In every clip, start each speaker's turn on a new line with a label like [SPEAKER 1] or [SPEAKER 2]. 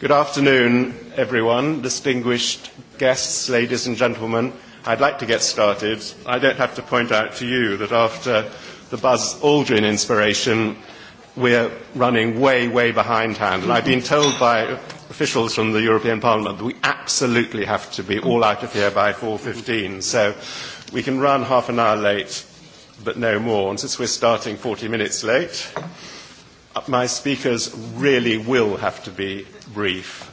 [SPEAKER 1] Good afternoon, everyone, distinguished guests, ladies and gentlemen. I'd like to get started. I don't have to point out to you that after the Buzz Aldrin inspiration, we're running way, way behindhand. And I've been told by officials from the European Parliament that we absolutely have to be all out of here by 4.15. So we can run half an hour late, but no more. And since we're starting 40 minutes late, my speakers really will have to be brief.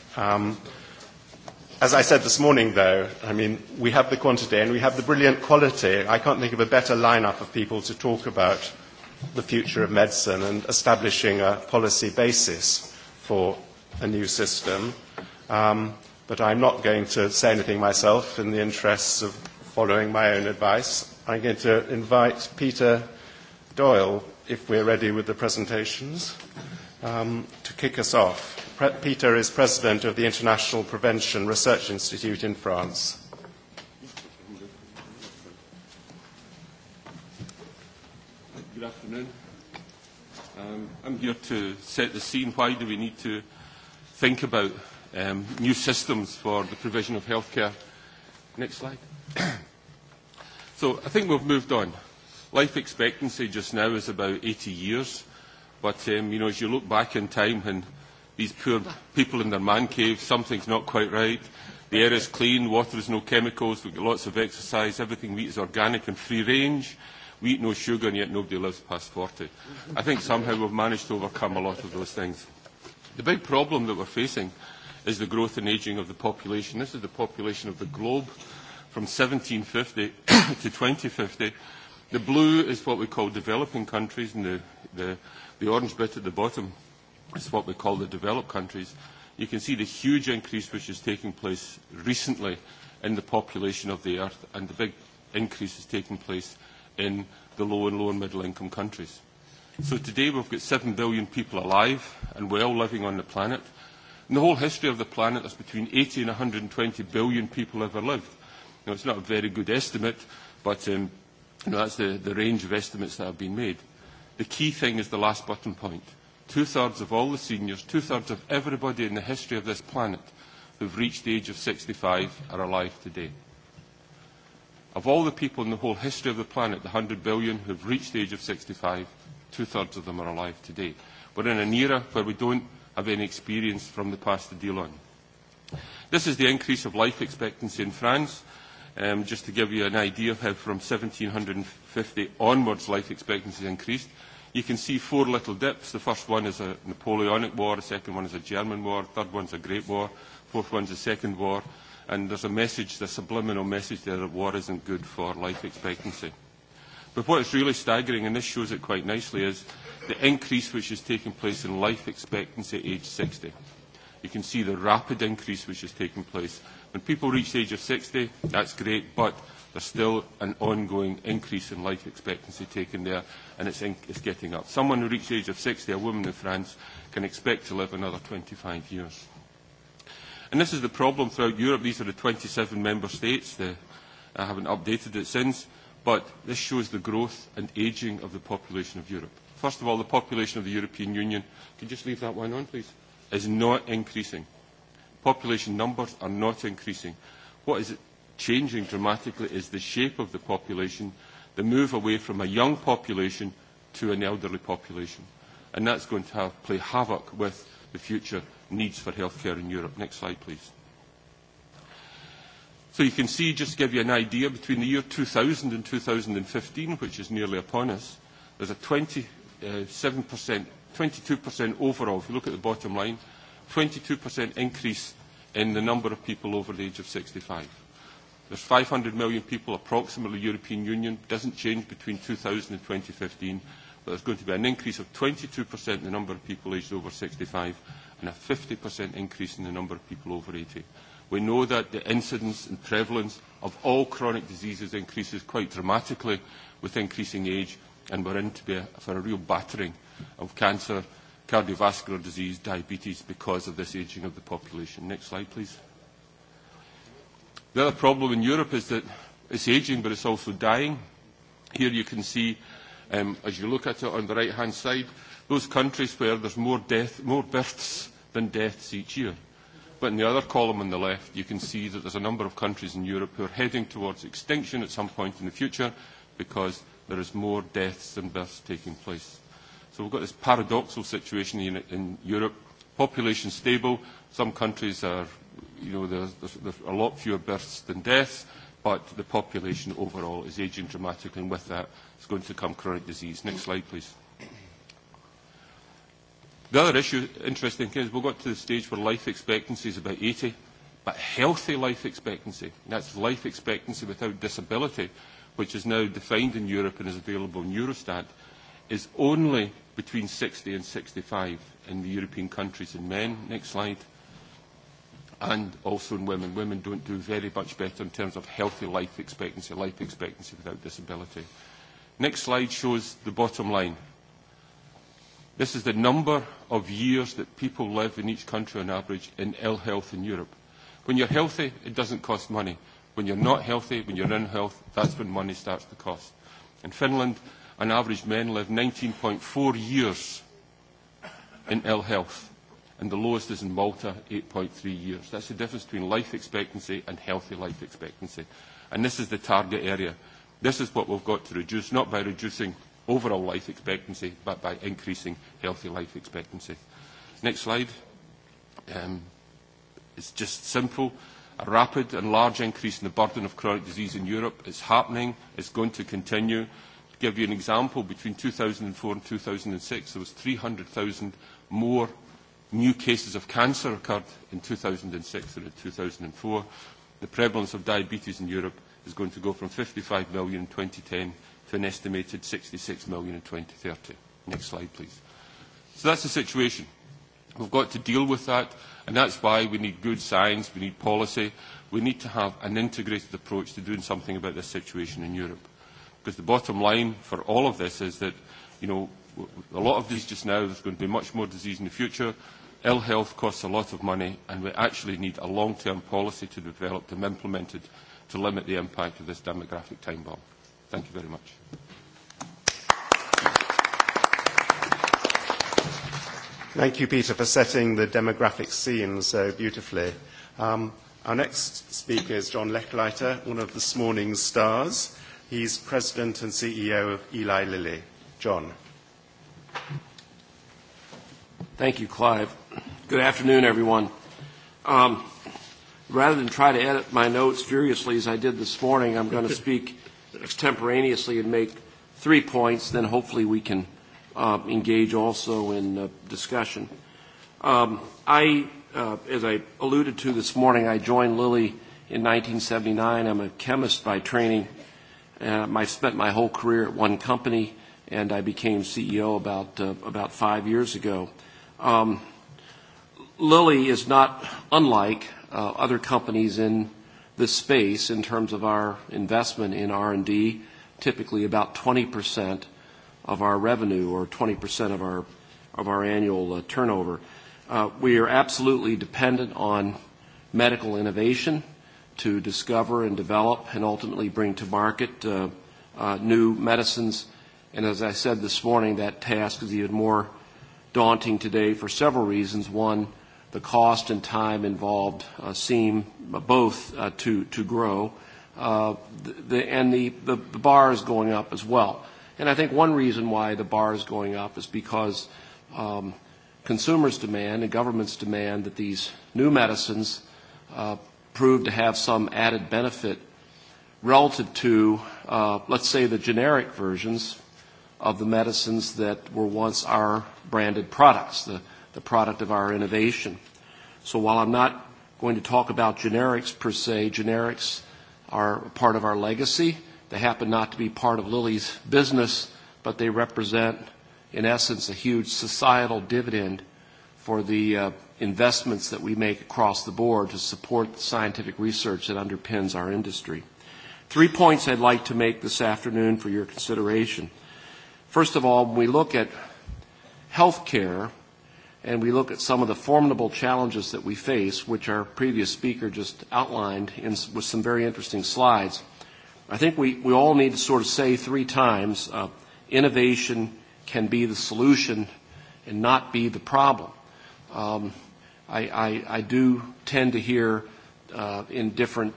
[SPEAKER 1] As I said this morning, though, I mean, we have the quantity and we have the brilliant quality. I can't think of a better lineup of people to talk about the future of medicine and establishing a policy basis for a new system. But I'm not going to say anything myself in the interests of following my own advice. I'm going to invite Peter Doyle if we're ready with the presentations, um to kick us off. Peter is President of the International Prevention Research Institute in France.
[SPEAKER 2] Good afternoon. I'm here to set the scene. Why do we need to think about new systems for the provision of healthcare? Next slide. So I think we've moved on Life expectancy just now is about 80 years, but you know, as you look back in time when these poor people in their man cave, something's not quite right. The air is clean, water is no chemicals, we've got lots of exercise, everything we eat is organic and free range. We eat no sugar and yet nobody lives past 40. I think somehow we've managed to overcome a lot of those things. The big problem that we're facing is the growth and ageing of the population. This is the population of the globe from 1750 to 2050 The blue is what we call developing countries, and the orange bit at the bottom is what we call the developed countries. You can see the huge increase which is taking place recently in the population of the Earth, and the big increase is taking place in the low and lower middle income countries. So today we've got 7 billion people alive and well living on the planet. In the whole history of the planet, there's between 80 and 120 billion people ever lived. Now, it's not a very good estimate, but You know, that's the, the range of estimates that have been made. The key thing is the last button point. Two-thirds of all the seniors, two-thirds of everybody in the history of this planet who've reached the age of 65 are alive today. Of all the people in the whole history of the planet, the 100 billion who've reached the age of 65, two-thirds of them are alive today. We're in an era where we don't have any experience from the past to deal on. This is the increase of life expectancy in France Just to give you an idea of how from 1750 onwards life expectancy increased, you can see four little dips. The first one is a Napoleonic War, the second one is a German War, the third one is a Great War, the fourth one is a Second War, and there's a message, the subliminal message there that war isn't good for life expectancy. But what is really staggering, and this shows it quite nicely, is the increase which is taking place in life expectancy at age 60. You can see the rapid increase which is taking place When people reach the age of 60, that's great, but there's still an ongoing increase in life expectancy taken there, and it's, it's getting up. Someone who reaches the age of 60, a woman in France, can expect to live another 25 years. And this is the problem throughout Europe. These are the 27 member states. I haven't updated it since, but this shows the growth and ageing of the population of Europe. First of all, the population of the European Union, can you just leave that one on, please, is not increasing population numbers are not increasing. What is changing dramatically is the shape of the population, the move away from a young population to an elderly population. And that's going to play havoc with the future needs for healthcare in Europe. Next slide, please. So you can see, just to give you an idea, between the year 2000 and 2015, which is nearly upon us, there's a 27%, 22% overall, if you look at the bottom line, 22% increase in the number of people over the age of 65. There's 500 million people approximately European Union. doesn't change between 2000 and 2015, but there's going to be an increase of 22% in the number of people aged over 65 and a 50% increase in the number of people over 80. We know that the incidence and prevalence of all chronic diseases increases quite dramatically with increasing age, and we're in to be for a real battering of cancer cardiovascular disease, diabetes, because of this aging of the population. Next slide, please. The other problem in Europe is that it's aging, but it's also dying. Here you can see, as you look at it on the right-hand side, those countries where there's more births than deaths each year. But in the other column on the left, you can see that there's a number of countries in Europe who are heading towards extinction at some point in the future because there is more deaths than births taking place. So we've got this paradoxical situation in Europe. Population stable. Some countries are, you know, there's a lot fewer births than deaths, but the population overall is aging dramatically, and with that it's going to come chronic disease. Next slide, please. The other issue, interesting thing, is we've got to the stage where life expectancy is about 80, but healthy life expectancy, that's life expectancy without disability, which is now defined in Europe and is available in Eurostat, is only between 60 and 65 in the European countries in men. Next slide. And also in women. Women don't do very much better in terms of healthy life expectancy, life expectancy without disability. Next slide shows the bottom line. This is the number of years that people live in each country on average in ill health in Europe. When you're healthy, it doesn't cost money. When you're not healthy, when you're in health, that's when money starts to cost. In Finland, An average men live 19.4 years in ill health, and the lowest is in Malta, 8.3 years. That's the difference between life expectancy and healthy life expectancy. And this is the target area. This is what we've got to reduce, not by reducing overall life expectancy, but by increasing healthy life expectancy. Next slide. Um, it's just simple. A rapid and large increase in the burden of chronic disease in Europe is happening. It's going to continue. To give you an example, between 2004 and 2006, there was 300,000 more new cases of cancer occurred in 2006 than in 2004. The prevalence of diabetes in Europe is going to go from 55 million in 2010 to an estimated 66 million in 2030. Next slide, please. So that's the situation. We've got to deal with that, and that's why we need good science, we need policy, we need to have an integrated approach to doing something about this situation in Europe because the bottom line for all of this is that, you know, a lot of these just now, there's going to be much more disease in the future. Ill health costs a lot of money, and we actually need a long-term policy to be developed and implemented to limit the impact of this demographic time bomb. Thank you very much.
[SPEAKER 1] Thank you, Peter, for setting the demographic scene so beautifully. Our next speaker is John Lechleiter, one of this morning's stars. He's President and CEO of Eli Lilly. John.
[SPEAKER 3] Thank you, Clive. Good afternoon, everyone. Um, rather than try to edit my notes furiously as I did this morning, I'm going to speak extemporaneously and make three points, then hopefully we can uh, engage also in uh, discussion. Um, I, uh, as I alluded to this morning, I joined Lilly in 1979. I'm a chemist by training I spent my whole career at one company, and I became CEO about about five years ago. Um Lilly is not unlike other companies in this space in terms of our investment in R&D, typically about 20% of our revenue or 20% of our of our annual turnover. Uh We are absolutely dependent on medical innovation to discover and develop and ultimately bring to market new medicines. And as I said this morning, that task is even more daunting today for several reasons. One, the cost and time involved seem both to to grow, the and the bar is going up as well. And I think one reason why the bar is going up is because consumers demand and governments demand that these new medicines proved to have some added benefit relative to, let's say, the generic versions of the medicines that were once our branded products, the, the product of our innovation. So while I'm not going to talk about generics per se, generics are part of our legacy. They happen not to be part of Lilly's business, but they represent, in essence, a huge societal dividend for the investments that we make across the board to support the scientific research that underpins our industry. Three points I'd like to make this afternoon for your consideration. First of all, when we look at health care and we look at some of the formidable challenges that we face, which our previous speaker just outlined with some very interesting slides, I think we all need to sort of say three times innovation can be the solution and not be the problem. I I do tend to hear in different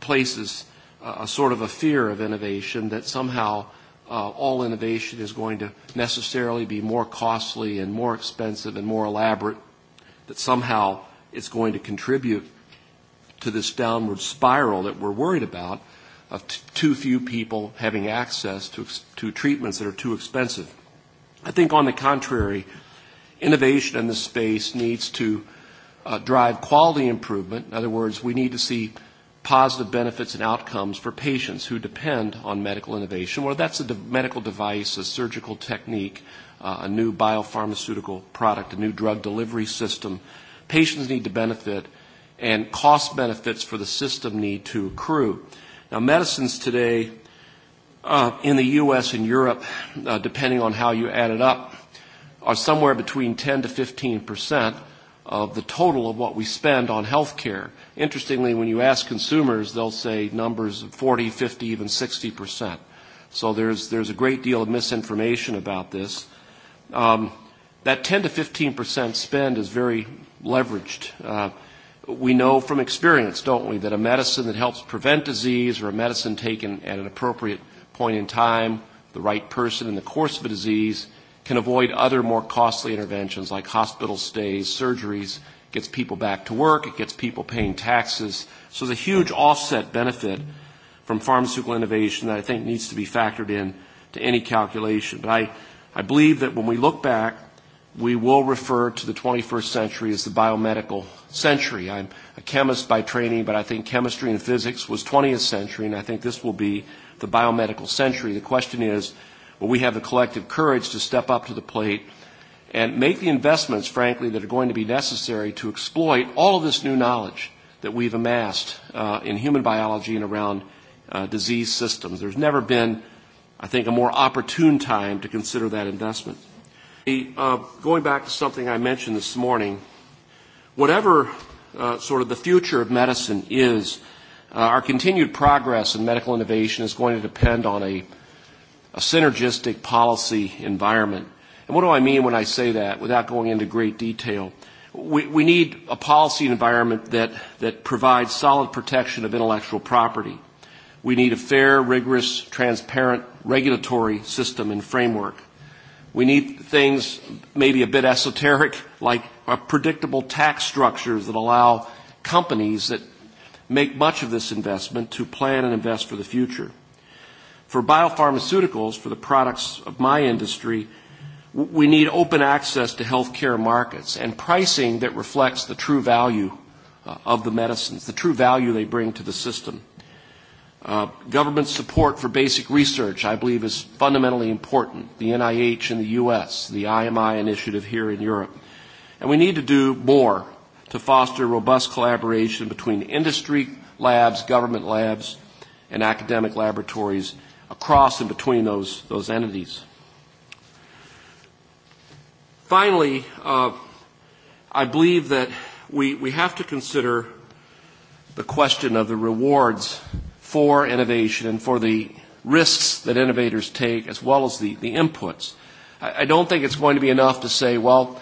[SPEAKER 3] places a sort of a fear of innovation that somehow all innovation is going to necessarily be more costly and more expensive and more elaborate, that somehow it's going to contribute to this downward spiral that we're worried about of too few people having access to treatments that are too expensive. I think, on the contrary, innovation in this space needs to drive quality improvement. In other words, we need to see positive benefits and outcomes for patients who depend on medical innovation, whether that's a medical device, a surgical technique, a new biopharmaceutical product, a new drug delivery system. Patients need to benefit, and cost benefits for the system need to accrue. Now, medicines today in the U.S. and Europe, depending on how you add it up, are somewhere between 10 to 15 percent of the total of what we spend on health care. Interestingly, when you ask consumers, they'll say numbers of 40, 50, even 60 percent. So there's there's a great deal of misinformation about this. That 10 to 15 percent spend is very leveraged. We know from experience, don't we, that a medicine that helps prevent disease or a medicine taken at an appropriate point in time, the right person in the course of a disease, can avoid other more costly interventions like hospital stays, surgeries, gets people back to work, it gets people paying taxes. So there's a huge offset benefit from pharmaceutical innovation that I think needs to be factored in to any calculation. But I, I believe that when we look back, we will refer to the 21st century as the biomedical century. I'm a chemist by training, but I think chemistry and physics was 20th century, and I think this will be the biomedical century. The question is, but we have the collective courage to step up to the plate and make the investments, frankly, that are going to be necessary to exploit all of this new knowledge that we've amassed in human biology and around disease systems. There's never been, I think, a more opportune time to consider that investment. Going back to something I mentioned this morning, whatever sort of the future of medicine is, our continued progress in medical innovation is going to depend on a a synergistic policy environment. And what do I mean when I say that without going into great detail? We, we need a policy environment that, that provides solid protection of intellectual property. We need a fair, rigorous, transparent regulatory system and framework. We need things maybe a bit esoteric, like predictable tax structures that allow companies that make much of this investment to plan and invest for the future. For biopharmaceuticals, for the products of my industry, we need open access to healthcare markets and pricing that reflects the true value of the medicines, the true value they bring to the system. Government support for basic research, I believe, is fundamentally important. The NIH in the U.S., the IMI initiative here in Europe. And we need to do more to foster robust collaboration between industry labs, government labs, and academic laboratories across and between those those entities. Finally, I believe that we we have to consider the question of the rewards for innovation and for the risks that innovators take as well as the the inputs. I don't think it's going to be enough to say, well,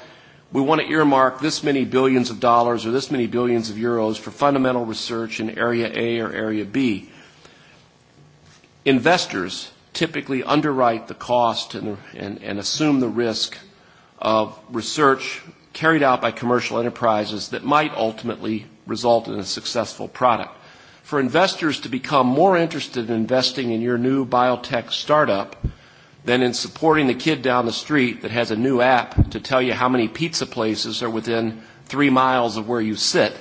[SPEAKER 3] we want to earmark this many billions of dollars or this many billions of euros for fundamental research in area A or area B investors typically underwrite the cost and assume the risk of research carried out by commercial enterprises that might ultimately result in a successful product. For investors to become more interested in investing in your new biotech startup than in supporting the kid down the street that has a new app to tell you how many pizza places are within three miles of where you sit,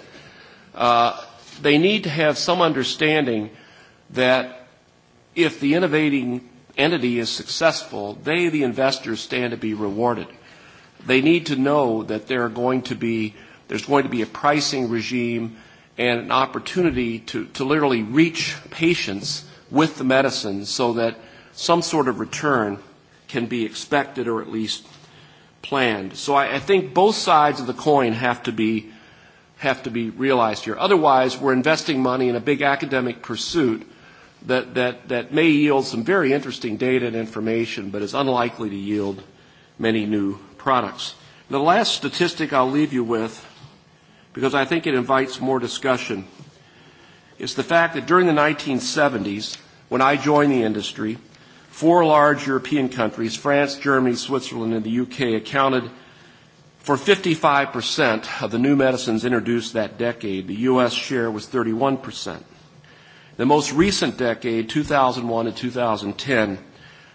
[SPEAKER 3] they need to have some understanding that if the innovating entity is successful, they, the investors, stand to be rewarded. They need to know that there are going to be, there's going to be a pricing regime and an opportunity to, to literally reach patients with the medicine so that some sort of return can be expected or at least planned. So I, I think both sides of the coin have to be have to be realized here. Otherwise, we're investing money in a big academic pursuit that, may yield some very interesting data and information, but is unlikely to yield many new products. The last statistic I'll leave you with, because I think it invites more discussion, is the fact that during the 1970s, when I joined the industry, four large European countries, France, Germany, Switzerland, and the UK, accounted For 55% of the new medicines introduced that decade, the U.S. share was 31%. The most recent decade, 2001 to 2010,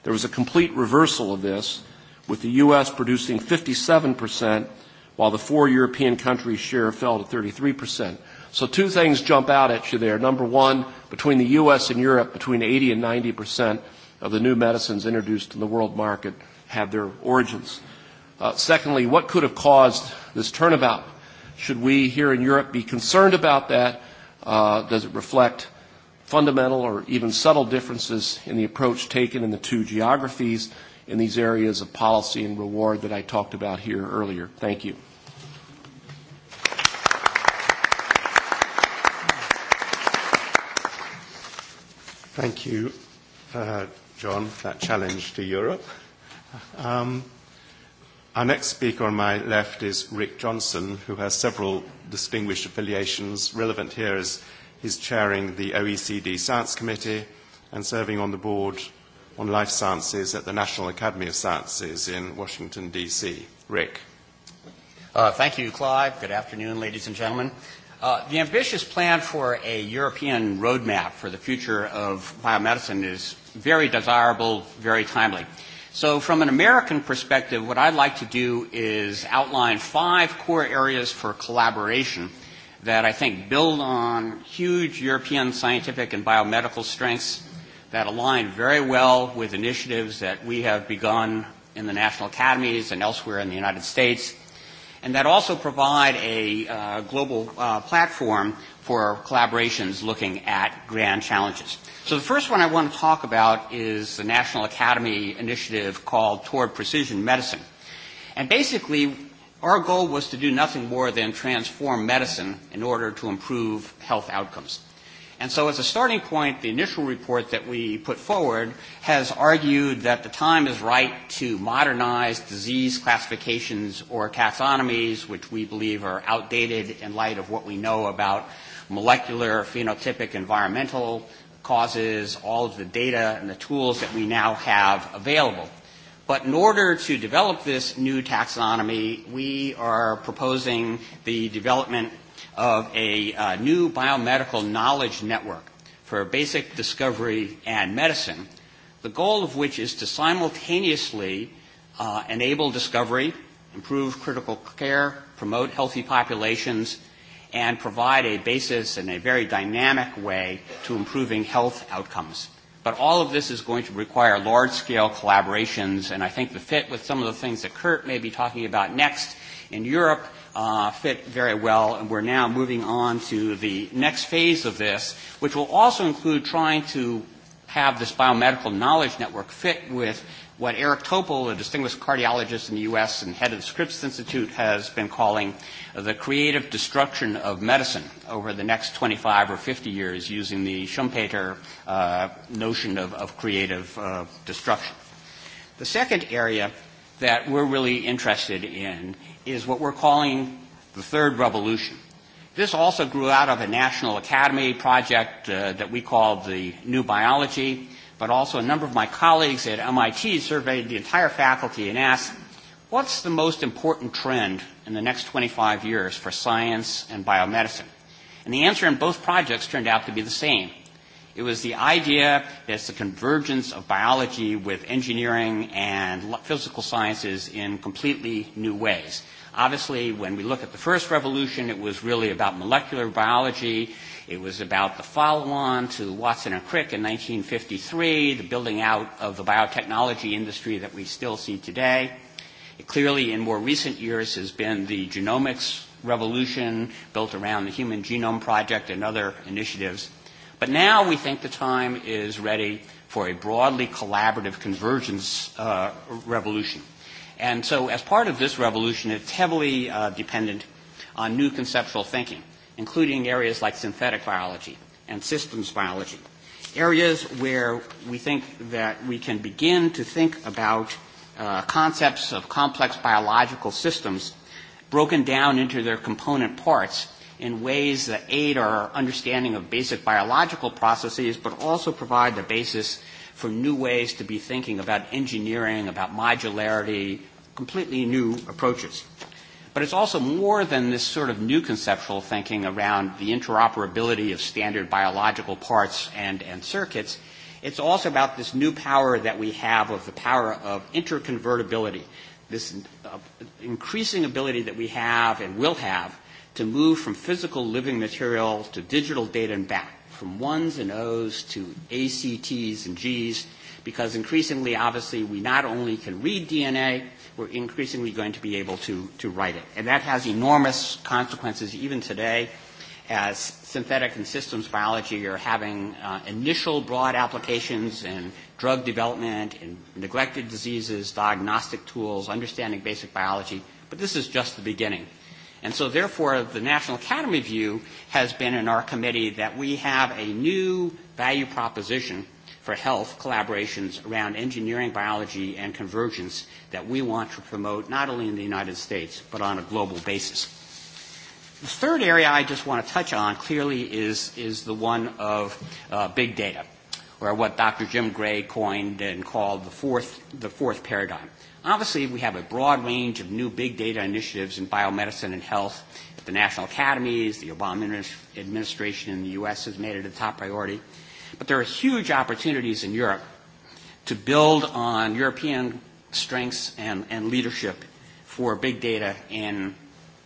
[SPEAKER 3] there was a complete reversal of this, with the U.S. producing 57%, while the four European countries' share fell to 33%. So two things jump out at you there. Number one, between the U.S. and Europe, between 80 and 90% of the new medicines introduced in the world market have their origins. Secondly, what could have caused this turnabout? Should we here in Europe be concerned about that? Does it reflect fundamental or even subtle differences in the approach taken in the two geographies in these areas of policy and reward that I talked about here earlier. Thank you. Thank you,
[SPEAKER 1] John, for that challenge to Europe. Our next speaker on my left is Rick Johnson, who has several distinguished affiliations. Relevant here is He's chairing the OECD Science Committee and serving on the board on life sciences at the National Academy of Sciences in Washington, D.C. Rick.
[SPEAKER 4] Thank you, Clive. Good afternoon, ladies and gentlemen. The ambitious plan for a European roadmap for the future of biomedicine is very desirable, very timely. So from an American perspective, what I'd like to do is outline five core areas for collaboration that I think build on huge European scientific and biomedical strengths that align very well with initiatives that we have begun in the national academies and elsewhere in the United States, and that also provide a global platform for collaborations looking at grand challenges. So the first one I want to talk about is the National Academy initiative called Toward Precision Medicine. And basically Our goal was to do nothing more than transform medicine in order to improve health outcomes. And so as a starting point, the initial report that we put forward has argued that the time is right to modernize disease classifications or taxonomies, which we believe are outdated in light of what we know about molecular, phenotypic, environmental causes, all of the data and the tools that we now have available. But in order to develop this new taxonomy, we are proposing the development of a new biomedical knowledge network for basic discovery and medicine, the goal of which is to simultaneously enable discovery, improve critical care, promote healthy populations, and provide a basis in a very dynamic way to improving health outcomes. But all of this is going to require large-scale collaborations, and I think the fit with some of the things that Kurt may be talking about next in Europe fit very well, and we're now moving on to the next phase of this, which will also include trying to have this biomedical knowledge network fit with what Eric Topol, a distinguished cardiologist in the U.S. and head of the Scripps Institute, has been calling the creative destruction of medicine over the next 25 or 50 years using the Schumpeter notion of creative destruction. The second area that we're really interested in is what we're calling the third revolution. This also grew out of a National Academy project that we called the New Biology but also a number of my colleagues at MIT surveyed the entire faculty and asked, what's the most important trend in the next 25 years for science and biomedicine? And the answer in both projects turned out to be the same. It was the idea that it's the convergence of biology with engineering and physical sciences in completely new ways. Obviously, when we look at the first revolution, it was really about molecular biology It was about the follow-on to Watson and Crick in 1953, the building out of the biotechnology industry that we still see today. It clearly, in more recent years, has been the genomics revolution built around the Human Genome Project and other initiatives. But now we think the time is ready for a broadly collaborative convergence revolution. And so as part of this revolution, it's heavily dependent on new conceptual thinking including areas like synthetic biology and systems biology, areas where we think that we can begin to think about concepts of complex biological systems broken down into their component parts in ways that aid our understanding of basic biological processes, but also provide the basis for new ways to be thinking about engineering, about modularity, completely new approaches. But it's also more than this sort of new conceptual thinking around the interoperability of standard biological parts and, and circuits. It's also about this new power that we have of the power of interconvertibility, this increasing ability that we have and will have to move from physical living material to digital data and back, from ones and O's to A, C, ACTs and G's, because increasingly, obviously, we not only can read DNA, we're increasingly going to be able to, to write it. And that has enormous consequences even today as synthetic and systems biology are having initial broad applications in drug development, in neglected diseases, diagnostic tools, understanding basic biology. But this is just the beginning. And so therefore, the National Academy view has been in our committee that we have a new value proposition for health collaborations around engineering, biology, and convergence that we want to promote not only in the United States but on a global basis. The third area I just want to touch on clearly is, is the one of big data, or what Dr. Jim Gray coined and called the fourth, the fourth paradigm. Obviously, we have a broad range of new big data initiatives in biomedicine and health. The national academies, the Obama administration in the U.S. has made it a top priority. But there are huge opportunities in Europe to build on European strengths and, and leadership for big data in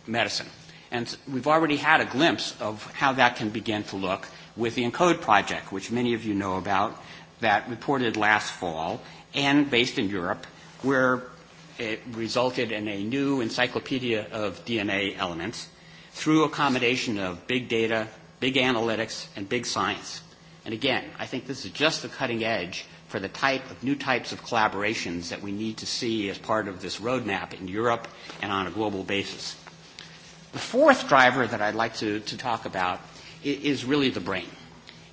[SPEAKER 4] medicine. And we've already had a glimpse of how that can begin to look with the ENCODE project, which many of you know about, that reported last fall and based in Europe, where it resulted in a new encyclopedia of DNA elements through accommodation of big data, big analytics, and big science. And again, I think this is just the cutting edge for the type of new types of collaborations that we need to see as part of this roadmap in Europe and on a global basis. The fourth driver that I'd like to talk about is really the brain.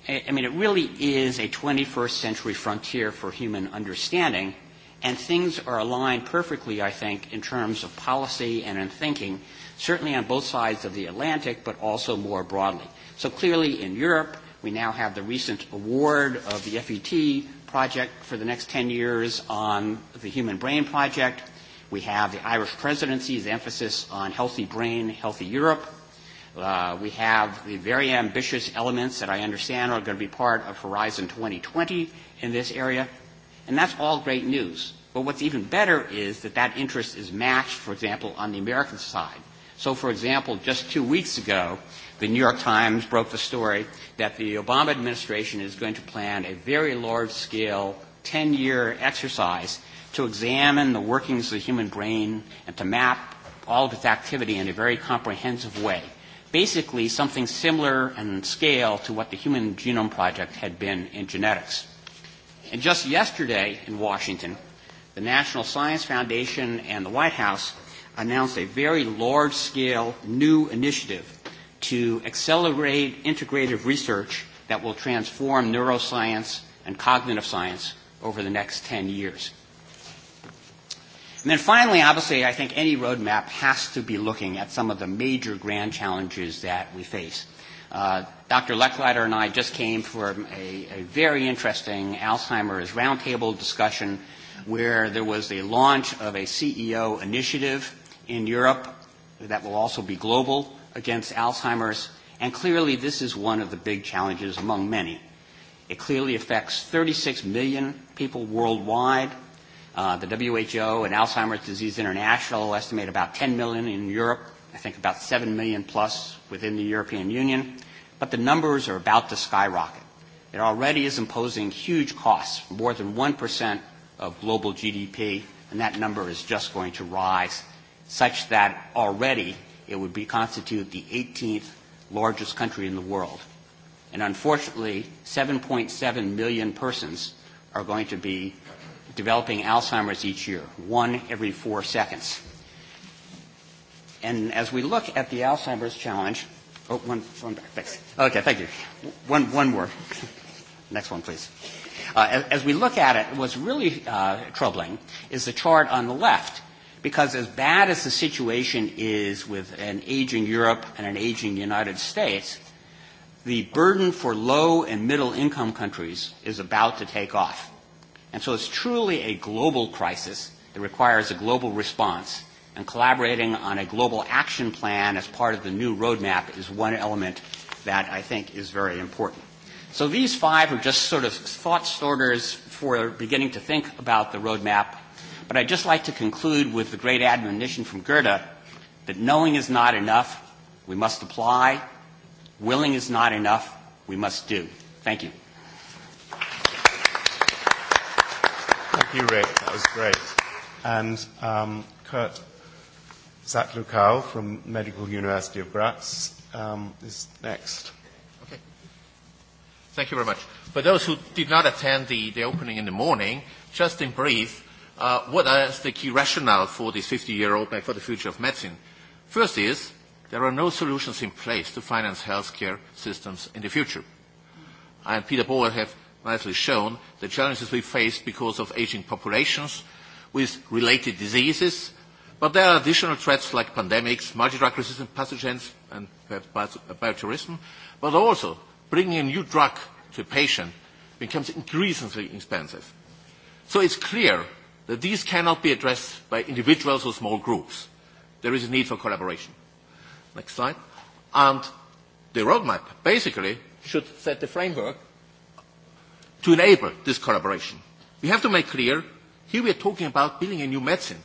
[SPEAKER 4] I mean, it really is a 21st century frontier for human understanding, and things are aligned perfectly, I think, in terms of policy and in thinking, certainly on both sides of the Atlantic, but also more broadly. So clearly in Europe, We now have the recent award of the FET project for the next 10 years on the Human Brain Project. We have the Irish presidency's emphasis on healthy brain, healthy Europe. We have the very ambitious elements that I understand are going to be part of Horizon 2020 in this area. And that's all great news. But what's even better is that that interest is matched, for example, on the American side. So, for example, just two weeks ago, The New York Times broke the story that the Obama administration is going to plan a very large-scale 10-year exercise to examine the workings of the human brain and to map all of its activity in a very comprehensive way. Basically, something similar in scale to what the Human Genome Project had been in genetics. And just yesterday in Washington, the National Science Foundation and the White House announced a very large-scale new initiative to accelerate integrative research that will transform neuroscience and cognitive science over the next 10 years. And then finally, obviously, I think any roadmap has to be looking at some of the major grand challenges that we face. Dr. Lechleiter and I just came from a very interesting Alzheimer's roundtable discussion where there was the launch of a CEO initiative in Europe that will also be global against Alzheimer's, and clearly this is one of the big challenges among many. It clearly affects 36 million people worldwide. The WHO and Alzheimer's Disease International estimate about 10 million in Europe, I think about 7 million plus within the European Union, but the numbers are about to skyrocket. It already is imposing huge costs, more than 1% of global GDP, and that number is just going to rise, such that already it would be constitute the 18th largest country in the world. And unfortunately, 7.7 million persons are going to be developing Alzheimer's each year, one every four seconds. And as we look at the Alzheimer's challenge, oh, one, back, thanks. Okay, thank you. One, one more. Next one, please. As we look at it, what's really troubling is the chart on the left because as bad as the situation is with an aging Europe and an aging United States, the burden for low and middle income countries is about to take off. And so it's truly a global crisis that requires a global response, and collaborating on a global action plan as part of the new roadmap is one element that I think is very important. So these five are just sort of thought starters for beginning to think about the roadmap But I'd just like to conclude with the great admonition from Goethe that knowing is not enough, we must apply. Willing is not enough, we must do. Thank you.
[SPEAKER 1] Thank you, Rick. That was great. And um, Kurt Zatlukau from Medical University of Graz um, is next.
[SPEAKER 5] Okay. Thank you very much. For those who did not attend the, the opening in the morning, just in brief, what is the key rationale for this 50-year old for the future of medicine? First is there are no solutions in place to finance healthcare systems in the future. And Peter Boyle have nicely shown the challenges we face because of aging populations with related diseases, but there are additional threats like pandemics, multi-drug-resistant pathogens, and bioterrorism, but also bringing a new drug to a patient becomes increasingly expensive. So it's clear that these cannot be addressed by individuals or small groups. There is a need for collaboration. Next slide. And the roadmap basically should set the framework to enable this collaboration. We have to make clear, here we are talking about building a new medicine.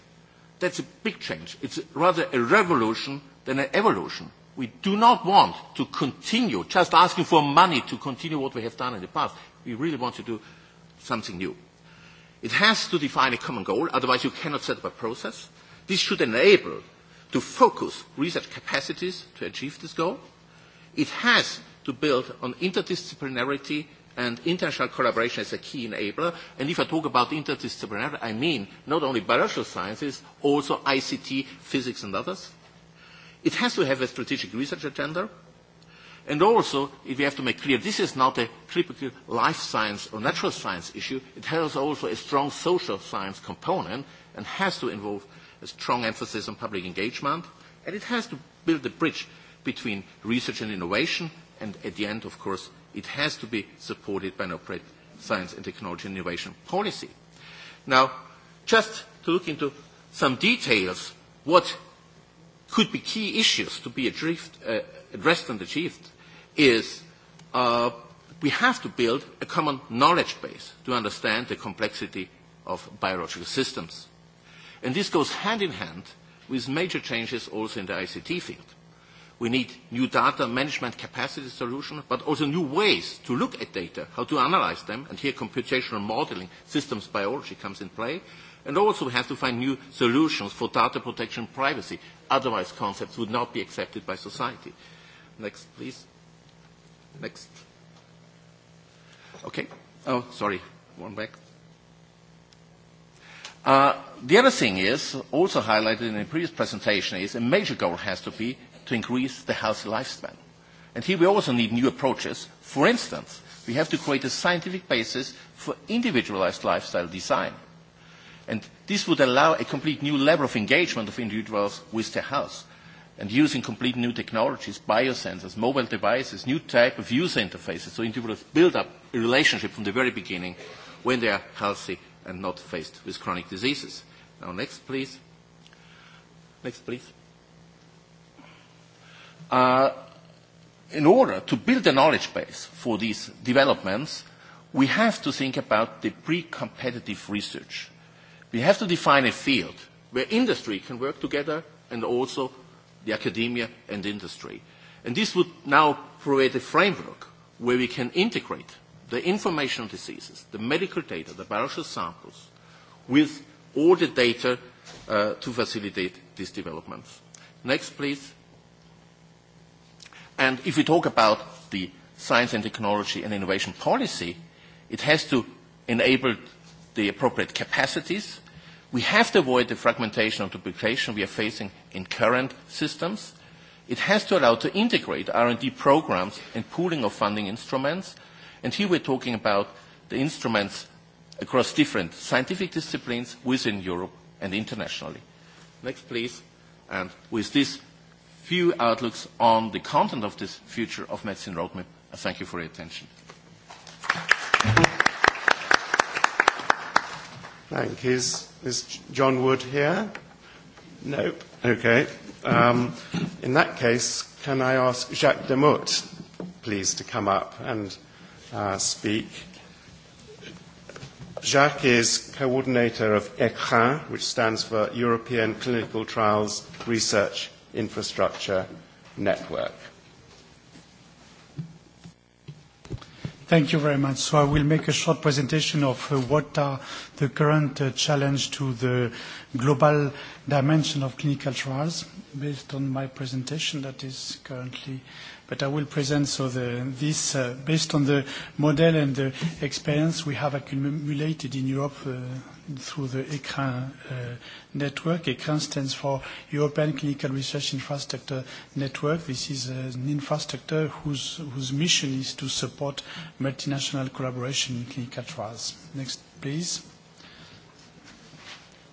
[SPEAKER 5] That's a big change. It's rather a revolution than an evolution. We do not want to continue just asking for money to continue what we have done in the past. We really want to do something new. It has to define a common goal, otherwise you cannot set up a process. This should enable to focus research capacities to achieve this goal. It has to build on interdisciplinarity and international collaboration as a key enabler. And if I talk about interdisciplinarity, I mean not only biological sciences, also ICT, physics and others. It has to have a strategic research agenda And also, if we have to make clear, this is not a typical life science or natural science issue. It has also a strong social science component and has to involve a strong emphasis on public engagement. And it has to build a bridge between research and innovation. And at the end, of course, it has to be supported by an appropriate science and technology innovation policy. Now, just to look into some details, what could be key issues to be addressed addressed and achieved is we have to build a common knowledge base to understand the complexity of biological systems. And this goes hand in hand with major changes also in the ICT field. We need new data management capacity solutions, but also new ways to look at data, how to analyze them, and here computational modeling, systems biology comes in play. And also we have to find new solutions for data protection privacy, otherwise concepts would not be accepted by society. Next, please. Next. Okay. Oh, sorry. One back. The other thing is, also highlighted in the previous presentation, is a major goal has to be to increase the healthy lifespan. And here we also need new approaches. For instance, we have to create a scientific basis for individualized lifestyle design. And this would allow a complete new level of engagement of individuals with their health and using complete new technologies, biosensors, mobile devices, new type of user interfaces, so individuals build up a relationship from the very beginning when they are healthy and not faced with chronic diseases. Now, next, please. Next, please. In order to build a knowledge base for these developments, we have to think about the pre-competitive research. We have to define a field where industry can work together and also the academia and industry. And this would now create a framework where we can integrate the informational diseases, the medical data, the biological samples, with all the data to facilitate these developments. Next, please. And if we talk about the science and technology and innovation policy, it has to enable the appropriate capacities We have to avoid the fragmentation and duplication we are facing in current systems. It has to allow to integrate R&D programs and pooling of funding instruments. And here we're talking about the instruments across different scientific disciplines within Europe and internationally. Next, please. And with these few outlooks on the content of this future of medicine roadmap, I thank you for your attention.
[SPEAKER 1] Thank you. Is John Wood here? Nope. Okay. In that case, can I ask Jacques Demotte, please, to come up and speak? Jacques is coordinator of ECRIN, which stands for European Clinical Trials Research Infrastructure Network.
[SPEAKER 6] Thank you very much. So I will make a short presentation of what are the current challenge to the global dimension of clinical trials based on my presentation that is currently, but I will present so this based on the model and the experience we have accumulated in Europe through the ECRIN network. ECRIN stands for European Clinical Research Infrastructure Network. This is an infrastructure whose mission is to support multinational collaboration in clinical trials. Next, please.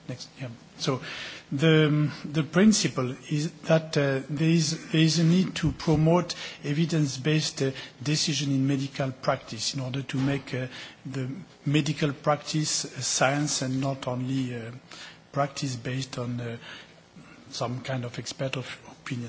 [SPEAKER 6] Next, yeah. So The principle is that there is a need to promote evidence-based decision in medical practice in order to make the medical practice a science and not only practice based on some kind of expert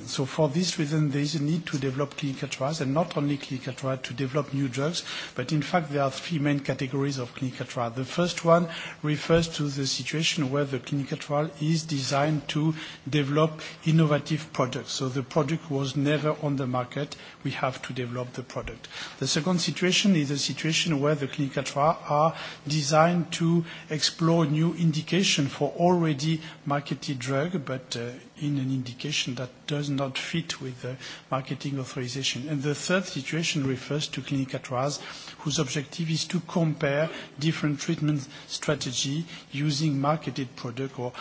[SPEAKER 6] So for this reason, there is a need to develop clinical trials, and not only clinical trials to develop new drugs, but in fact there are three main categories of clinical trials. The first one refers to the situation where the clinical trial is designed to develop innovative products. So the product was never on the market. We have to develop the product. The second situation is a situation where the clinical trials are designed to explore new indications for already marketed drugs, but in an indication that does not fit with the marketing authorization. And the third situation refers to clinical trials whose objective is to compare different treatment strategies using marketed product or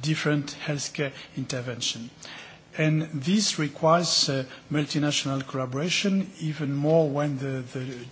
[SPEAKER 6] different healthcare intervention and this requires multinational collaboration, even more when the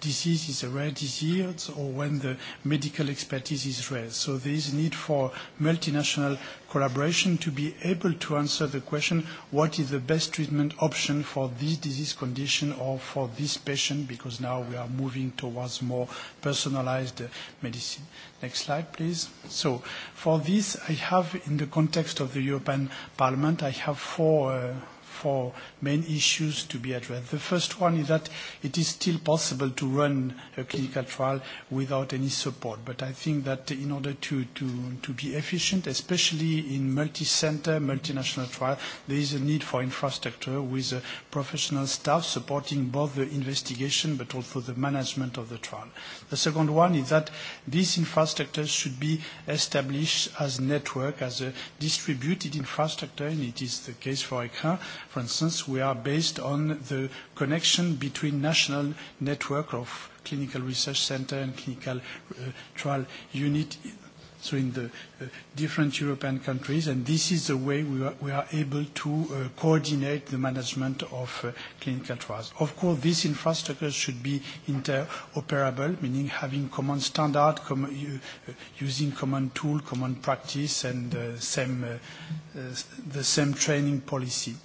[SPEAKER 6] disease is a rare disease or when the medical expertise is rare. So there is a need for multinational collaboration to be able to answer the question what is the best treatment option for this disease condition or for this patient because now we are moving towards more personalized medicine. Next slide, please. So for this, I have in the context of the European Parliament, I have four four main issues to be addressed. The first one is that it is still possible to run a clinical trial without any support. But I think that in order to to be efficient, especially in multi-center, multinational trial, there is a need for infrastructure with professional staff supporting both the investigation but also the management of the trial. The second one is that this infrastructure should be established as network, as a distributed infrastructure, and it is the case for ECRA. For instance, we are based on the connection between national network of clinical research center and clinical trial unit so in the different European countries, and this is the way we are able to coordinate the management of clinical trials. Of course, this infrastructure should be interoperable, meaning having common standard, using common tool, common practice, and the same training policy.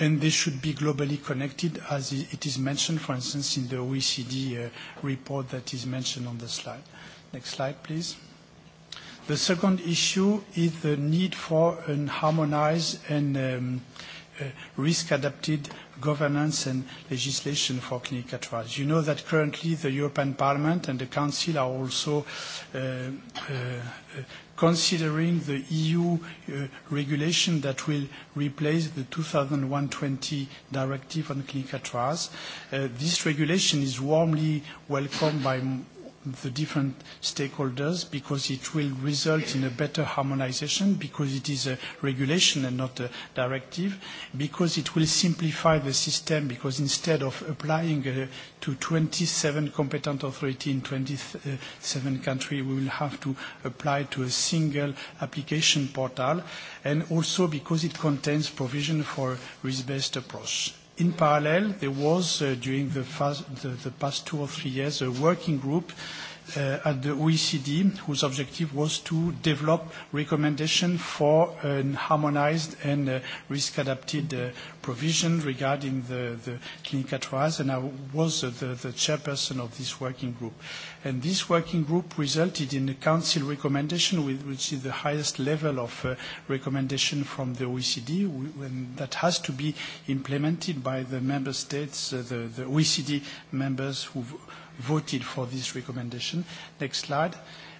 [SPEAKER 6] And they should be globally connected, as it is mentioned, for instance, in the OECD report that is mentioned on the slide. Next slide, please. The second issue is the need for a harmonized and risk-adapted governance and legislation for clinical trials. You know that currently the European Parliament and the Council are also considering the EU regulation that will replace the 2001/20 Directive on clinical trials. This regulation is warmly welcomed by the different stakeholders because it will result in a better harmonization because it is a regulation and not a directive because it will simplify the system because instead of applying to 27 competent authorities in 27 countries we will have to apply to a single application portal and also because it contains provision for risk-based approach. In parallel, there was, during the past two or three years, a working group at the OECD, whose objective was to develop recommendations for a harmonized and risk-adapted provision regarding the clinical trials, and I was the chairperson of this working group. And this working group resulted in a council recommendation, which is the highest level of recommendation from the OECD, and that has to be implemented by the member states, the OECD members who voted for this recommendation. Next slide.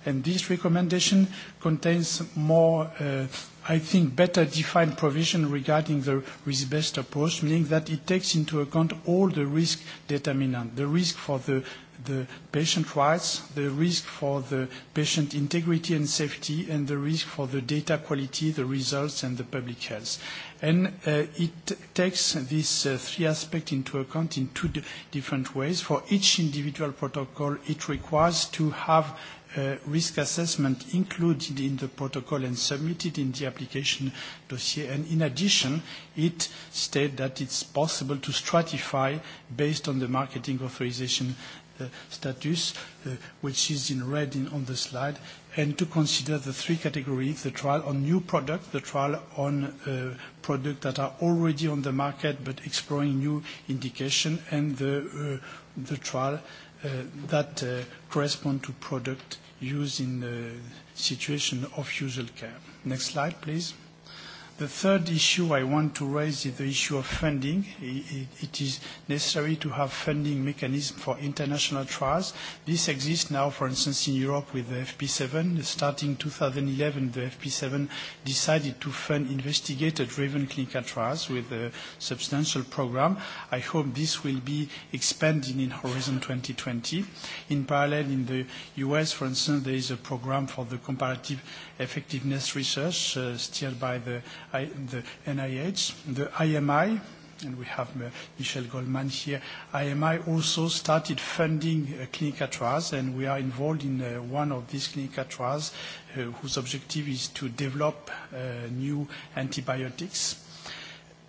[SPEAKER 6] And this recommendation contains more, I think, better defined provision regarding the risk-based approach, meaning that it takes into account all the risk determinants: the risk for the the patient rights, the risk for the patient integrity and safety, and the risk for the data quality, the results, and the public health. And it takes these three aspects into account in two different ways. For each individual protocol, it requires to have a risk assessment included in the protocol and submitted in the application dossier. And in addition, it states that it's possible to stratify based on the marketing authorization status, which is in red on the slide, and to consider the three categories, the trial on new products, the trial on products that are already on the market but exploring new indication, and the trial that corresponds to products used in the situation of usual care. Next slide, please. The third issue I want to raise is the issue of funding. It is necessary to have funding mechanism for international trials. This exists now, for instance, in Europe with the FP7. Starting 2011, the FP7 decided to fund investigator-driven clinical trials with a substantial program. I hope this will be expanded in Horizon 2020. In parallel, in the U.S., for instance, there is a program for the comparative effectiveness research steered by the NIH, the IMI, and we have Michel Goldman here. IMI also started funding clinical trials, and we are involved in one of these clinical trials whose objective is to develop new antibiotics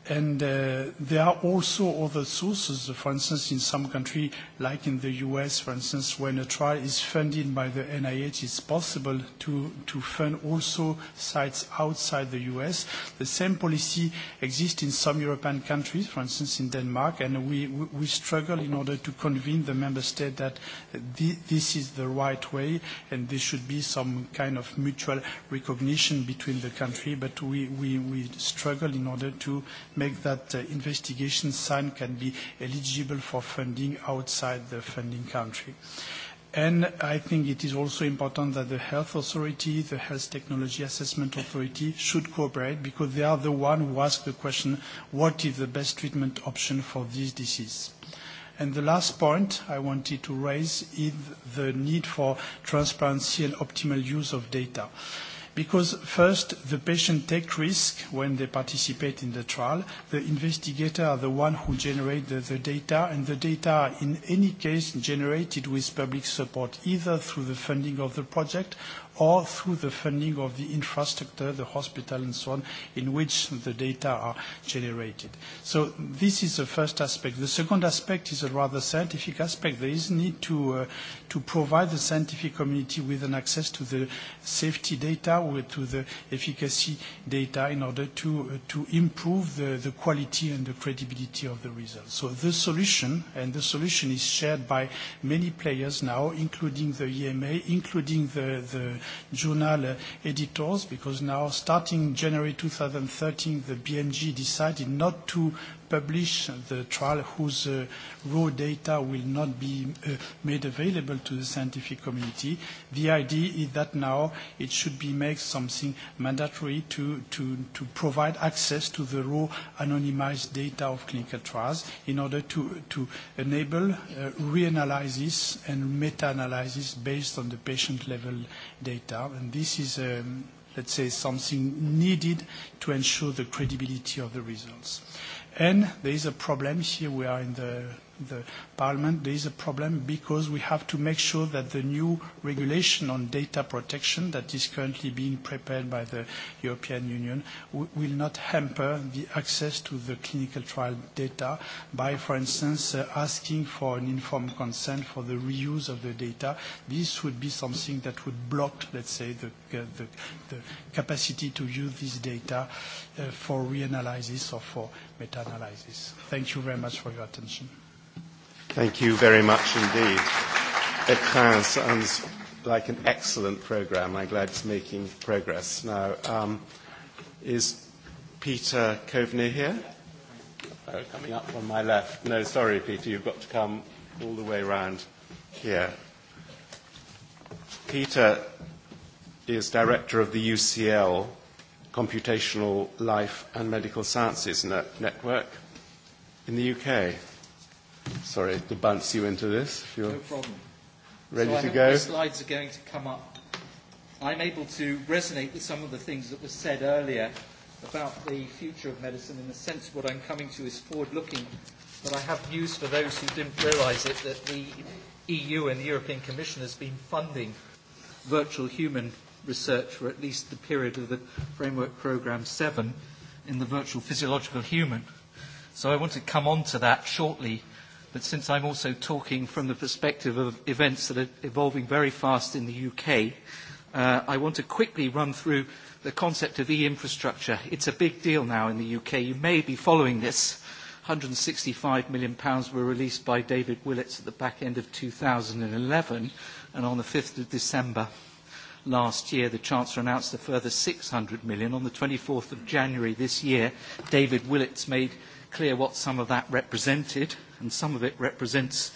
[SPEAKER 6] And there are also other sources. For instance, in some country like in the U.S., for instance, when a trial is funded by the NIH, it's possible to to fund also sites outside the U.S. The same policy exists in some European countries, for instance, in Denmark, and we we struggle in order to convince the member state that this is the right way and there should be some kind of mutual recognition between the country but we we we struggle in order to make that investigation sign can be eligible for funding outside the funding country. And I think it is also important that the health authority, the health technology assessment authority, should cooperate because they are the one who ask the question, what is the best treatment option for this disease? And the last point I wanted to raise is the need for transparency and optimal use of data because first, the patient take risk when they participate in the trial. The investigator are the one who generate the data, and the data are in any case generated with public support, either through the funding of the project or through the funding of the infrastructure, the hospital and so on, in which the data are generated. So this is the first aspect. The second aspect is a rather scientific aspect. There is need to provide the scientific community with an access to the safety data or to the efficacy data in order to improve the the quality and the credibility of the results. So the solution and the solution is shared by many players now, including the EMA, including the journal editors because now starting January 2013 the BMG decided not to publish the trial whose raw data will not be made available to the scientific community. The idea is that now it should be made something mandatory to provide access to the raw anonymized data of clinical trials in order to to enable reanalysis and meta-analysis based on the patient-level data. And this is let's say, something needed to ensure the credibility of the results. And there is a problem here. We are in the the Parliament, there is a problem because we have to make sure that the new regulation on data protection that is currently being prepared by the European Union will not hamper the access to the clinical trial data by, for instance, asking for an informed consent for the reuse of the data. This would be something that would block, let's say, the capacity to use this data for reanalysis or for meta-analysis. Thank you very much for your attention.
[SPEAKER 1] Thank you very much indeed. It sounds like an excellent program. I'm glad it's making progress. Now, um, is Peter Coveney here? Oh, coming up on my left. No, sorry, Peter, you've got to come all the way around here. Peter is director of the UCL Computational Life and Medical Sciences Network in the UK. Sorry to bounce you into this. no
[SPEAKER 7] problem. Ready to go? The slides are going to come up. I'm able to resonate with some of the things that were said earlier about the future of medicine. In a sense, what I'm coming to is forward-looking, but I have news for those who didn't realise it that the EU and the European Commission has been funding virtual human research for at least the period of the Framework Programme 7 in the virtual physiological human. So I want to come on to that shortly but since I'm also talking from the perspective of events that are evolving very fast in the UK, I want to quickly run through the concept of e-infrastructure. It's a big deal now in the UK. You may be following this. £165 million were released by David Willits at the back end of 2011, and on the 5th of December last year, the Chancellor announced a further £600 million. On the 24th of January this year, David Willits made clear what some of that represented and some of it represents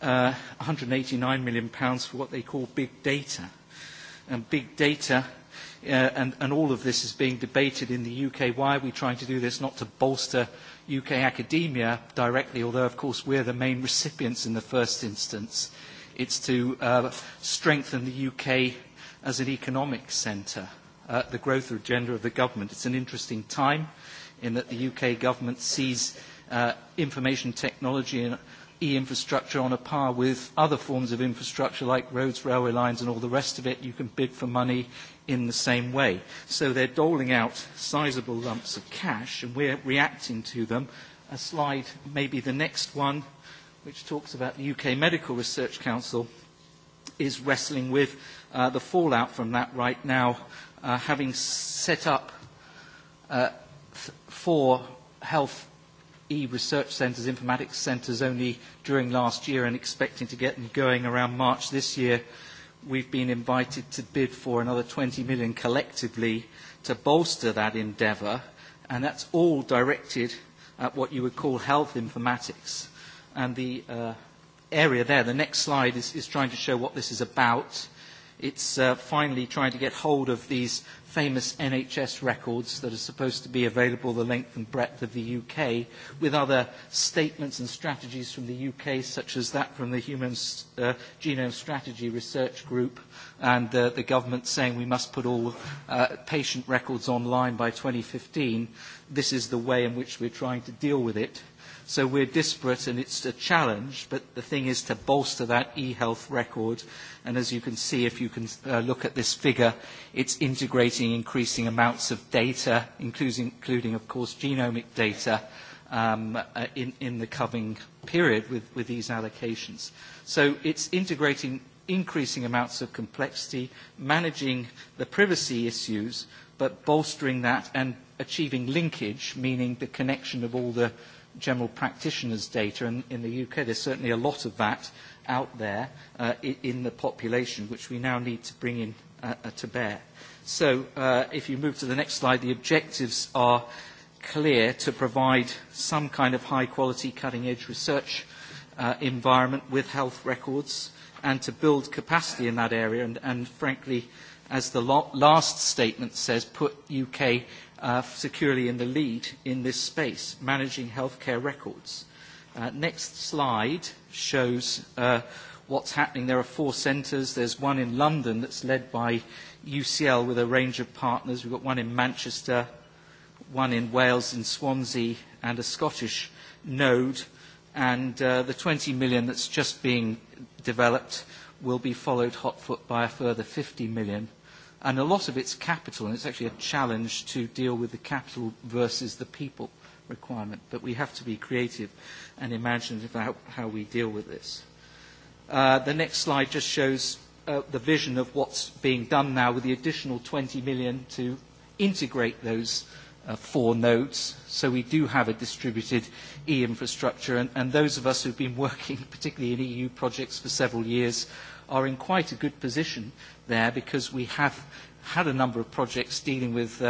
[SPEAKER 7] 189 million pounds for what they call big data. And big data, and all of this is being debated in the UK. Why are we trying to do this? Not to bolster UK academia directly, although of course we're the main recipients in the first instance. It's to strengthen the UK as an economic centre, the growth agenda of the government. It's an interesting time in that the UK government sees information technology and e-infrastructure on a par with other forms of infrastructure like roads, railway lines and all the rest of it. You can bid for money in the same way. So they're doling out sizable lumps of cash and we're reacting to them. A slide, maybe the next one, which talks about the UK Medical Research Council, is wrestling with the fallout from that right now, having set up four health e-research centres, informatics centres, only during last year and expecting to get them going around March this year. We've been invited to bid for another 20 million collectively to bolster that endeavour, and that's all directed at what you would call health informatics. And the area there, the next slide, is trying to show what this is about. It's finally trying to get hold of these famous NHS records that are supposed to be available the length and breadth of the UK, with other statements and strategies from the UK, such as that from the Human Genome Strategy Research Group and the government saying we must put all patient records online by 2015. This is the way in which we're trying to deal with it. So we're disparate and it's a challenge, but the thing is to bolster that e-health record. And as you can see, if you can look at this figure, it's integrating increasing amounts of data, including, of course, genomic data in the coming period with these allocations. So it's integrating increasing amounts of complexity, managing the privacy issues, but bolstering that and achieving linkage, meaning the connection of all the general practitioners' data, and in the UK there's certainly a lot of that out there in the population, which we now need to bring in to bear. So if you move to the next slide, the objectives are clear to provide some kind of high-quality, cutting-edge research environment with health records and to build capacity in that area and, frankly, as the last statement says, put UK securely in the lead in this space, managing healthcare records. Next slide shows what's happening. There are four centres. There's one in London that's led by UCL with a range of partners. We've got one in Manchester, one in Wales in Swansea, and a Scottish node. And the 20 million that's just being developed will be followed hot foot by a further 50 million and a lot of it's capital, and it's actually a challenge to deal with the capital versus the people requirement, but we have to be creative and imaginative about how we deal with this. The next slide just shows the vision of what's being done now with the additional 20 million to integrate those four nodes. So we do have a distributed e-infrastructure, and those of us who've been working, particularly in EU projects for several years, are in quite a good position there because we have had a number of projects dealing with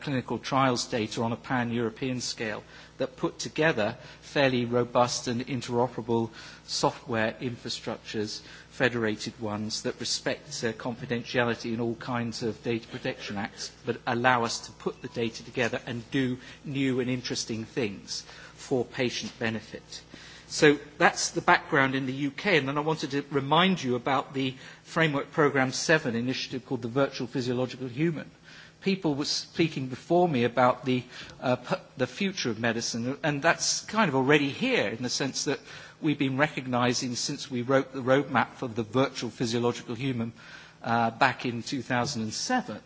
[SPEAKER 7] clinical trials data on a pan-European scale that put together fairly robust and interoperable software infrastructures, federated ones that respect confidentiality and all kinds of data protection acts, but allow us to put the data together and do new and interesting things for patient benefit. So that's the background in the UK. And then I wanted to remind you about the Framework Programme 7 initiative called the Virtual Physiological Human. People were speaking before me about the future of medicine, and that's kind of already here in the sense that we've been recognising since we wrote the roadmap for the virtual physiological human back in 2007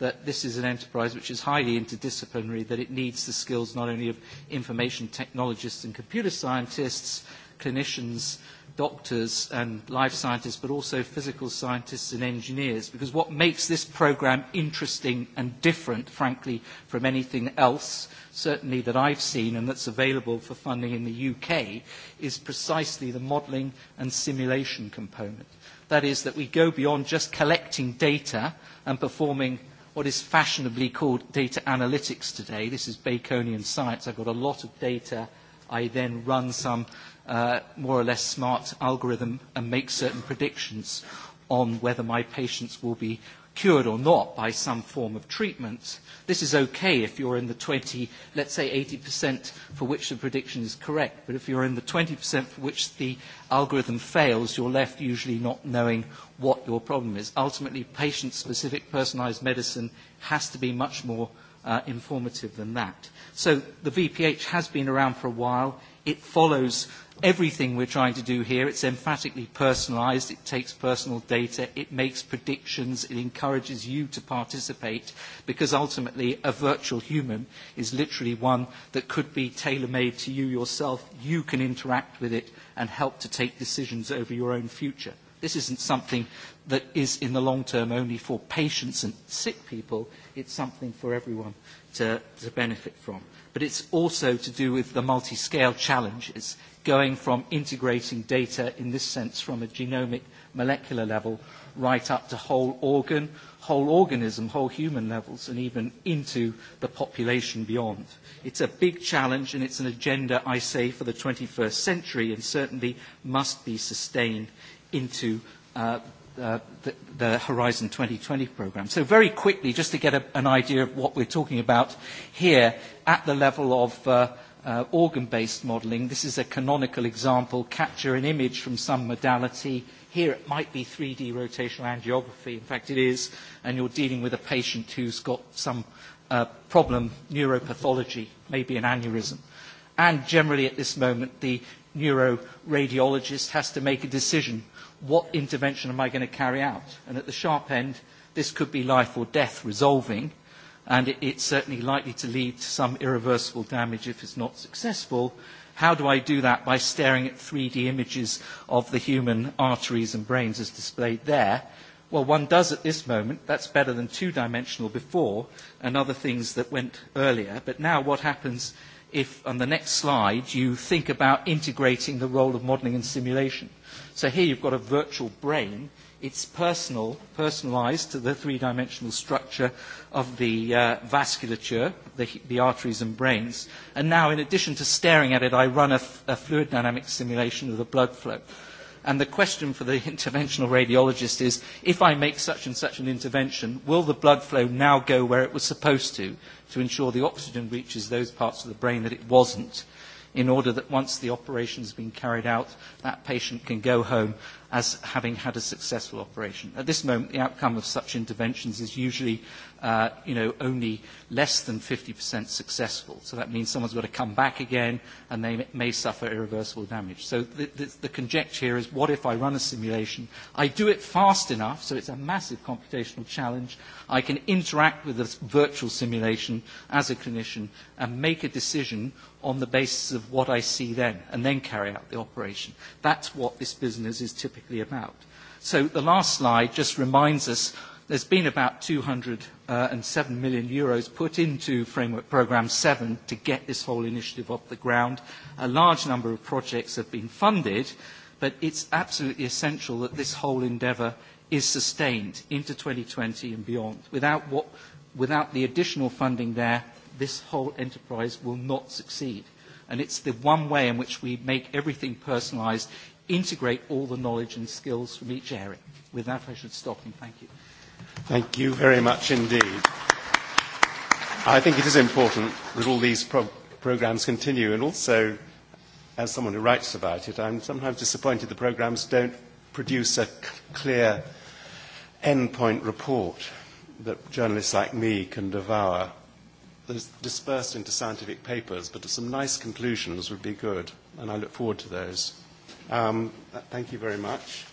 [SPEAKER 7] that this is an enterprise which is highly interdisciplinary, that it needs the skills not only of information technologists and computer scientists, clinicians, doctors and life scientists, but also physical scientists and engineers, because what makes this program interesting and different, frankly, from anything else, certainly that I've seen and that's available for funding in the UK, is precisely the modelling and simulation component. That is, that we go beyond just collecting data and performing what is fashionably called data analytics today. This is Baconian science. I've got a lot of data. I then run some more or less smart algorithm and make certain predictions on whether my patients will be cured or not by some form of treatment. This is okay if you're in the 20, let's say 80% for which the prediction is correct, but if you're in the 20% for which the algorithm fails, you're left usually not knowing what your problem is. Ultimately, patient-specific personalized medicine has to be much more informative than that. So the VPH has been around for a while. It follows everything we're trying to do here. It's emphatically personalised. It takes personal data. It makes predictions. It encourages you to participate because ultimately a virtual human is literally one that could be tailor-made to you yourself. You can interact with it and help to take decisions over your own future. This isn't something that is in the long term only for patients and sick people. It's something for everyone to benefit from but it's also to do with the multi-scale challenges, going from integrating data in this sense from a genomic molecular level right up to whole organ, whole organism, whole human levels, and even into the population beyond. It's a big challenge, and it's an agenda, I say, for the 21st century, and certainly must be sustained into the Horizon 2020 program. So very quickly, just to get an idea of what we're talking about here at the level of organ-based modeling, this is a canonical example, capture an image from some modality. Here it might be 3D rotational angiography. In fact, it is, and you're dealing with a patient who's got some problem, neuropathology, maybe an aneurysm. And generally at this moment, the neuroradiologist has to make a decision what intervention am I going to carry out? And at the sharp end, this could be life or death resolving, and it's certainly likely to lead to some irreversible damage if it's not successful. How do I do that? By staring at 3D images of the human arteries and brains as displayed there. Well, one does at this moment. That's better than two-dimensional before and other things that went earlier. But now what happens if on the next slide you think about integrating the role of modeling and simulation. So here you've got a virtual brain. It's personal, personalized to the three-dimensional structure of the vasculature, the arteries and brains. And now, in addition to staring at it, I run a fluid dynamic simulation of the blood flow. And the question for the interventional radiologist is, if I make such and such an intervention, will the blood flow now go where it was supposed to? to ensure the oxygen reaches those parts of the brain that it wasn't, in order that once the operation has been carried out, that patient can go home as having had a successful operation. At this moment, the outcome of such interventions is usually you know, only less than 50% successful. So that means someone's got to come back again and they may suffer irreversible damage. So the conjecture here is what if I run a simulation, I do it fast enough, so it's a massive computational challenge, I can interact with this virtual simulation as a clinician and make a decision on the basis of what I see then and then carry out the operation. That's what this business is typically about. So the last slide just reminds us There's been about 207 million euros put into Framework Programme 7 to get this whole initiative off the ground. A large number of projects have been funded, but it's absolutely essential that this whole endeavour is sustained into 2020 and beyond. Without the additional funding there, this whole enterprise will not succeed. And it's the one way in which we make everything personalised, integrate all the knowledge and skills from each area. With that, I should stop and thank you. Thank you very much
[SPEAKER 1] indeed. I think it is important that all these programmes continue and also, as someone who writes about it, I'm sometimes disappointed the programmes don't produce a clear endpoint report that journalists like me can devour. It's dispersed into scientific papers, but some nice conclusions would be good, and I look forward to those. Thank you very much.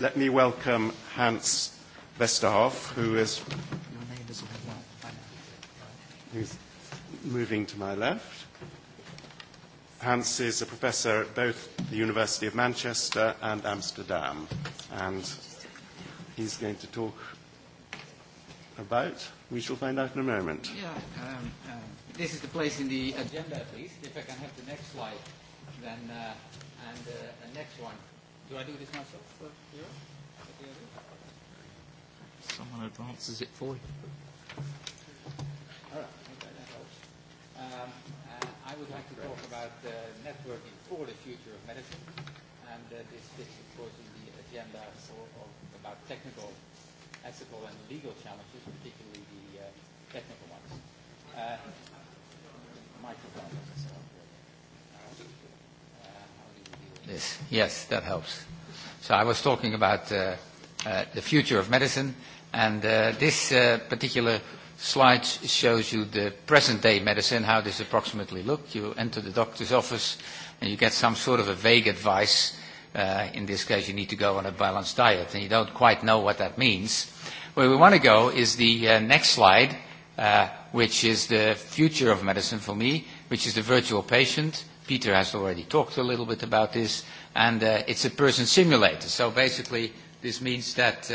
[SPEAKER 1] Let me welcome Hans Vesterhoff, who is who's moving to my left. Hans is a professor at both the University of Manchester and Amsterdam, and he's going to talk about. We shall find out in a moment. Yeah,
[SPEAKER 8] um, this is the place in the agenda, at least. If I can have the next slide, then, uh, and uh, the next one. Do I do this myself? Yeah
[SPEAKER 7] someone advances it for you. All
[SPEAKER 8] right, I think that helps. Um, I would like to talk about uh, networking for the future of medicine, and uh, this fits, of course, in the agenda for, of, about technical, ethical, and legal challenges, particularly the uh, technical ones. Uh, microphone. Yes, yes, that helps. So I was talking about the future of medicine And this particular slide shows you the present-day medicine, how this approximately looked. You enter the doctor's office and you get some sort of a vague advice. In this case, you need to go on a balanced diet, and you don't quite know what that means. Where we want to go is the next slide, which is the future of medicine for me, which is the virtual patient. Peter has already talked a little bit about this, and it's a person simulator. So basically, this means that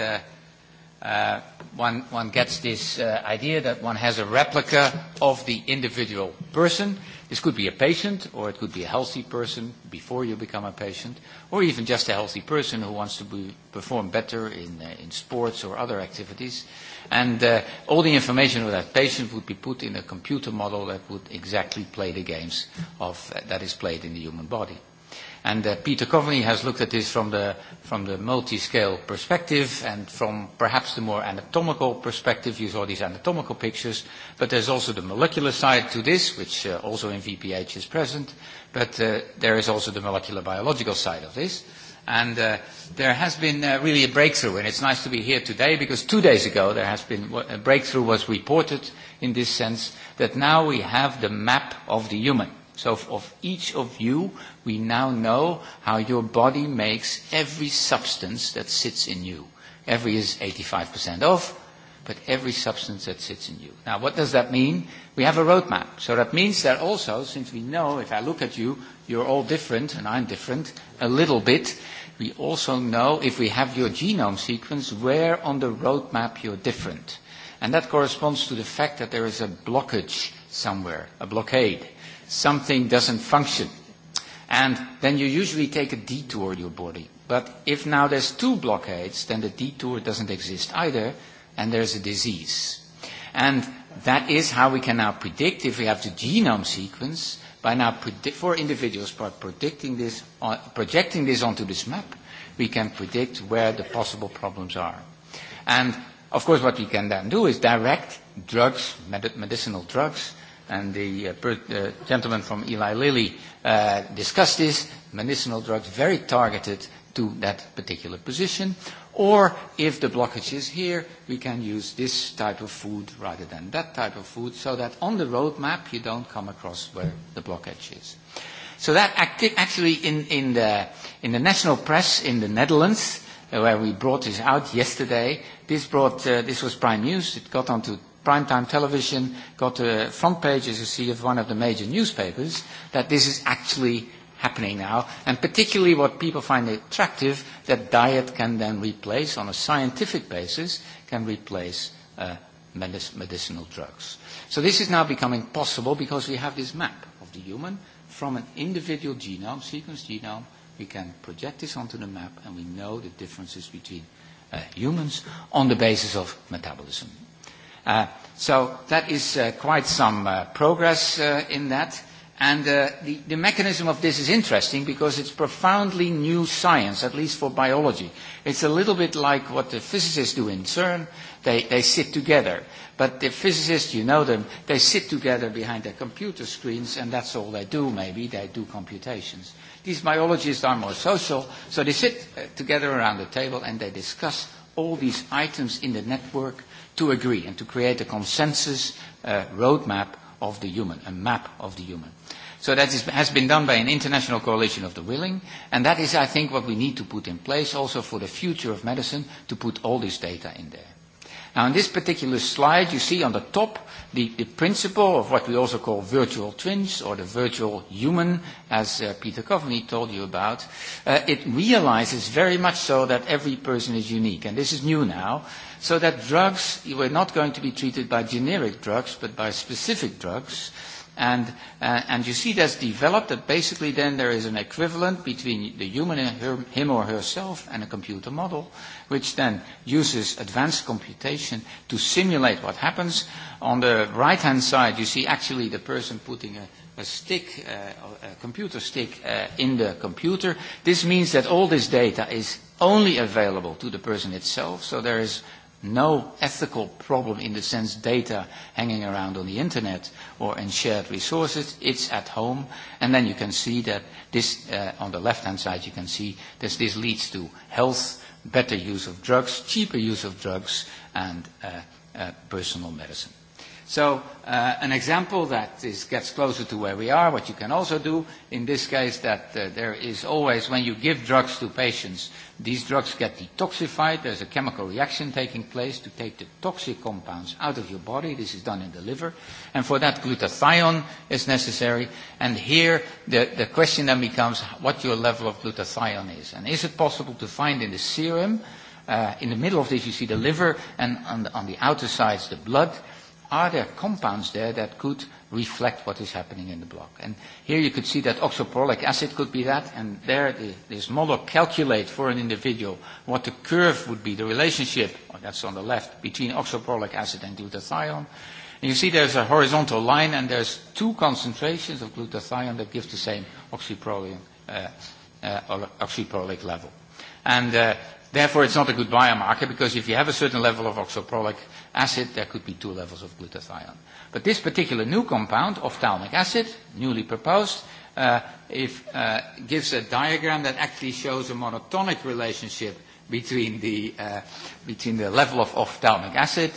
[SPEAKER 8] one gets this idea that one has a replica of the individual person. This could be a patient, or it could be a healthy person before you become a patient, or even just a healthy person who wants to perform better in sports or other activities. And all the information of that patient would be put in a computer model that would exactly play the games that is played in the human body. And Peter Coveney has looked at this from the from the multi-scale perspective and from perhaps the more anatomical perspective. You saw these anatomical pictures, but there's also the molecular side to this, which also in VPH is present. But there is also the molecular biological side of this. And there has been really a breakthrough, and it's nice to be here today because two days ago there has been a breakthrough was reported in this sense that now we have the map of the human. So of each of you, we now know how your body makes every substance that sits in you. Every is 85% off, but every substance that sits in you. Now, what does that mean? We have a roadmap. So that means that also, since we know, if I look at you, you're all different, and I'm different, a little bit, we also know, if we have your genome sequence, where on the roadmap you're different. And that corresponds to the fact that there is a blockage somewhere, a blockade something doesn't function. And then you usually take a detour in your body. But if now there's two blockades, then the detour doesn't exist either, and there's a disease. And that is how we can now predict, if we have the genome sequence, by now for individuals, by predicting this, projecting this onto this map, we can predict where the possible problems are. And, of course, what we can then do is direct drugs, medicinal drugs, and the gentleman from Eli Lilly discussed this, medicinal drugs very targeted to that particular position. Or if the blockage is here, we can use this type of food rather than that type of food so that on the roadmap you don't come across where the blockage is. So that actually in, the, the national press in the Netherlands, where we brought this out yesterday, this, brought, this was prime news. It got onto primetime television got the front page, as you see, of one of the major newspapers, that this is actually happening now, and particularly what people find attractive, that diet can then replace, on a scientific basis, can replace medicinal drugs. So this is now becoming possible because we have this map of the human from an individual genome, sequence genome, we can project this onto the map and we know the differences between humans on the basis of metabolism. So that is quite some progress in that. And the mechanism of this is interesting because it's profoundly new science, at least for biology. It's a little bit like what the physicists do in CERN. They sit together. But the physicists, you know them, they sit together behind their computer screens and that's all they do maybe. They do computations. These biologists are more social, so they sit together around the table and they discuss all these items in the network to agree and to create a consensus roadmap of the human, a map of the human. So that has been done by an international coalition of the willing, and that is, I think, what we need to put in place also for the future of medicine, to put all this data in there. Now, in this particular slide, you see on the top the principle of what we also call virtual twins or the virtual human, as Peter Coveney told you about. It realizes very much so that every person is unique, and this is new now so that drugs were not going to be treated by generic drugs but by specific drugs. And, and you see that's developed that basically then there is an equivalent between the human him or herself and a computer model, which then uses advanced computation to simulate what happens. On the right-hand side, you see actually the person putting a, a stick, a computer stick in the computer. This means that all this data is only available to the person itself, so there is no ethical problem in the sense data hanging around on the internet or in shared resources. It's at home. And then you can see that this, on the left-hand side, you can see this, this leads to health, better use of drugs, cheaper use of drugs, and personal medicine. So an example that gets closer to where we are, what you can also do in this case that there is always when you give drugs to patients, these drugs get detoxified, there's a chemical reaction taking place to take the toxic compounds out of your body. This is done in the liver. And for that glutathione is necessary. And here the the question then becomes what your level of glutathione is. And is it possible to find in the serum in the middle of this you see the liver and on the outer sides the blood are there compounds there that could reflect what is happening in the block? And here you could see that oxoprolic acid could be that, and there this model calculate for an individual what the curve would be, the relationship, that's on the left, between oxoprolic acid and glutathione. And you see there's a horizontal line, and there's two concentrations of glutathione that give the same oxyprolic level. And Therefore, it's not a good biomarker because if you have a certain level of oxoprolic acid, there could be two levels of glutathione. But this particular new compound, ophthalmic acid, newly proposed, if gives a diagram that actually shows a monotonic relationship between the between the level of ophthalmic acid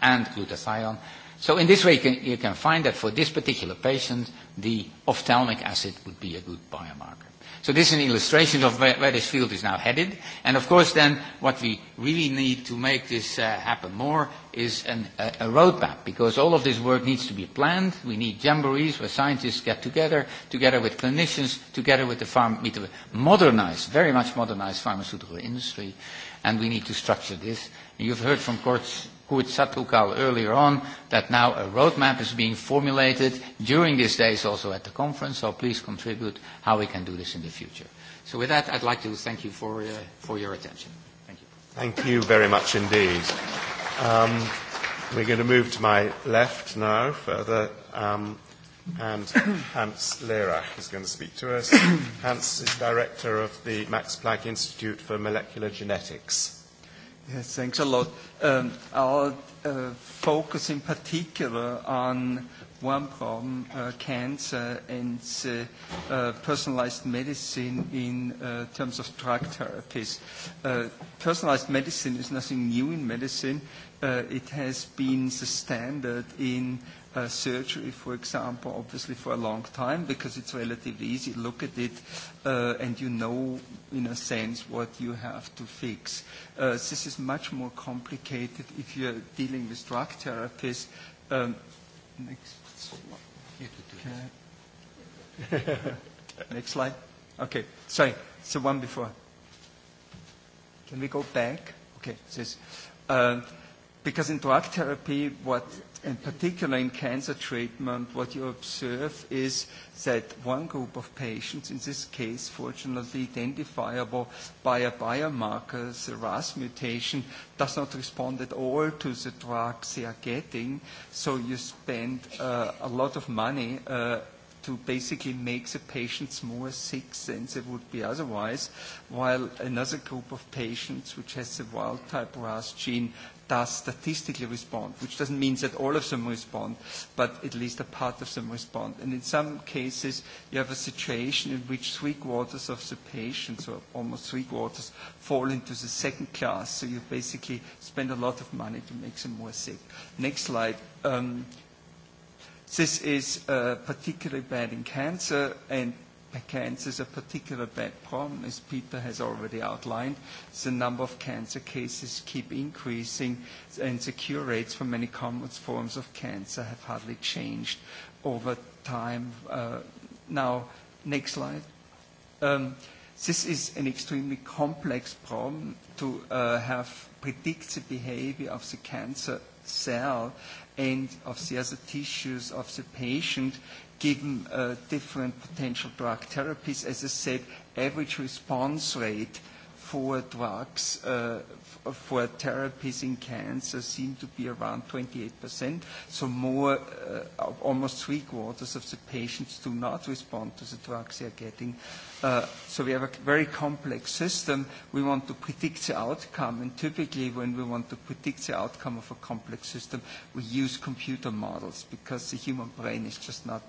[SPEAKER 8] and glutathione. So in this way you can find that for this particular patient the ophthalmic acid would be a good biomarker. So this is an illustration of where, this field is now headed. And of course then what we really need to make this happen more is a, roadmap because all of this work needs to be planned. We need jamborees where scientists get together, together with clinicians, together with the farm, very much modernized pharmaceutical industry. And we need to structure this. You've heard from Kurt Kurt Satukal earlier on, that now a roadmap is being formulated during these days also at the conference, so please contribute how we can do this in the future. So with that, I'd like to thank you for, for your attention. Thank
[SPEAKER 1] you. Thank you very much indeed. we're going to move to my left now, further, um, and Hans Lerach is going to speak to us. Hans is director of the Max Planck Institute for Molecular Genetics.
[SPEAKER 9] Yes, thanks a lot. I'll focus in particular on one problem, cancer and personalized medicine in terms of drug therapies. Personalized medicine is nothing new in medicine. It has been the standard in surgery, for example, obviously for a long time because it's relatively easy. Look at it and you know, in a sense, what you have to fix. This is much more complicated if you're dealing with drug therapies. Next slide. Okay. Sorry. It's the one before. Can we go back? Okay. Because in drug therapy, what in particular in cancer treatment, what you observe is that one group of patients, in this case fortunately identifiable by a biomarker, the RAS mutation, does not respond at all to the drugs they are getting. So you spend a lot of money to basically make the patients more sick than they would be otherwise, while another group of patients which has the wild-type RAS gene does statistically respond, which doesn't mean that all of them respond, but at least a part of them respond. And in some cases, you have a situation in which three-quarters of the patients, or almost three-quarters, fall into the second class. So you basically spend a lot of money to make them more sick. Next slide. This is particularly bad in cancer, and cancer is a particular bad problem, as Peter has already outlined. The number of cancer cases keep increasing, and the cure rates for many common forms of cancer have hardly changed over time. Now, next slide. This is an extremely complex problem to have predict the behavior of the cancer cell and of the other tissues of the patient given different potential drug therapies. As I said, average response rate for drugs, for therapies in cancer seem to be around 28%. So more, almost three quarters of the patients do not respond to the drugs they are getting. So we have a very complex system. We want to predict the outcome, and typically when we want to predict the outcome of a complex system, we use computer models because the human brain is just not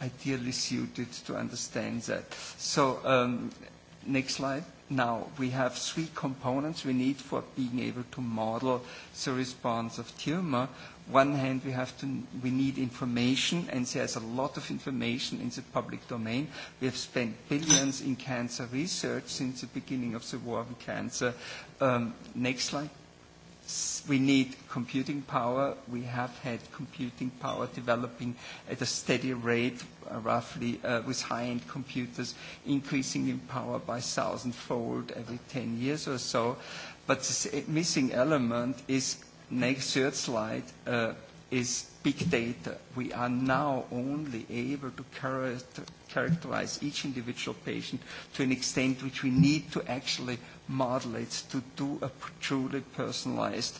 [SPEAKER 9] ideally suited to understand that. So next slide. Now, we have three components we need for being able to model the response of tumor. One hand, we have to, we need information, and there's a lot of information in the public domain. We have spent billions in cancer research since the beginning of the war on cancer. Next slide, we need computing power. We have had computing power developing at a steady rate, roughly with high-end computers increasing in power by thousandfold every 10 years or so. But the missing element is, next third slide, is big data. We are now only able to characterize each individual patient to an extent which we need to actually model it, to do a truly personalized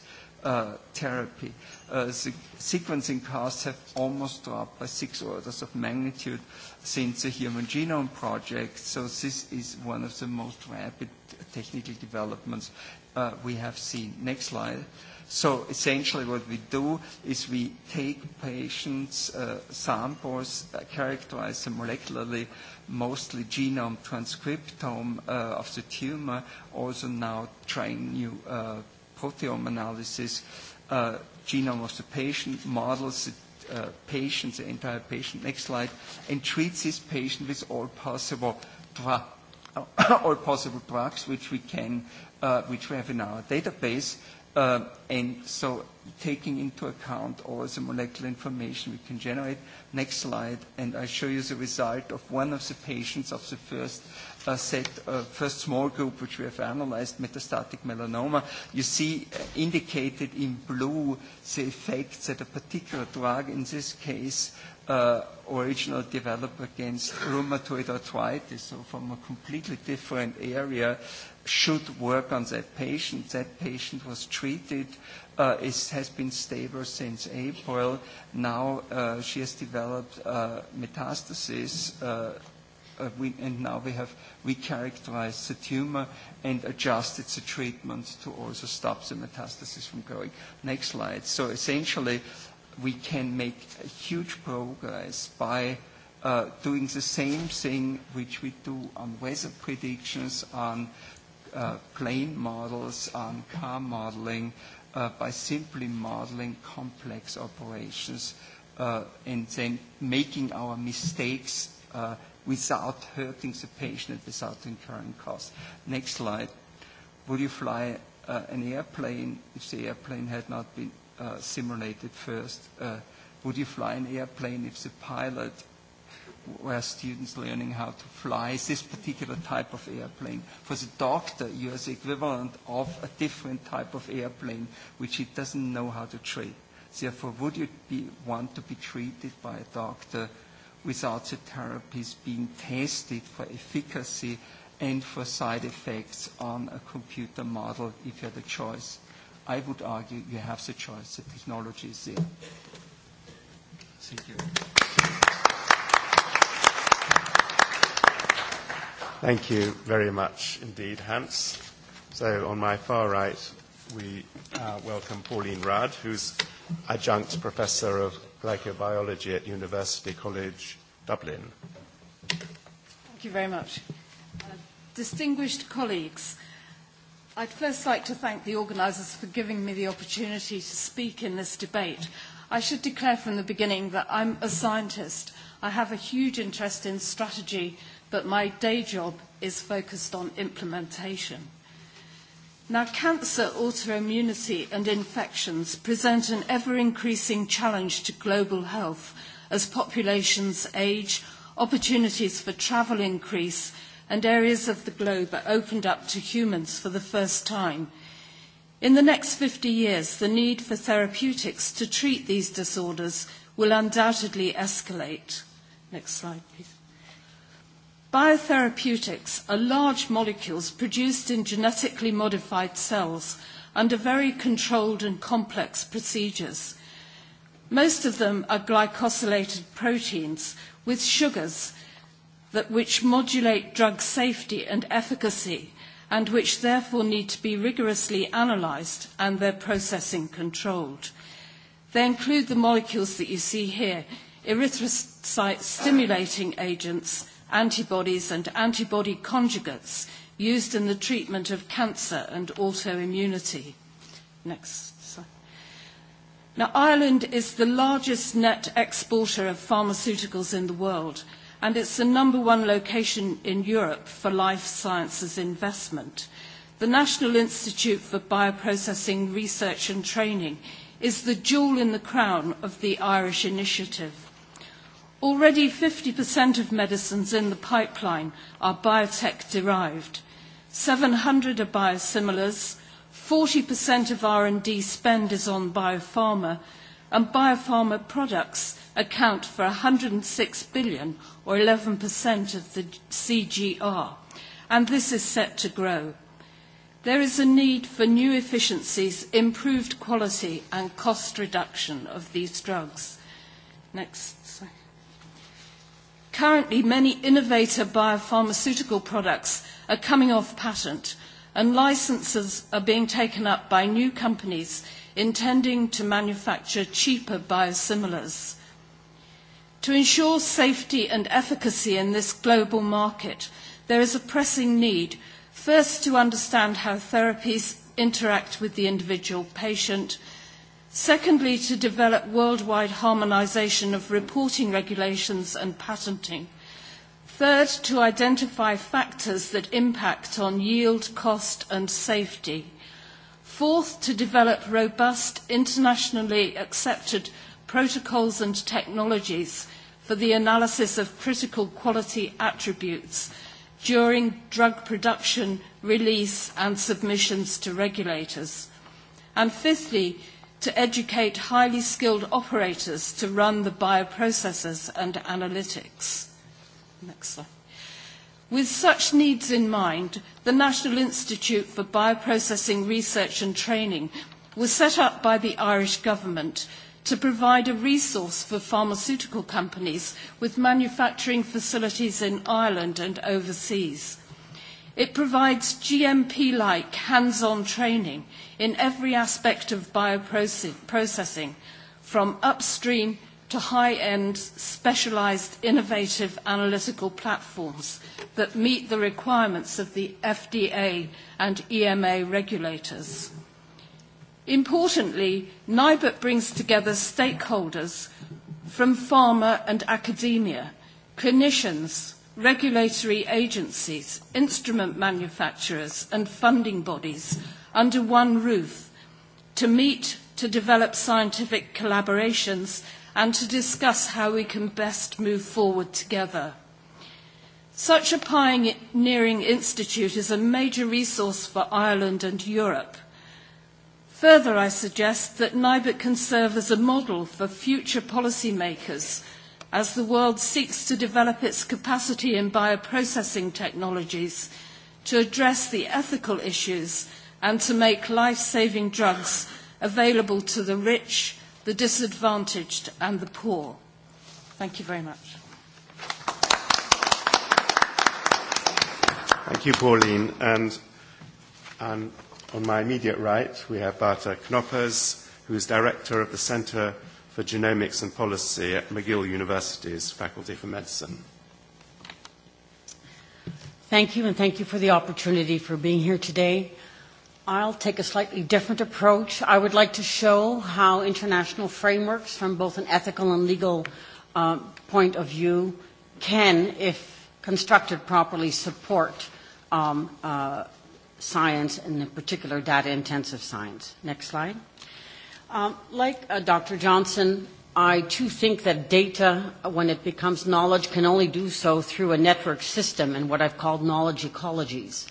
[SPEAKER 9] therapy. Sequencing costs have almost dropped by six orders of magnitude since the Human Genome Project, so this is one of the most rapid technical developments we have seen. Next slide. So essentially what we do is we take patients' samples, characterize them molecularly, mostly genome, transcriptome of the tumor, also now trying new proteome analysis, genome of the patient, models the patient, the entire patient, next slide, and treats this patient with all possible all possible drugs which we can, which we have in our database, And so taking into account all the molecular information we can generate. Next slide, and I show you the result of one of the patients of the first set, first small group which we have analyzed, metastatic melanoma. You see indicated in blue the effects that a particular drug, in this case original developed against rheumatoid arthritis, so from a completely different area, should work on that patient. That patient was treated, it has been stable since April. Now she has developed metastasis, and now we have recharacterized the tumor and adjusted the treatment to also stop the metastasis from growing. Next slide. So essentially, we can make a huge progress by doing the same thing which we do on weather predictions, on plane models, on car modeling, by simply modeling complex operations and then making our mistakes without hurting the patient, without incurring costs. Next slide. Would you fly an airplane if the airplane had not been simulated first. Would you fly an airplane if the pilot were students learning how to fly this particular type of airplane? For the doctor, you are the equivalent of a different type of airplane, which he doesn't know how to treat. Therefore, would you be, want to be treated by a doctor without the therapies being tested for efficacy and for side effects on a computer model if you had a choice? I would argue you have the choice. The technology is there. Thank you.
[SPEAKER 1] Thank you very much indeed, Hans. So on my far right, we welcome Pauline Rudd, who's adjunct professor of glycobiology at University College Dublin.
[SPEAKER 10] Thank
[SPEAKER 11] you very much. Distinguished colleagues, I'd first like to thank the organisers for giving me the opportunity to speak in this debate. I should declare from the beginning that I'm a scientist. I have a huge interest in strategy, but my day job is focused on implementation. Now, cancer, autoimmunity and infections present an ever-increasing challenge to global health as populations age, opportunities for travel increase and areas of the globe are opened up to humans for the first time. In the next 50 years, the need for therapeutics to treat these disorders will undoubtedly escalate. Next slide, please. Biotherapeutics are large molecules produced in genetically modified cells under very controlled and complex procedures. Most of them are glycosylated proteins with sugars that which modulate drug safety and efficacy and which therefore need to be rigorously analysed and their processing controlled. They include the molecules that you see here, erythrocyte-stimulating agents, antibodies and antibody conjugates used in the treatment of cancer and autoimmunity. Next Now, Ireland is the largest net exporter of pharmaceuticals in the world, and it's the number one location in Europe for life sciences investment. The National Institute for Bioprocessing Research and Training is the jewel in the crown of the Irish initiative. Already 50% of medicines in the pipeline are biotech-derived. 700 are biosimilars. 40% of R&D spend is on biopharma, and biopharma products account for 106 billion or 11% of the CGR, and this is set to grow. There is a need for new efficiencies, improved quality and cost reduction of these drugs. Next Currently, many innovator biopharmaceutical products are coming off patent, and licenses are being taken up by new companies intending to manufacture cheaper biosimilars. To ensure safety and efficacy in this global market, there is a pressing need, first to understand how therapies interact with the individual patient, secondly to develop worldwide harmonisation of reporting regulations and patenting, third to identify factors that impact on yield, cost and safety. Fourth, to develop robust, internationally accepted protocols and technologies for the analysis of critical quality attributes during drug production, release and submissions to regulators. And fifthly, to educate highly skilled operators to run the bioprocessors and analytics. Next With such needs in mind, the National Institute for Bioprocessing Research and Training was set up by the Irish Government to provide a resource for pharmaceutical companies with manufacturing facilities in Ireland and overseas. It provides GMP-like hands-on training in every aspect of bioprocessing, from upstream to high-end, specialized innovative analytical platforms that meet the requirements of the FDA and EMA regulators. Importantly, NIBUT brings together stakeholders from pharma and academia, clinicians, regulatory agencies, instrument manufacturers and funding bodies under one roof to meet, to develop scientific collaborations and to discuss how we can best move forward together. Such a pioneering institute is a major resource for Ireland and Europe. Further, I suggest that NIBIT can serve as a model for future policymakers as the world seeks to develop its capacity in bioprocessing technologies to address the ethical issues and to make life-saving drugs available to the rich the disadvantaged and the poor. Thank you very much.
[SPEAKER 1] Thank you, Pauline. And on my immediate right, we have Barta Knoppers, who is Director of the Centre for Genomics and Policy at McGill University's Faculty for Medicine.
[SPEAKER 12] Thank you, and thank you for the opportunity for being here today. I'll take a slightly different approach. I would like to show how international frameworks from both an ethical and legal point of view can, if constructed properly, support science and in particular data-intensive science. Next slide. Like Dr. Johnson, I too think that data, when it becomes knowledge, can only do so through a network system and what I've called knowledge ecologies.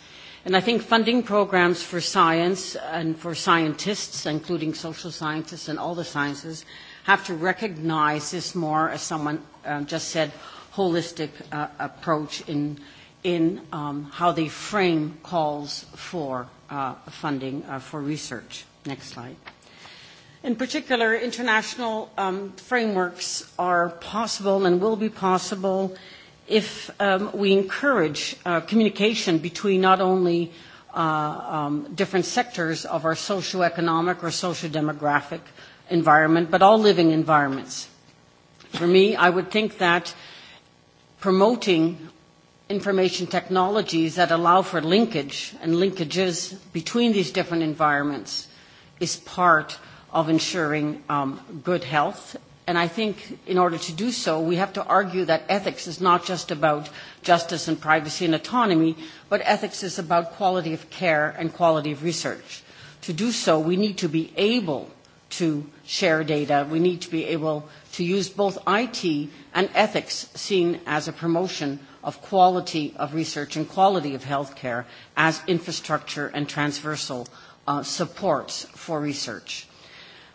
[SPEAKER 12] And I think funding programs for science and for scientists, including social scientists and all the sciences, have to recognize this more, as someone just said, holistic approach in in how they frame calls for funding for research. Next slide. In particular, international frameworks are possible and will be possible if we encourage communication between not only different sectors of our socio-economic or socio-demographic environment, but all living environments. For me, I would think that promoting information technologies that allow for linkage and linkages between these different environments is part of ensuring good health And I think in order to do so, we have to argue that ethics is not just about justice and privacy and autonomy, but ethics is about quality of care and quality of research. To do so, we need to be able to share data. We need to be able to use both IT and ethics seen as a promotion of quality of research and quality of healthcare as infrastructure and transversal supports for research.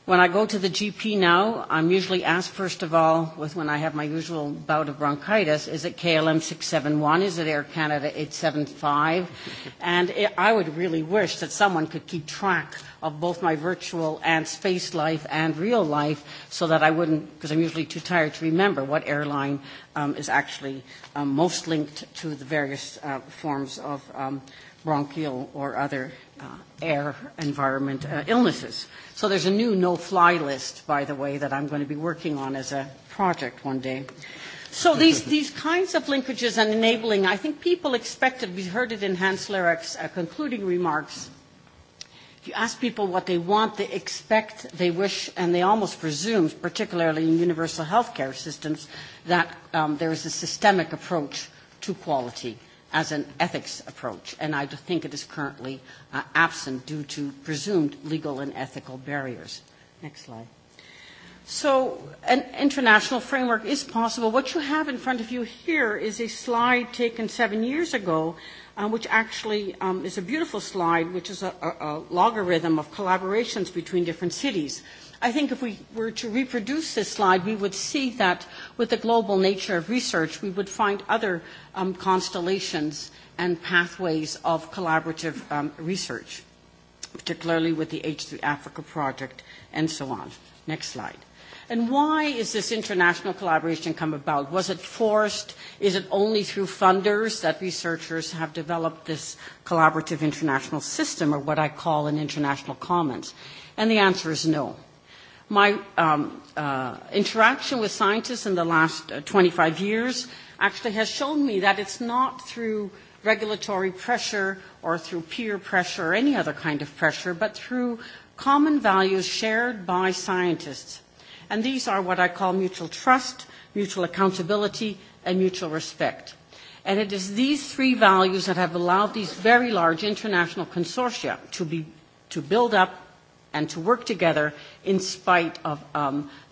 [SPEAKER 12] When I go to the GP now, I'm usually asked, first of all, with when I have my usual bout of bronchitis, is it KLM 671? Is it Air Canada 875? And I would really wish that someone could keep track of both my virtual and space life and real life so that I wouldn't, because I'm usually too tired to remember what airline is actually most linked to the various forms of bronchial or other air environment illnesses. So there's a new no-fly list, by the way, that I'm going to be working on as a project one day. So these, these kinds of linkages and enabling, I think people expected, we heard it in Hans uh, concluding remarks, if you ask people what they want, they expect, they wish, and they almost presume, particularly in universal healthcare systems, that there is a systemic approach to quality as an ethics approach, and I think it is currently absent due to presumed legal and ethical barriers. Next slide. So an international framework is possible. What you have in front of you here is a slide taken seven years ago, which actually is a beautiful slide, which is a logarithm of collaborations between different cities. I think if we were to reproduce this slide, we would see that with the global nature of research, we would find other constellations and pathways of collaborative research, particularly with the H3 Africa project and so on. Next slide. And why is this international collaboration come about? Was it forced? Is it only through funders that researchers have developed this collaborative international system, or what I call an international commons? And the answer is no. My interaction with scientists in the last 25 years actually has shown me that it's not through regulatory pressure or through peer pressure or any other kind of pressure, but through common values shared by scientists. And these are what I call mutual trust, mutual accountability, and mutual respect. And it is these three values that have allowed these very large international consortia to build up and to work together in spite of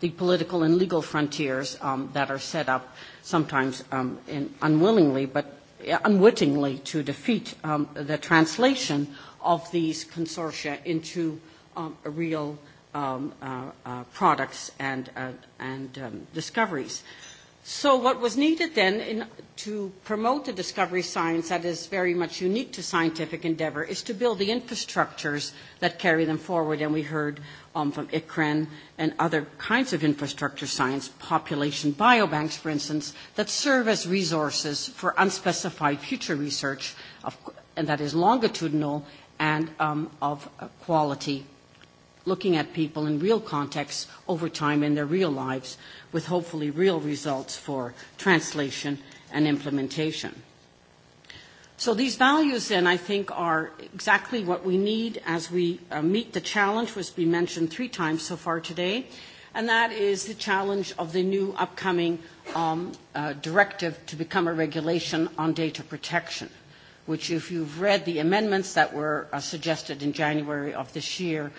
[SPEAKER 12] the political and legal frontiers that are set up sometimes unwillingly but unwittingly to defeat the translation of these consortia into real products and discoveries. So what was needed then to promote the discovery science that is very much unique to scientific endeavor is to build the infrastructures that carry them forward. And we heard from ICRAN and other kinds of infrastructure science, population biobanks, for instance, that serve as resources for unspecified future research, and that is longitudinal and of quality, looking at people in real context over time in their real lives with hopefully real results for translation and implementation. So these values then I think are exactly what we need as we meet the challenge which has been mentioned three times so far today and that is the challenge of the new upcoming directive to become a regulation on data protection which if you've read the amendments that were suggested in January of this year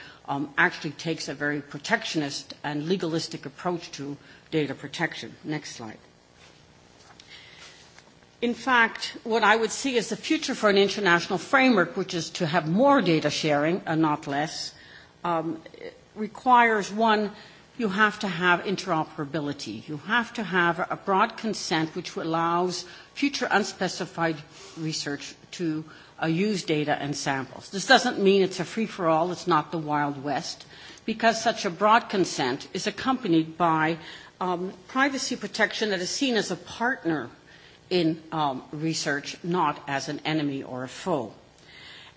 [SPEAKER 12] actually takes a very protectionist and legalistic approach to data protection. Next slide. In fact, what I would see as the future for an international framework, which is to have more data sharing and not less, requires one, you have to have interoperability. You have to have a broad consent which allows future unspecified research to use data and samples. This doesn't mean it's a free-for-all, it's not the Wild West, because such a broad consent is accompanied by privacy protection that is seen as a partner in research, not as an enemy or a foe.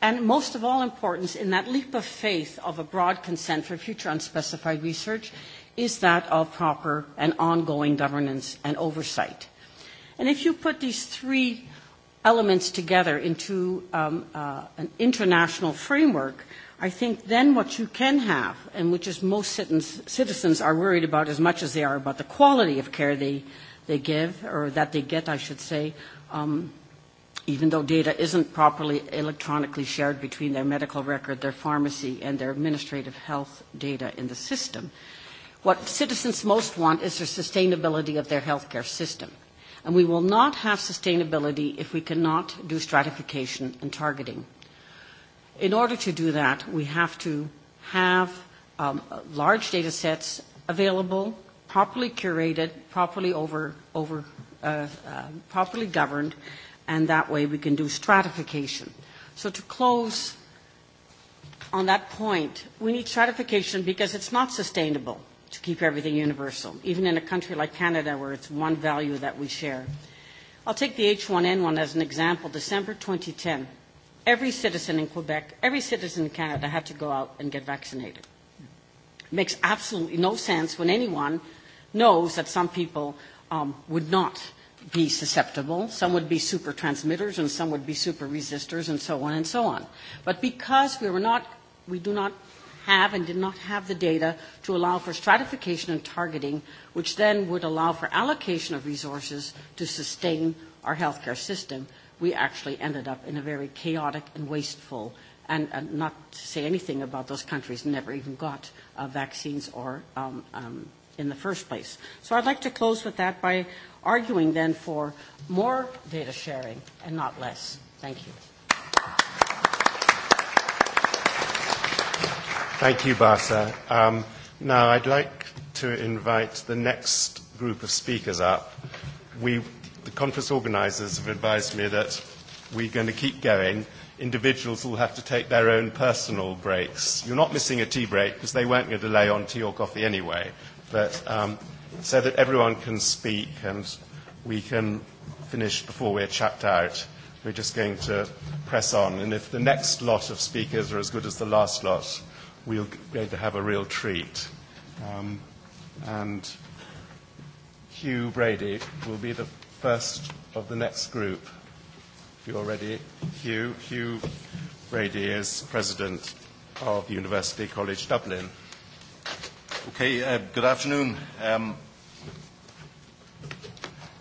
[SPEAKER 12] And most of all importance in that leap of faith of a broad consent for future unspecified research is that of proper and ongoing governance and oversight. And if you put these three elements together into an international framework, I think then what you can have, and which is most citizens are worried about as much as they are about the quality of care they they give or that they get, I should say, even though data isn't properly electronically shared between their medical record, their pharmacy, and their administrative health data in the system. What citizens most want is the sustainability of their healthcare system. And we will not have sustainability if we cannot do stratification and targeting. In order to do that, we have to have large data sets available, properly curated, properly over properly governed, and that way we can do stratification. So to close on that point, we need stratification because it's not sustainable to keep everything universal, even in a country like Canada where it's one value that we share. I'll take the H1N1 as an example. December 2010, every citizen in Quebec, every citizen in Canada had to go out and get vaccinated. It makes absolutely no sense when anyone knows that some people would not be susceptible. Some would be super transmitters and some would be super resistors and so on and so on. But because we were not, we do not have and did not have the data to allow for stratification and targeting, which then would allow for allocation of resources to sustain our healthcare system we actually ended up in a very chaotic and wasteful and not to say anything about those countries never even got vaccines or in the first place. So I'd like to close with that by arguing then for more data sharing and not less. Thank you.
[SPEAKER 1] Thank you, Basa. now I'd like to invite the next group of speakers up. We the conference organisers have advised me that we're going to keep going. Individuals will have to take their own personal breaks. You're not missing a tea break because they weren't going to lay on tea or coffee anyway. But um, so that everyone can speak and we can finish before we're chapped out. We're just going to press on. And if the next lot of speakers are as good as the last lot, we're going to have a real treat. Um, and Hugh Brady will be the first of the next group. If you're ready, Hugh. Hugh Brady is President of University
[SPEAKER 13] College Dublin. Okay, good afternoon. Um,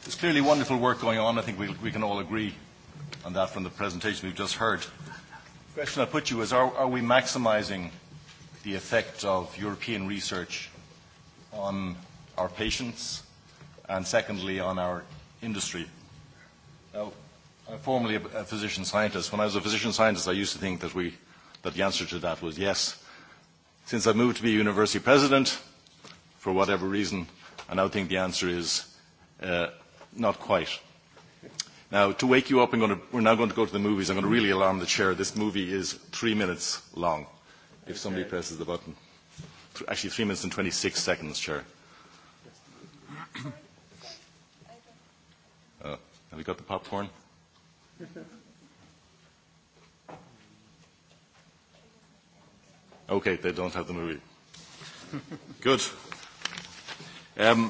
[SPEAKER 13] there's clearly wonderful work going on. I think we, we can all agree on that from the presentation we've just heard. The question I put you is, are, are we maximizing the effect of European research on our patients and secondly on our industry. Now, I'm formerly a physician scientist. When I was a physician scientist, I used to think that we that the answer to that was yes. Since I moved to be a university president, for whatever reason, I now think the answer is not quite. Now, to wake you up, we're now going to go to the movies. I'm going to really alarm the chair. This movie is three minutes long, if somebody presses the button. Actually, three minutes and 26 seconds, chair. Have you got the popcorn? Okay, they don't have the movie. Good. Um,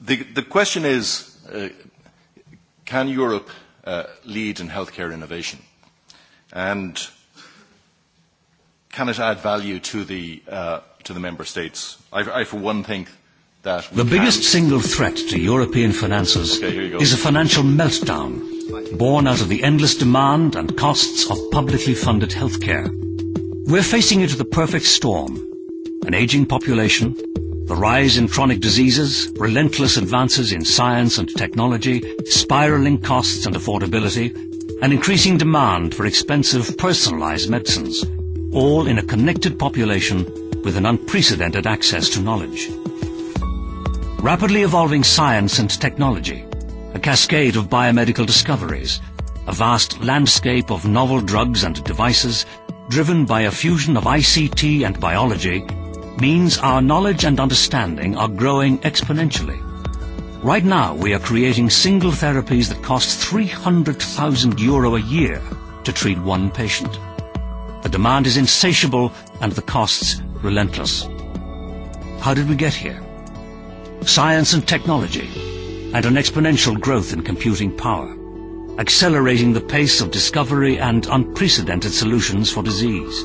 [SPEAKER 13] the, the question is, can Europe lead in healthcare innovation? And can it add value to the, to the member states? I, I, for one, think The biggest
[SPEAKER 14] single threat to European finances is a financial meltdown born out of the endless demand and costs of publicly funded healthcare. We're facing into the perfect storm. An aging population, the rise in chronic diseases, relentless advances in science and technology, spiraling costs and affordability, and increasing demand for expensive personalized medicines, all in a connected population with an unprecedented access to knowledge. Rapidly evolving science and technology, a cascade of biomedical discoveries, a vast landscape of novel drugs and devices driven by a fusion of ICT and biology means our knowledge and understanding are growing exponentially. Right now we are creating single therapies that cost 300,000 euro a year to treat one patient. The demand is insatiable and the costs relentless. How did we get here? science and technology, and an exponential growth in computing power, accelerating the pace of discovery and unprecedented solutions for disease.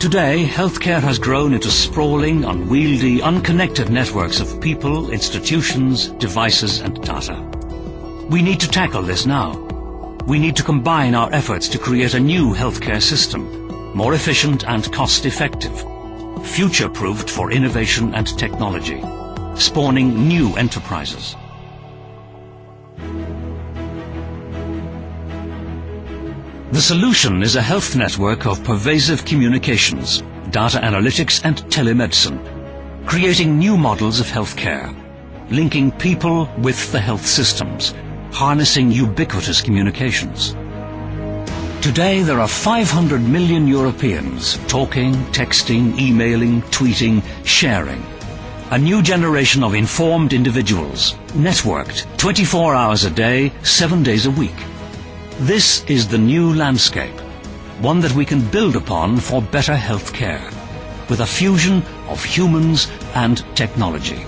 [SPEAKER 14] Today, healthcare has grown into sprawling, unwieldy, unconnected networks of people, institutions, devices and data. We need to tackle this now. We need to combine our efforts to create a new healthcare system, more efficient and cost-effective, future-proofed for innovation and technology spawning new enterprises. The solution is a health network of pervasive communications, data analytics and telemedicine, creating new models of healthcare, linking people with the health systems, harnessing ubiquitous communications. Today there are 500 million Europeans talking, texting, emailing, tweeting, sharing – A new generation of informed individuals, networked 24 hours a day, 7 days a week. This is the new landscape, one that we can build upon for better health care, with a fusion of humans and technology.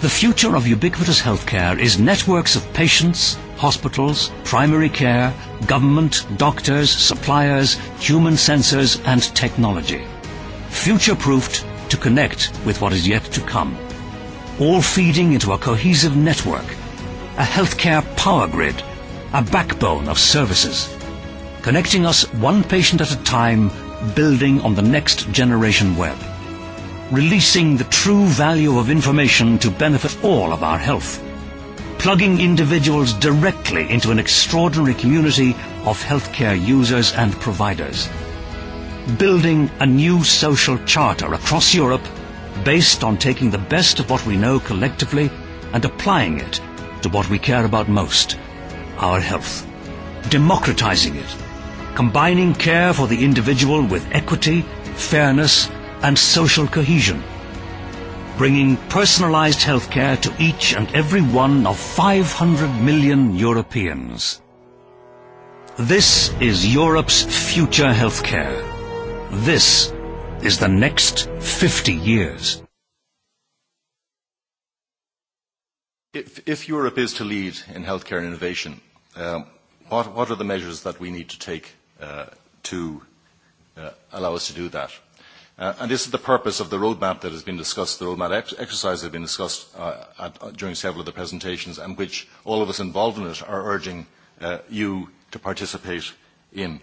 [SPEAKER 14] The future of ubiquitous healthcare is networks of patients, hospitals, primary care, government, doctors, suppliers, human sensors and technology. Future-proofed to connect with what is yet to come, all feeding into a cohesive network, a healthcare power grid, a backbone of services, connecting us one patient at a time, building on the next generation web, releasing the true value of information to benefit all of our health, plugging individuals directly into an extraordinary community of healthcare users and providers building a new social charter across Europe based on taking the best of what we know collectively and applying it to what we care about most, our health. democratizing it. Combining care for the individual with equity, fairness and social cohesion. Bringing personalized health care to each and every one of 500 million Europeans. This is Europe's future healthcare. care This is the next 50 years.
[SPEAKER 13] If, if Europe is to lead in healthcare innovation, what, what are the measures that we need to take to allow us to do that? and this is the purpose of the roadmap that has been discussed, the roadmap exercise that has been discussed at, during several of the presentations and which all of us involved in it are urging you to participate in.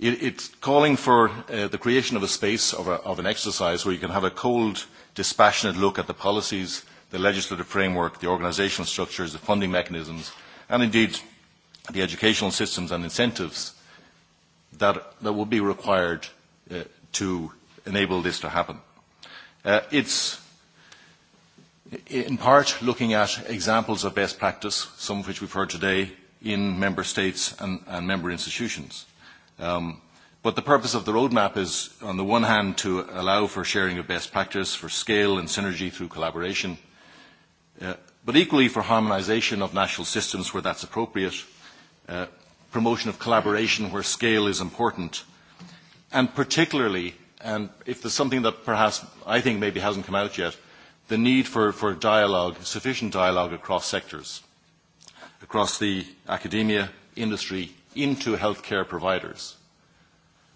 [SPEAKER 13] It It's calling for the creation of a space of an exercise where you can have a cold, dispassionate look at the policies, the legislative framework, the organisational structures, the funding mechanisms, and indeed the educational systems and incentives that will be required to enable this to happen. It's in part looking at examples of best practice, some of which we've heard today, in member states and member institutions. But the purpose of the roadmap is, on the one hand, to allow for sharing of best practice, for scale and synergy through collaboration, but equally for harmonization of national systems where that's appropriate, promotion of collaboration where scale is important, and particularly, and if there's something that perhaps I think maybe hasn't come out yet, the need for dialogue, sufficient dialogue across sectors, across the academia, industry, into healthcare providers,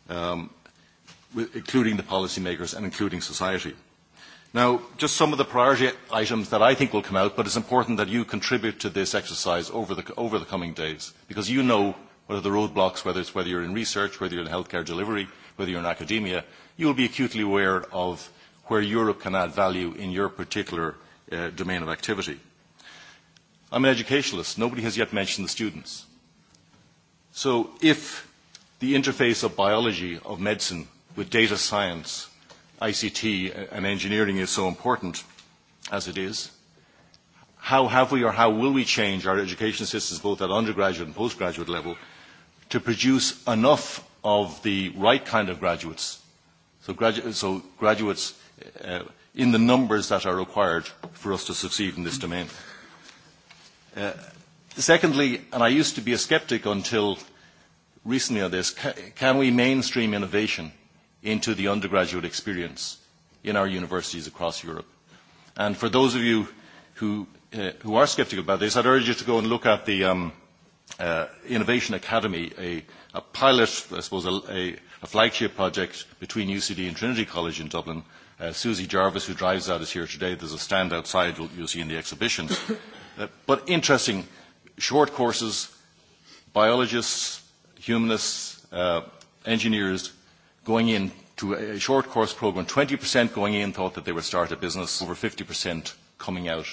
[SPEAKER 13] including the policymakers and including society. Now, just some of the priority items that I think will come out, but it's important that you contribute to this exercise over the coming days, because you know what are the roadblocks, whether it's whether you're in research, whether you're in healthcare delivery, whether you're in academia, you will be acutely aware of where Europe can add value in your particular domain of activity. I'm an educationalist. Nobody has yet mentioned the students. So if the interface of biology, of medicine, with data science, ICT and engineering is so important as it is, how have we or how will we change our education systems both at undergraduate and postgraduate level to produce enough of the right kind of graduates, so graduates in the numbers that are required for us to succeed in this domain. Secondly, and I used to be a skeptic until recently on this, can we mainstream innovation into the undergraduate experience in our universities across Europe? And for those of you who are skeptical about this, I'd urge you to go and look at the Innovation Academy, a pilot, I suppose, a flagship project between UCD and Trinity College in Dublin. Susie Jarvis, who drives that, is here today. There's a stand outside you'll see in the exhibition. But interesting short courses, biologists, humanists, engineers going in to a short course program. 20% going in thought that they would start a business. Over 50% coming out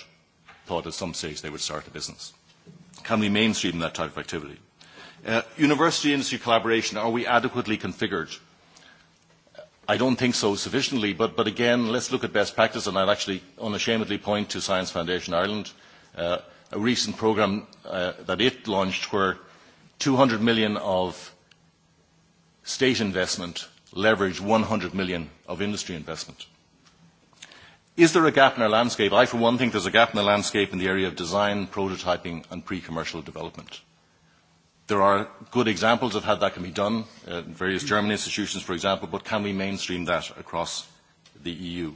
[SPEAKER 13] thought at some stage they would start a business. Can we mainstream that type of activity? University industry collaboration, are we adequately configured? I don't think so sufficiently, but, but again, let's look at best practice, and I'll actually unashamedly point to Science Foundation Ireland a recent programme that it launched where 200 million of state investment leveraged 100 million of industry investment. Is there a gap in our landscape? I, for one, think there's a gap in the landscape in the area of design, prototyping and pre-commercial development. There are good examples of how that can be done in various German institutions, for example, but can we mainstream that across the EU?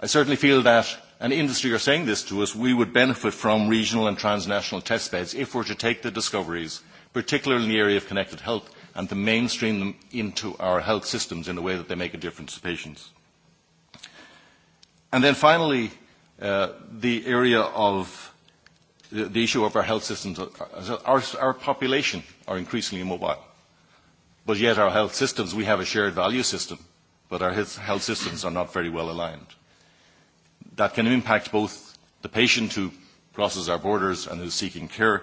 [SPEAKER 13] I certainly feel that and industry are saying this to us, we would benefit from regional and transnational test beds if we're to take the discoveries, particularly in the area of connected health, and to mainstream them into our health systems in a way that they make a difference to patients. And then finally, the area of the issue of our health systems. Our population are increasingly mobile, but yet our health systems, we have a shared value system, but our health systems are not very well aligned that can impact both the patient who crosses our borders and is seeking care,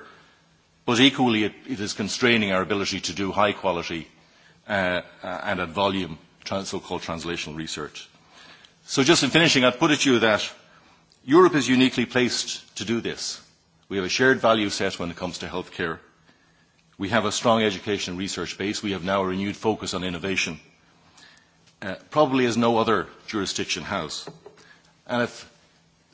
[SPEAKER 13] but equally it is constraining our ability to do high quality and at volume so-called translational research. So just in finishing, I'd put it to you that Europe is uniquely placed to do this. We have a shared value set when it comes to healthcare. We have a strong education and research base. We have now a renewed focus on innovation, probably as no other jurisdiction has. And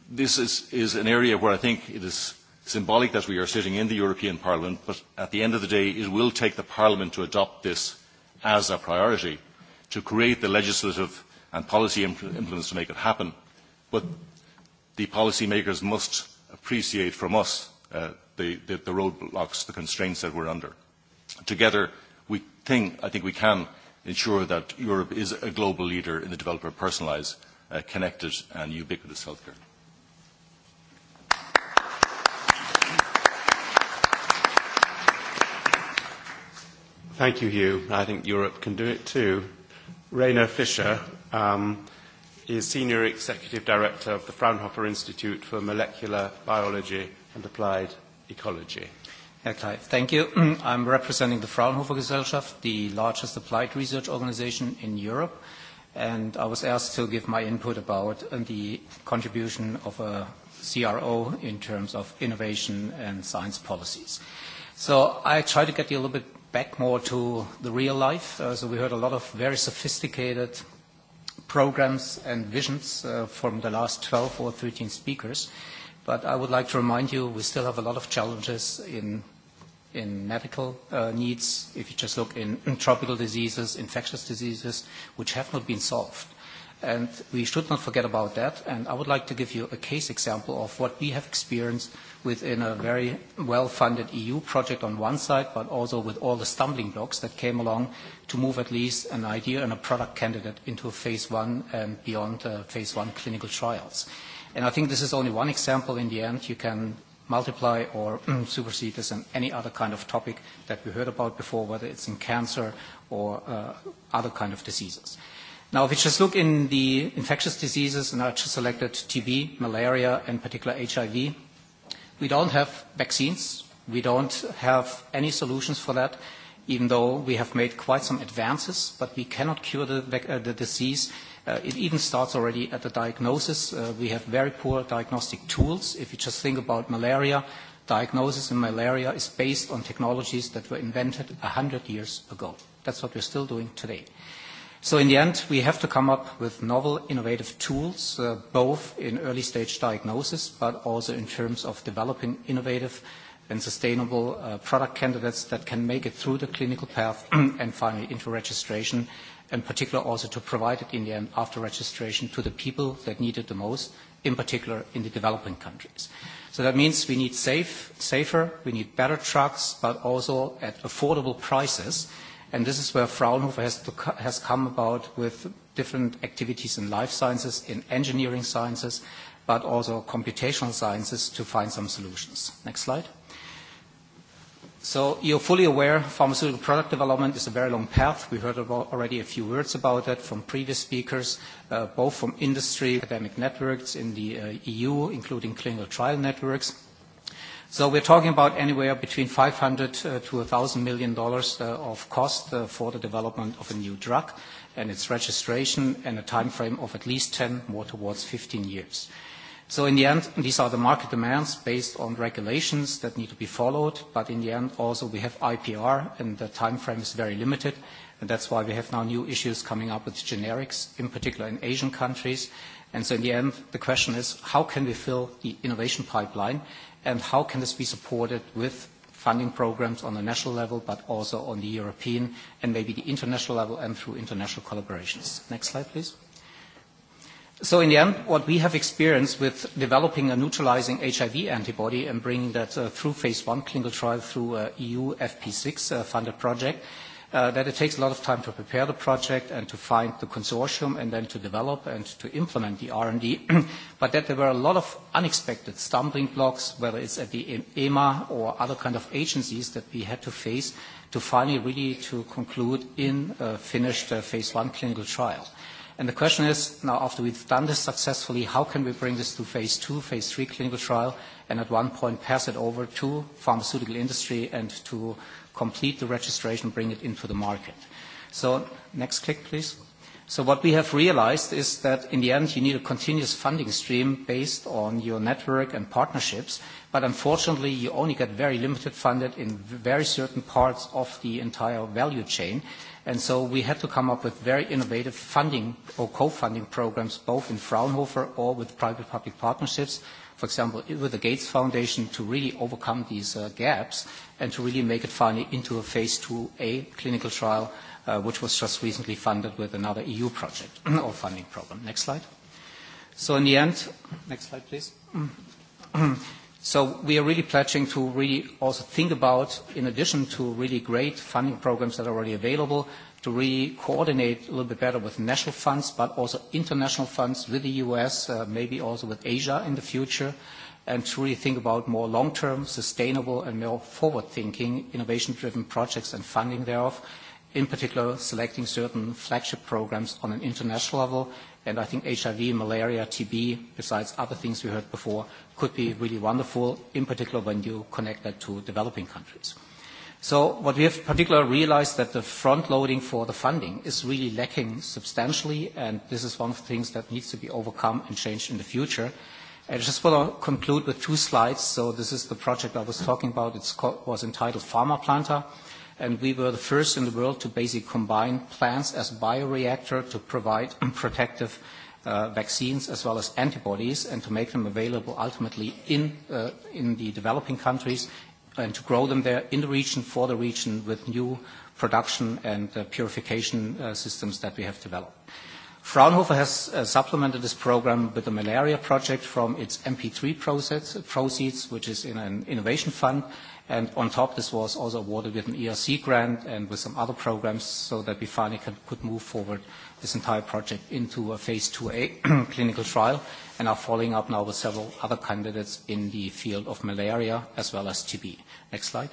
[SPEAKER 13] this is an area where I think it is symbolic that we are sitting in the European Parliament, but at the end of the day, it will take the Parliament to adopt this as a priority, to create the legislative and policy implements to make it happen. But the policymakers must appreciate from us the roadblocks, the constraints that we're under. Together, I think we can ensure that Europe is a global leader in the development of personalised connected and ubiquitous healthcare.
[SPEAKER 1] Thank you, Hugh. I think Europe can do it too. Rainer Fischer is Senior Executive Director of the Fraunhofer
[SPEAKER 15] Institute for Molecular Biology and Applied Ecology. Herr Kleif, thank you. I'm representing the Fraunhofer Gesellschaft, the largest applied research organization in Europe and I was asked to give my input about the contribution of a CRO in terms of innovation and science policies. So I try to get you a little bit back more to the real life. So we heard a lot of very sophisticated programs and visions from the last 12 or 13 speakers. But I would like to remind you we still have a lot of challenges in in medical needs, if you just look in tropical diseases, infectious diseases, which have not been solved. And we should not forget about that. And I would like to give you a case example of what we have experienced within a very well-funded EU project on one side, but also with all the stumbling blocks that came along to move at least an idea and a product candidate into phase one and beyond phase one clinical trials. And I think this is only one example. In the end, you can multiply or supersede this in any other kind of topic that we heard about before, whether it's in cancer or other kind of diseases. Now, if we just look in the infectious diseases, and I just selected TB, malaria, and particular HIV, we don't have vaccines. We don't have any solutions for that, even though we have made quite some advances, but we cannot cure the disease It even starts already at the diagnosis. We have very poor diagnostic tools. If you just think about malaria, diagnosis in malaria is based on technologies that were invented 100 years ago. That's what we're still doing today. So in the end, we have to come up with novel, innovative tools, both in early-stage diagnosis, but also in terms of developing innovative and sustainable product candidates that can make it through the clinical path and finally into registration In particular also to provide it in the end after registration to the people that need it the most, in particular in the developing countries. So that means we need safe, safer, we need better trucks, but also at affordable prices. And this is where Fraunhofer has come about with different activities in life sciences, in engineering sciences, but also computational sciences to find some solutions. Next slide. So you're fully aware pharmaceutical product development is a very long path. We heard already a few words about that from previous speakers, both from industry, academic networks in the EU, including clinical trial networks. So we're talking about anywhere between 500 to 1,000 million dollars of cost for the development of a new drug and its registration and a timeframe of at least 10, more towards 15 years. So in the end, these are the market demands based on regulations that need to be followed, but in the end also we have IPR and the time frame is very limited, and that's why we have now new issues coming up with generics, in particular in Asian countries. And so in the end, the question is how can we fill the innovation pipeline and how can this be supported with funding programs on the national level, but also on the European and maybe the international level and through international collaborations. Next slide, please. So in the end, what we have experienced with developing a neutralizing HIV antibody and bringing that through phase one clinical trial through EU FP6 funded project, that it takes a lot of time to prepare the project and to find the consortium and then to develop and to implement the R&D, but that there were a lot of unexpected stumbling blocks, whether it's at the EMA or other kind of agencies that we had to face to finally really to conclude in a finished phase one clinical trial the question is, now after we've done this successfully, how can we bring this to phase two, phase three clinical trial, and at one point pass it over to pharmaceutical industry and to complete the registration, bring it into the market. So next click, please. So what we have realized is that in the end, you need a continuous funding stream based on your network and partnerships. But unfortunately, you only get very limited funded in very certain parts of the entire value chain. And so we had to come up with very innovative funding or co-funding programs, both in Fraunhofer or with private-public partnerships, for example, with the Gates Foundation, to really overcome these gaps and to really make it finally into a phase 2A clinical trial, which was just recently funded with another EU project or funding program. Next slide. So in the end, next slide, please. So we are really pledging to really also think about, in addition to really great funding programs that are already available, to really coordinate a little bit better with national funds, but also international funds with the U.S., maybe also with Asia in the future, and to really think about more long-term, sustainable, and more forward-thinking, innovation-driven projects and funding thereof, in particular selecting certain flagship programs on an international level And I think HIV, malaria, TB, besides other things we heard before, could be really wonderful, in particular when you connect that to developing countries. So what we have particularly realized that the front-loading for the funding is really lacking substantially, and this is one of the things that needs to be overcome and changed in the future. I just want to conclude with two slides. So this is the project I was talking about. It was entitled Pharma Planta' and we were the first in the world to basically combine plants as bioreactor to provide protective vaccines as well as antibodies and to make them available ultimately in the developing countries and to grow them there in the region, for the region, with new production and purification systems that we have developed. Fraunhofer has supplemented this program with the malaria project from its MP3 proceeds, which is in an innovation fund, And on top, this was also awarded with an ERC grant and with some other programs so that we finally could move forward this entire project into a phase 2A clinical trial and are following up now with several other candidates in the field of malaria as well as TB. Next slide.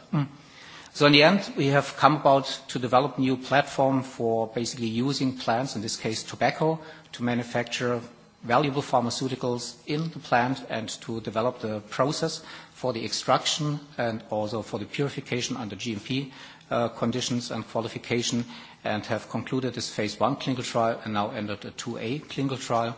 [SPEAKER 15] So in the end, we have come about to develop a new platform for basically using plants, in this case tobacco, to manufacture valuable pharmaceuticals in the plant and to develop the process for the extraction and also for the purification under GMP conditions and qualification and have concluded this phase one clinical trial and now entered a 2A clinical trial.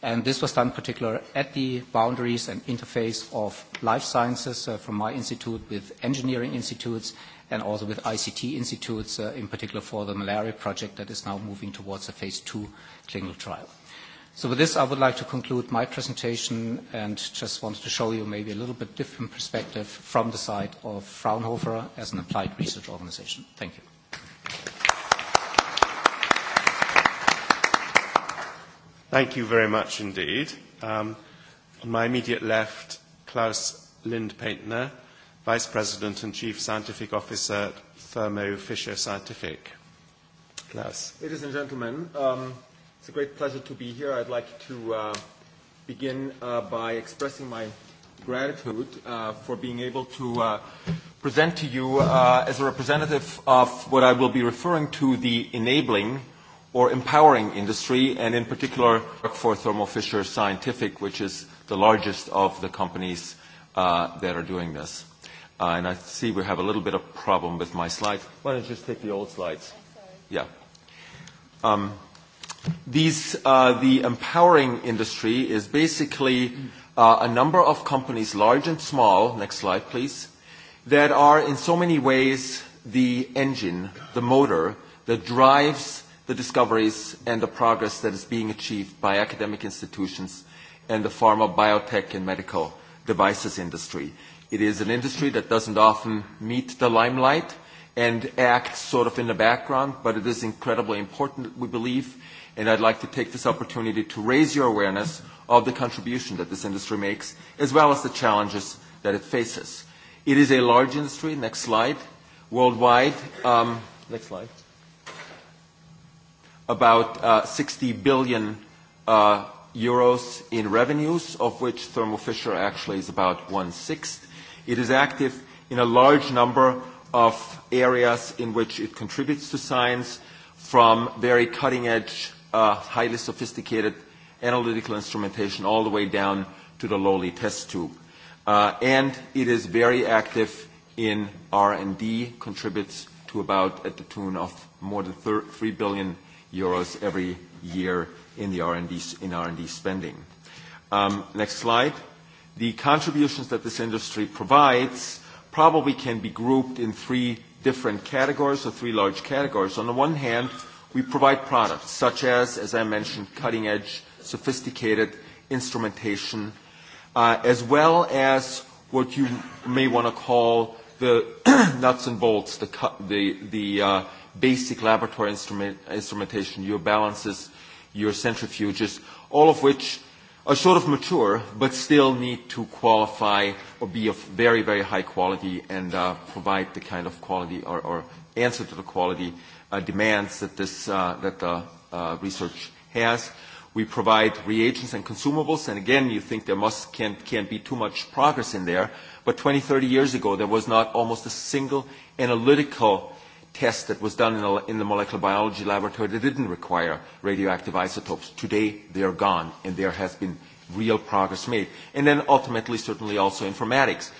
[SPEAKER 15] And this was done in particular at the boundaries and interface of life sciences from my institute with engineering institutes and also with ICT institutes, in particular for the malaria project that is now moving towards a phase two clinical trial. So with this, I would like to conclude my presentation and just wanted to show you maybe a little bit different perspective from the side of Fraunhofer as an applied research organization. Thank you.
[SPEAKER 1] Thank you very much indeed. On my immediate left, Klaus Lindpaintner, Vice President and Chief Scientific Officer at Thermo Fisher Scientific. Klaus.
[SPEAKER 16] Ladies and gentlemen, It's a great pleasure to be here. I'd like to begin by expressing my gratitude for being able to present to you as a representative of what I will be referring to the enabling or empowering industry, and in particular for Thermo Fisher Scientific, which is the largest of the companies that are doing this. And I see we have a little bit of problem with my slides. Why don't you just take the old slides? Yeah. These, the empowering industry is basically a number of companies, large and small, next slide please, that are in so many ways the engine, the motor, that drives the discoveries and the progress that is being achieved by academic institutions and the pharma, biotech, and medical devices industry. It is an industry that doesn't often meet the limelight and acts sort of in the background, but it is incredibly important, we believe, and I'd like to take this opportunity to raise your awareness of the contribution that this industry makes, as well as the challenges that it faces. It is a large industry. Next slide. Worldwide, next slide, about 60 billion euros in revenues, of which Thermo Fisher actually is about one-sixth. It is active in a large number of areas in which it contributes to science, from very cutting-edge highly sophisticated analytical instrumentation all the way down to the lowly test tube. And it is very active in R&D, contributes to about at the tune of more than 3 billion euros every year in the R&D in R&D spending. Next slide. The contributions that this industry provides probably can be grouped in three different categories or three large categories. On the one hand, We provide products such as, as I mentioned, cutting-edge, sophisticated instrumentation, as well as what you may want to call the nuts and bolts, the basic laboratory instrumentation, your balances, your centrifuges, all of which are sort of mature but still need to qualify or be of very, very high quality and provide the kind of quality or answer to the quality demands that this that the research has. We provide reagents and consumables, and again, you think there must can't can't be too much progress in there. But 20, 30 years ago, there was not almost a single analytical test that was done in the molecular biology laboratory that didn't require radioactive isotopes. Today, they are gone, and there has been real progress made. And then ultimately, certainly also informatics,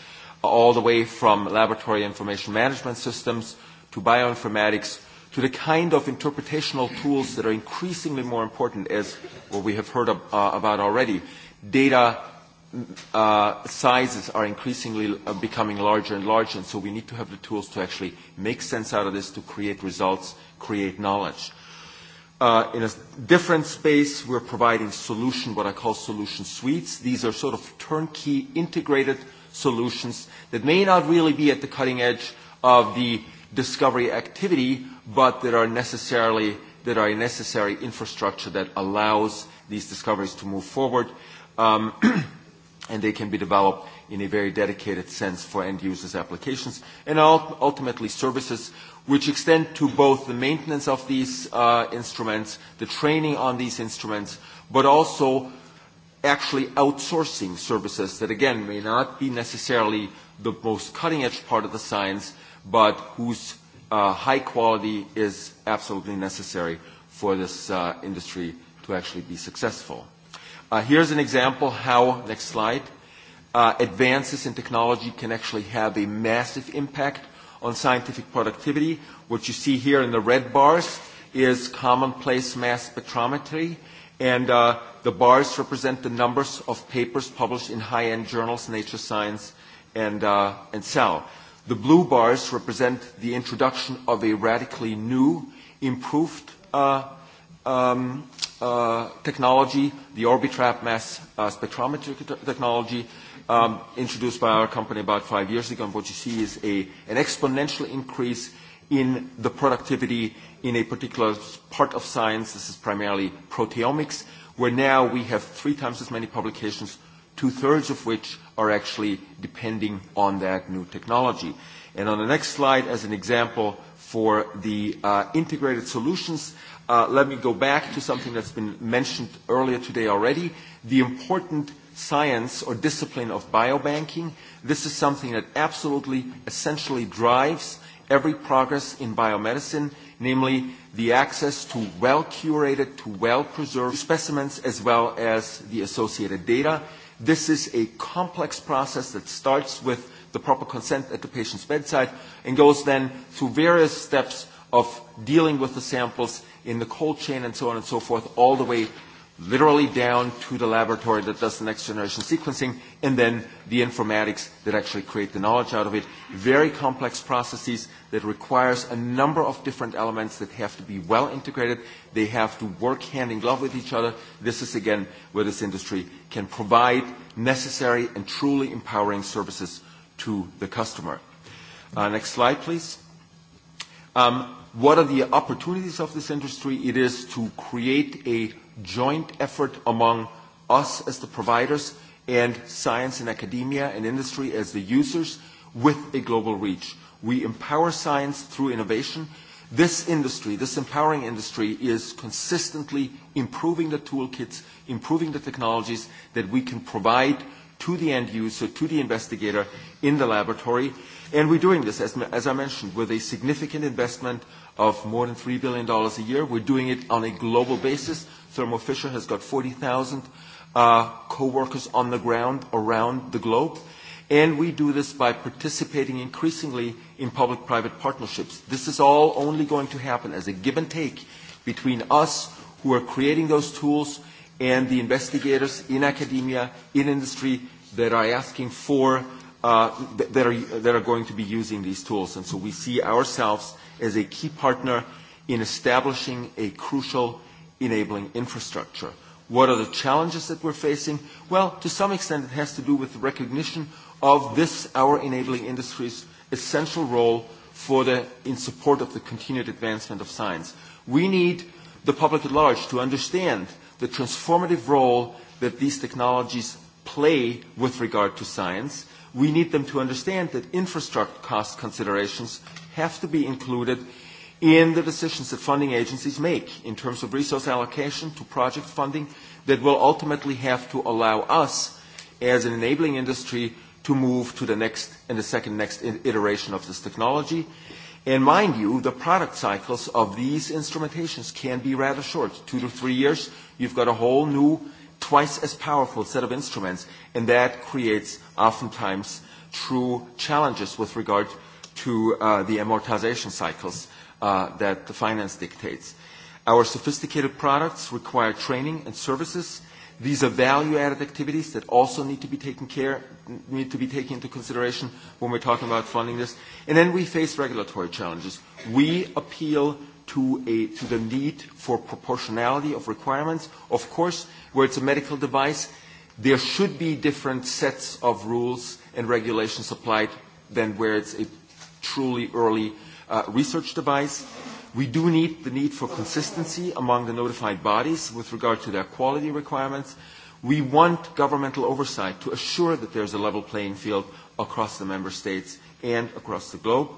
[SPEAKER 16] all the way from laboratory information management systems to bioinformatics to the kind of interpretational tools that are increasingly more important as what we have heard about already. Data sizes are increasingly becoming larger and larger, and so we need to have the tools to actually make sense out of this, to create results, create knowledge. In a different space, we're providing solution, what I call solution suites. These are sort of turnkey, integrated solutions that may not really be at the cutting edge of the discovery activity, but that are necessarily that are a necessary infrastructure that allows these discoveries to move forward and they can be developed in a very dedicated sense for end users applications and ultimately services which extend to both the maintenance of these instruments, the training on these instruments, but also actually outsourcing services that again may not be necessarily the most cutting edge part of the science, but whose high quality is absolutely necessary for this industry to actually be successful. Here's an example how, next slide, advances in technology can actually have a massive impact on scientific productivity. What you see here in the red bars is commonplace mass spectrometry, and the bars represent the numbers of papers published in high-end journals, Nature Science and Cell. The blue bars represent the introduction of a radically new, improved technology, the Orbitrap mass spectrometry technology, introduced by our company about five years ago. And what you see is an exponential increase in the productivity in a particular part of science. This is primarily proteomics, where now we have three times as many publications two-thirds of which are actually depending on that new technology. And on the next slide, as an example for the integrated solutions, let me go back to something that's been mentioned earlier today already, the important science or discipline of biobanking. This is something that absolutely, essentially drives every progress in biomedicine, namely the access to well-curated, to well-preserved specimens, as well as the associated data. This is a complex process that starts with the proper consent at the patient's bedside and goes then through various steps of dealing with the samples in the cold chain and so on and so forth, all the way literally down to the laboratory that does the next generation sequencing, and then the informatics that actually create the knowledge out of it. Very complex processes that requires a number of different elements that have to be well integrated. They have to work hand in glove with each other. This is, again, where this industry can provide necessary and truly empowering services to the customer. Next slide, please. Um What are the opportunities of this industry? It is to create a joint effort among us as the providers and science and academia and industry as the users with a global reach. We empower science through innovation. This industry, this empowering industry, is consistently improving the toolkits, improving the technologies that we can provide to the end user, to the investigator in the laboratory. And we're doing this, as I mentioned, with a significant investment of more than $3 billion dollars a year. We're doing it on a global basis. Thermo Fisher has got 40,000 co-workers on the ground around the globe. And we do this by participating increasingly in public-private partnerships. This is all only going to happen as a give and take between us who are creating those tools and the investigators in academia, in industry that are asking for that are going to be using these tools. And so we see ourselves as a key partner in establishing a crucial enabling infrastructure. What are the challenges that we're facing? Well, to some extent it has to do with the recognition of this our enabling industry's essential role for the in support of the continued advancement of science. We need the public at large to understand the transformative role that these technologies play with regard to science we need them to understand that infrastructure cost considerations have to be included in the decisions that funding agencies make in terms of resource allocation to project funding that will ultimately have to allow us as an enabling industry to move to the next and the second next iteration of this technology. And mind you, the product cycles of these instrumentations can be rather short, two to three years. You've got a whole new twice as powerful set of instruments, and that creates oftentimes true challenges with regard to the amortization cycles that the finance dictates. Our sophisticated products require training and services. These are value-added activities that also need to be taken care, need to be taken into consideration when we're talking about funding this. And then we face regulatory challenges. We appeal to the need for proportionality of requirements. Of course, where it's a medical device, there should be different sets of rules and regulations applied than where it's a truly early research device. We do need the need for consistency among the notified bodies with regard to their quality requirements. We want governmental oversight to assure that there's a level playing field across the member states and across the globe.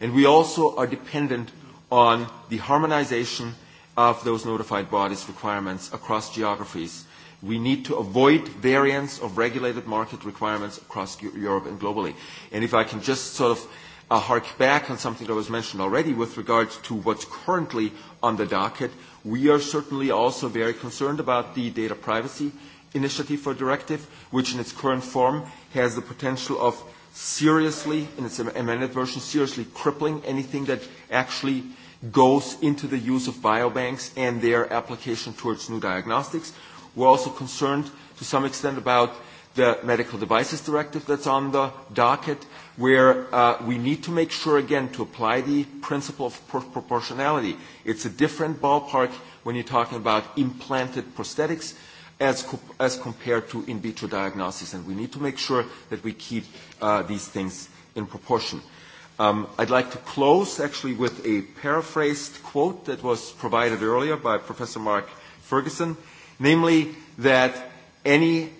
[SPEAKER 16] And we also are dependent on the harmonization of those notified bodies requirements across geographies. We need to avoid variance of regulated market requirements across Europe and globally. And if I can just sort of hark back on something that was mentioned already with regards to what's currently on the docket, we are certainly also very concerned about the data privacy initiative for directive, which in its current form has the potential of seriously, in its amended version, seriously crippling anything that actually goes into the use of biobanks and their application towards new diagnostics. We're also concerned to some extent about the medical devices directive that's on the docket, where we need to make sure, again, to apply the principle of proportionality. It's a different ballpark when you're talking about implanted prosthetics as compared to in vitro diagnosis, and we need to make sure that we keep these things in proportion. I'd like to close actually with a paraphrased quote that was provided earlier by Professor Mark Ferguson, namely that any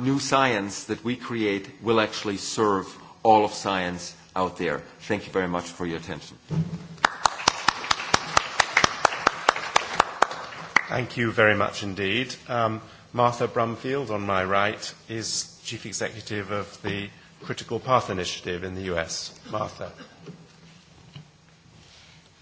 [SPEAKER 16] new science that we create will actually serve all of science out there. Thank you very much for your attention.
[SPEAKER 1] Thank you very much indeed. Martha Brumfield on my right is Chief Executive of the Critical Path Initiative in the US. Martha.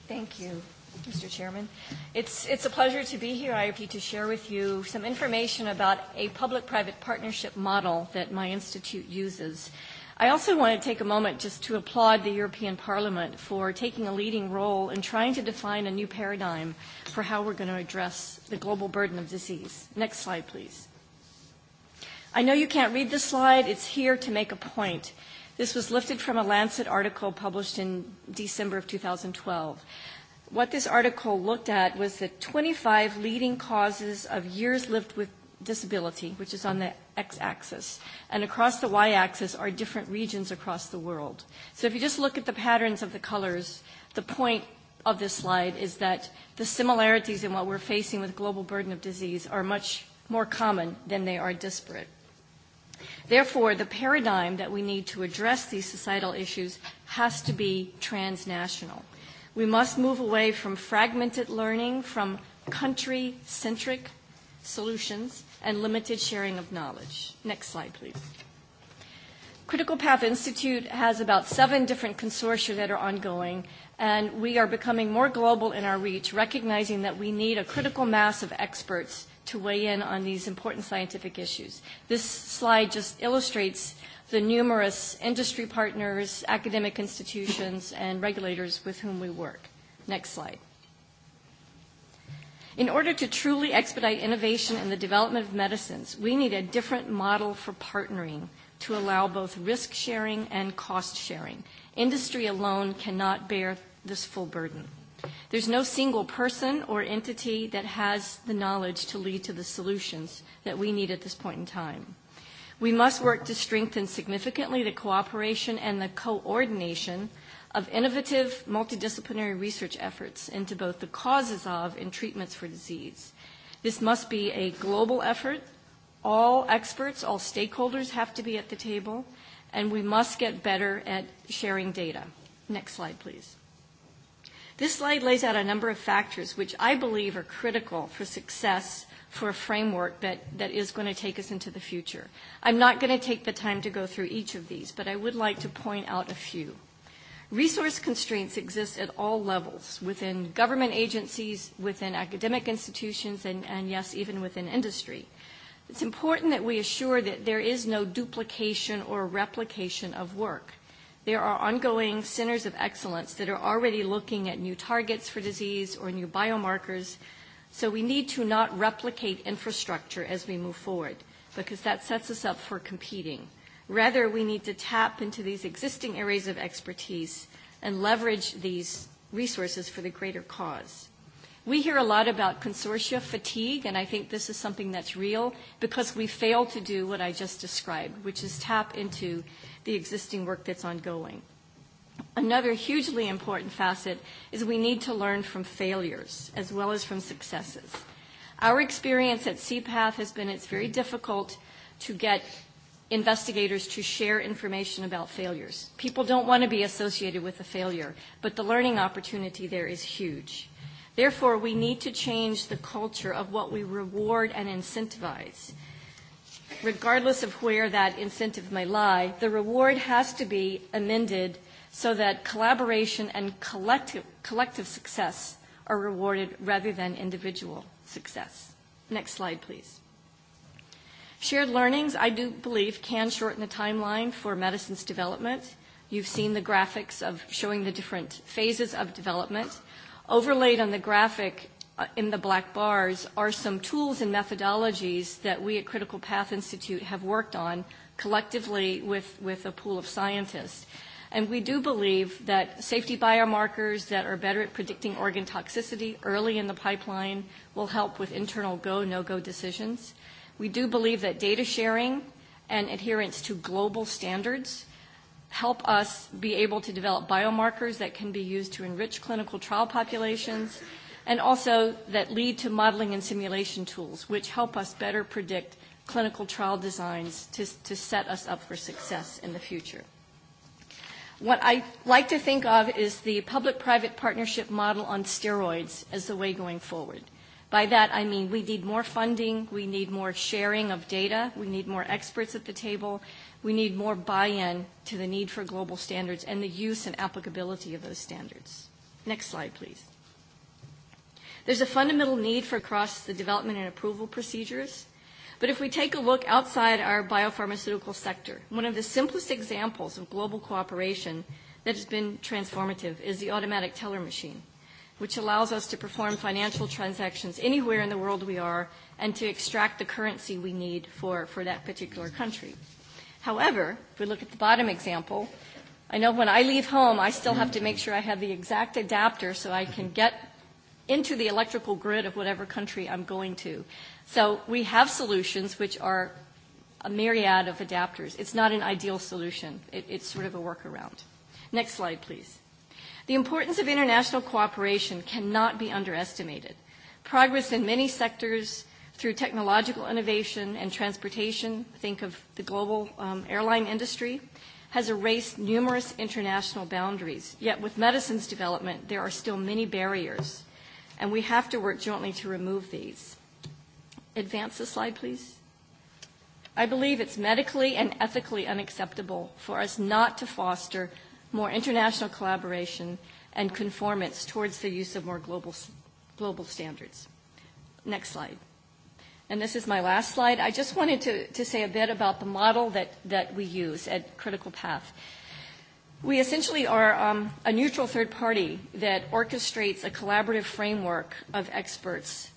[SPEAKER 17] Thank you, Mr. Chairman. It's, it's a pleasure to be here, IOP, to share with you some information about a public-private partnership model that my institute uses. I also want to take a moment just to applaud the European Parliament for taking a leading role in trying to define a new paradigm for how we're going to address the global burden of disease. Next slide, please. I know you can't read the slide. It's here to make a point. This was lifted from a Lancet article published in December of 2012. What this article looked at was the 25 leading causes of years lived with disability, which is on the x-axis. And across the y-axis are different regions across the world. So if you just look at the patterns of the colors, the point of this slide is that the similarities in what we're facing with global burden of disease are much more common than they are disparate. Therefore, the paradigm that we need to address these societal issues has to be transnational. We must move away from fragmented learning, from country-centric solutions, and limited sharing of knowledge. Next slide, please. Critical Path Institute has about seven different consortia that are ongoing, and we are becoming more global in our reach, recognizing that we need a critical mass of experts to weigh in on these important scientific issues. This slide just illustrates the numerous industry partners, academic institutions, and regulators with whom we work. Next slide. In order to truly expedite innovation in the development of medicines, we need a different model for partnering to allow both risk sharing and cost sharing. Industry alone cannot bear this full burden. There's no single person or entity that has the knowledge to lead to the solutions that we need at this point in time. We must work to strengthen significantly the cooperation and the coordination of innovative multidisciplinary research efforts into both the causes of and treatments for disease. This must be a global effort. All experts, all stakeholders have to be at the table, and we must get better at sharing data. Next slide, please. This slide lays out a number of factors which I believe are critical for success for a framework that, that is going to take us into the future. I'm not going to take the time to go through each of these, but I would like to point out a few. Resource constraints exist at all levels, within government agencies, within academic institutions, and, and yes, even within industry. It's important that we assure that there is no duplication or replication of work there are ongoing centers of excellence that are already looking at new targets for disease or new biomarkers. So we need to not replicate infrastructure as we move forward, because that sets us up for competing. Rather, we need to tap into these existing areas of expertise and leverage these resources for the greater cause. We hear a lot about consortia fatigue, and I think this is something that's real because we fail to do what I just described, which is tap into the existing work that's ongoing. Another hugely important facet is we need to learn from failures as well as from successes. Our experience at CPATH has been it's very difficult to get investigators to share information about failures. People don't want to be associated with a failure, but the learning opportunity there is huge. Therefore, we need to change the culture of what we reward and incentivize regardless of where that incentive may lie, the reward has to be amended so that collaboration and collective success are rewarded rather than individual success. Next slide, please. Shared learnings, I do believe, can shorten the timeline for medicine's development. You've seen the graphics of showing the different phases of development. Overlaid on the graphic in the black bars are some tools and methodologies that we at Critical Path Institute have worked on collectively with, with a pool of scientists. And we do believe that safety biomarkers that are better at predicting organ toxicity early in the pipeline will help with internal go, no-go decisions. We do believe that data sharing and adherence to global standards help us be able to develop biomarkers that can be used to enrich clinical trial populations and also that lead to modeling and simulation tools, which help us better predict clinical trial designs to set us up for success in the future. What I like to think of is the public-private partnership model on steroids as the way going forward. By that, I mean we need more funding, we need more sharing of data, we need more experts at the table, we need more buy-in to the need for global standards and the use and applicability of those standards. Next slide, please. There's a fundamental need for across the development and approval procedures. But if we take a look outside our biopharmaceutical sector, one of the simplest examples of global cooperation that has been transformative is the automatic teller machine, which allows us to perform financial transactions anywhere in the world we are and to extract the currency we need for that particular country. However, if we look at the bottom example, I know when I leave home, I still have to make sure I have the exact adapter so I can get into the electrical grid of whatever country I'm going to. So we have solutions which are a myriad of adapters. It's not an ideal solution. It's sort of a workaround. Next slide, please. The importance of international cooperation cannot be underestimated. Progress in many sectors through technological innovation and transportation, think of the global airline industry, has erased numerous international boundaries. Yet with medicines development, there are still many barriers and we have to work jointly to remove these. Advance the slide, please. I believe it's medically and ethically unacceptable for us not to foster more international collaboration and conformance towards the use of more global, global standards. Next slide. And this is my last slide. I just wanted to, to say a bit about the model that, that we use at Critical Path. We essentially are a neutral third party that orchestrates a collaborative framework of experts,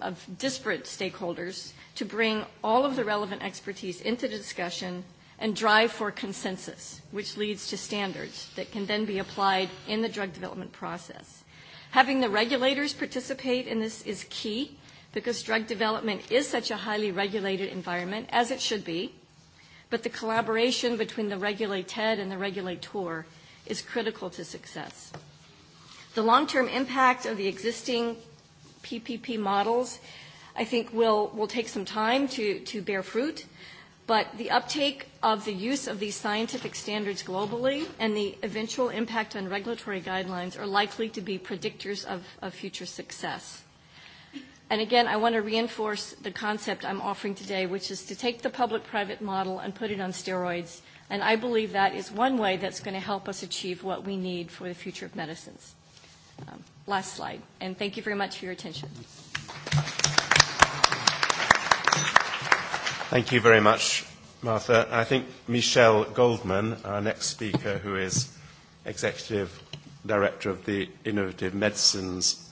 [SPEAKER 17] of disparate stakeholders, to bring all of the relevant expertise into the discussion and drive for consensus, which leads to standards that can then be applied in the drug development process. Having the regulators participate in this is key because drug development is such a highly regulated environment, as it should be, but the collaboration between the regulated and the regulator is critical to success. The long-term impact of the existing PPP models, I think, will, take some time to, bear fruit, but the uptake of the use of these scientific standards globally and the eventual impact on regulatory guidelines are likely to be predictors of future success. And again, I want to reinforce the concept I'm offering today, which is to take the public-private model and put it on steroids. And I believe that is one way that's going to help us achieve what we need for the future of medicines. Last slide. And thank you very much for your attention.
[SPEAKER 1] Thank you very much, Martha. I think Michelle Goldman, our next speaker, who is Executive Director of the Innovative Medicines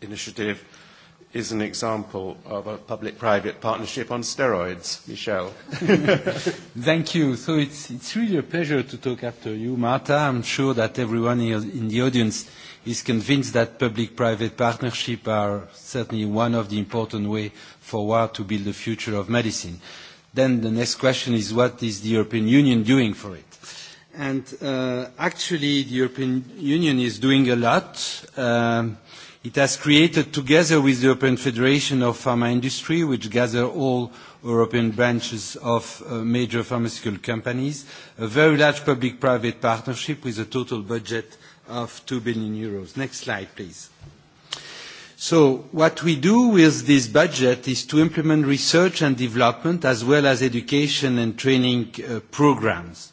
[SPEAKER 1] Initiative, is an example of a public-private partnership on steroids, Michel.
[SPEAKER 18] Thank you. So it's, it's really a pleasure to talk after you, Marta. I'm sure that everyone in the audience is convinced that public-private partnerships are certainly one of the important ways forward to build the future of medicine. Then the next question is what is the European Union doing for it? And actually the European Union is doing a lot. It has created, together with the European Federation of Pharma Industry, which gather all European branches of major pharmaceutical companies, a very large public-private partnership with a total budget of 2 billion euros. Next slide, please. So what we do with this budget is to implement research and development as well as education and training programs.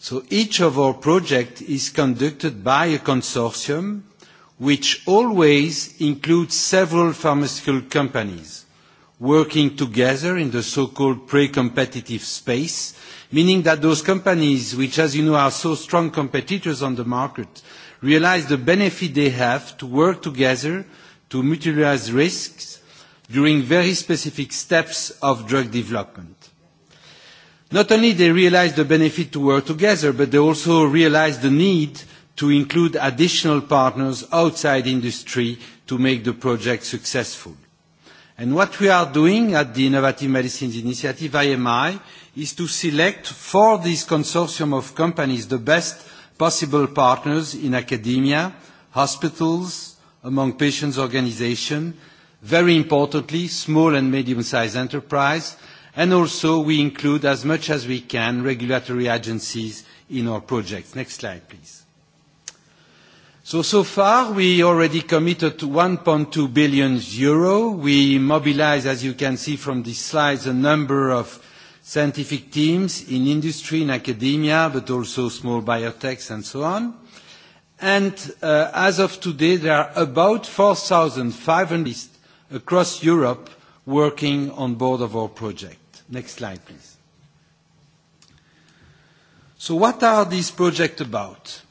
[SPEAKER 18] So each of our projects is conducted by a consortium which always includes several pharmaceutical companies working together in the so-called pre-competitive space, meaning that those companies, which as you know are so strong competitors on the market, realise the benefit they have to work together to mutualise risks during very specific steps of drug development. Not only they realise the benefit to work together, but they also realise the need to include additional partners outside industry to make the project successful. And what we are doing at the Innovative Medicines Initiative, IMI, is to select for this consortium of companies the best possible partners in academia, hospitals, among patients' organizations, very importantly, small and medium-sized enterprise, and also we include as much as we can regulatory agencies in our projects. Next slide, please. So, so far we already committed 1.2 billion euro. We mobilize, as you can see from these slides, a number of scientific teams in industry, in academia, but also small biotechs and so on. And as of today, there are about 4,500 across Europe working on board of our project. Next slide, please. So what are these projects about?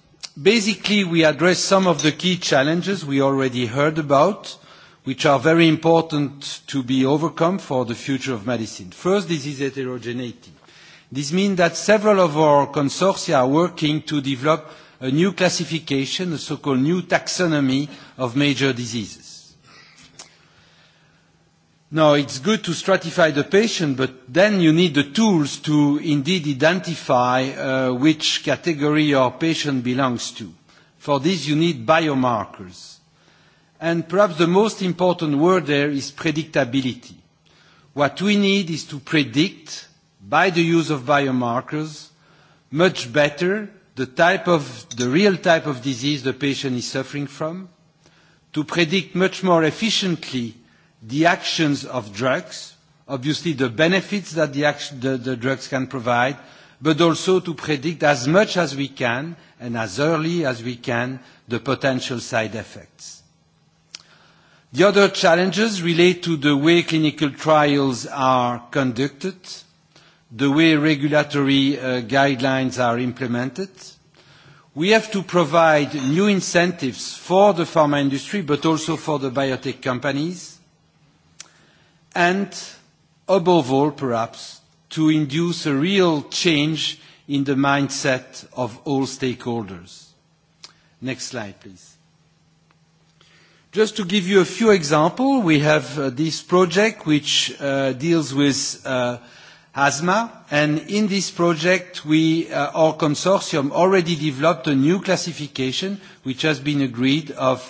[SPEAKER 18] Basically, we address some of the key challenges we already heard about, which are very important to be overcome for the future of medicine. First, disease heterogeneity. This means that several of our consortia are working to develop a new classification, a so-called new taxonomy of major diseases. Now, it's good to stratify the patient, but then you need the tools to indeed identify which category your patient belongs to. For this, you need biomarkers. And perhaps the most important word there is predictability. What we need is to predict, by the use of biomarkers, much better the type of, the real type of disease the patient is suffering from, to predict much more efficiently the actions of drugs, obviously the benefits that the drugs can provide, but also to predict as much as we can and as early as we can the potential side effects. The other challenges relate to the way clinical trials are conducted, the way regulatory guidelines are implemented. We have to provide new incentives for the pharma industry, but also for the biotech companies and above all perhaps to induce a real change in the mindset of all stakeholders. Next slide, please. Just to give you a few examples, we have this project which deals with asthma, and in this project, we, our consortium already developed a new classification which has been agreed of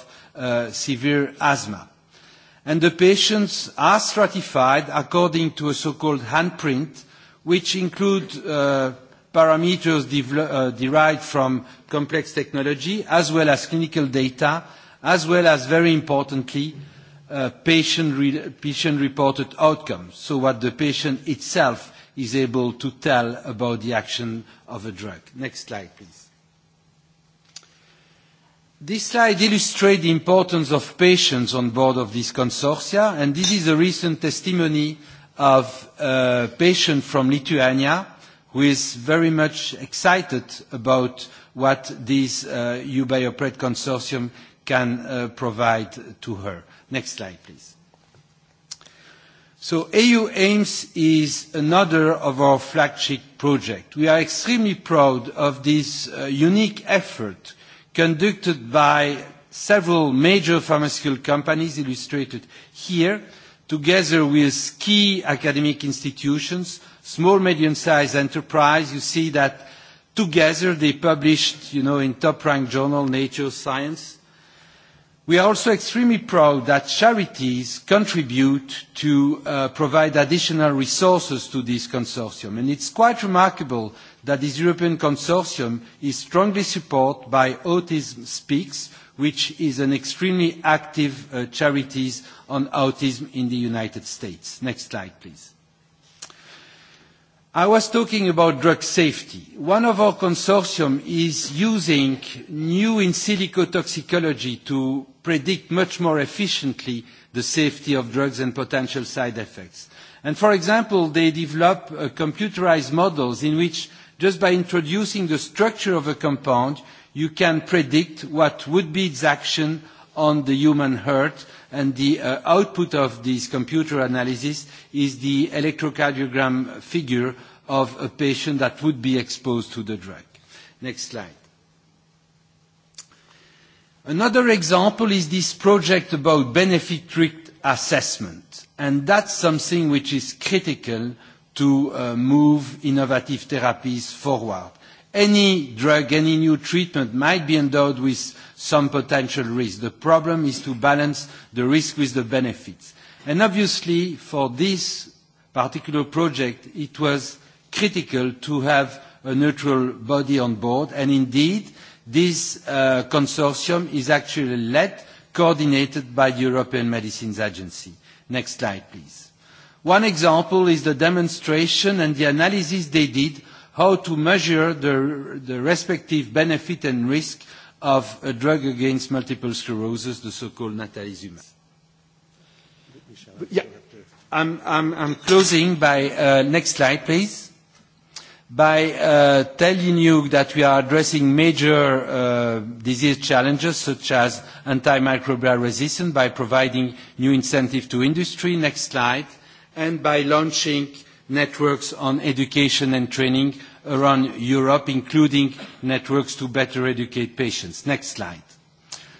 [SPEAKER 18] severe asthma and the patients are stratified according to a so-called handprint, which includes parameters derived from complex technology, as well as clinical data, as well as, very importantly, patient-reported outcomes, so what the patient itself is able to tell about the action of a drug. Next slide, please. This slide illustrates the importance of patients on board of this consortia, and this is a recent testimony of a patient from Lithuania who is very much excited about what this eu consortium can provide to her. Next slide, please. So EU AIMS is another of our flagship projects. We are extremely proud of this unique effort conducted by several major pharmaceutical companies illustrated here, together with key academic institutions, small, medium-sized enterprise. You see that together they published, you know, in top-ranked journal Nature Science. We are also extremely proud that charities contribute to provide additional resources to this consortium. And it's quite remarkable that this European consortium is strongly supported by Autism Speaks, which is an extremely active charity on autism in the United States. Next slide, please. I was talking about drug safety. One of our consortium is using new in silico toxicology to predict much more efficiently the safety of drugs and potential side effects. And for example, they develop computerized models in which Just by introducing the structure of a compound, you can predict what would be its action on the human heart, and the output of this computer analysis is the electrocardiogram figure of a patient that would be exposed to the drug. Next slide. Another example is this project about benefit-risk assessment, and that's something which is critical to move innovative therapies forward. Any drug, any new treatment might be endowed with some potential risk. The problem is to balance the risk with the benefits. obviously, for this particular project, it was critical to have a neutral body on board, and indeed, this consortium is actually led, coordinated by the European Medicines Agency. Next slide, please. One example is the demonstration and the analysis they did how to measure the respective benefit and risk of a drug against multiple sclerosis, the so-called natalizumab. I'm closing by, next slide please, by telling you that we are addressing major disease challenges such as antimicrobial resistance by providing new incentive to industry. Next slide and by launching networks on education and training around Europe, including networks to better educate patients. Next slide.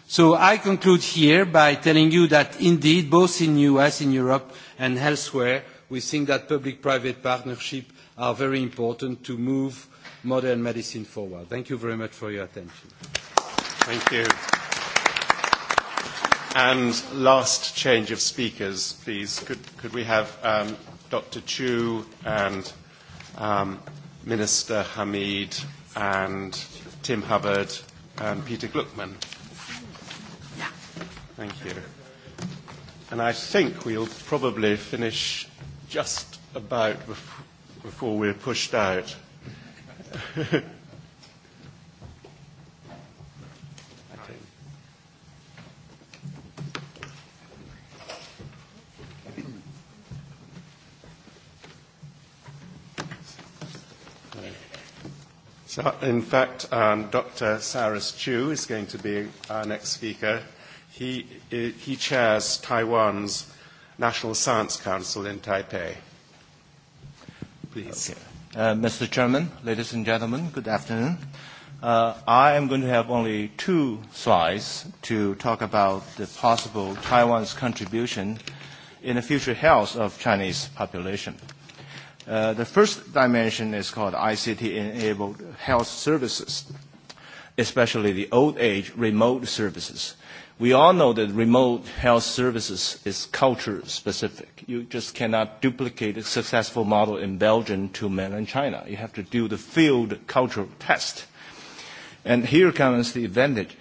[SPEAKER 18] So I conclude here by telling you that indeed, both in the US, in Europe and elsewhere, we think that public-private partnerships are very important to move modern medicine forward. Thank you very much for your attention. Thank you.
[SPEAKER 1] And last change of speakers, please. Could we have Dr. Chu and Minister Hamid and Tim Hubbard and Peter Gluckman? Thank you. And I think we'll probably finish just about before we're pushed out. So, in fact, Dr. Cyrus Chu is going to be our next speaker. He, he chairs Taiwan's National Science
[SPEAKER 19] Council in Taipei. Please. Mr. Chairman, ladies and gentlemen, good afternoon. I am going to have only two slides to talk about the possible Taiwan's contribution in the future health of Chinese population. The first dimension is called ICT-enabled health services, especially the old-age remote services. We all know that remote health services is culture-specific. You just cannot duplicate a successful model in Belgium to mainland China. You have to do the field cultural test. And here comes the advantage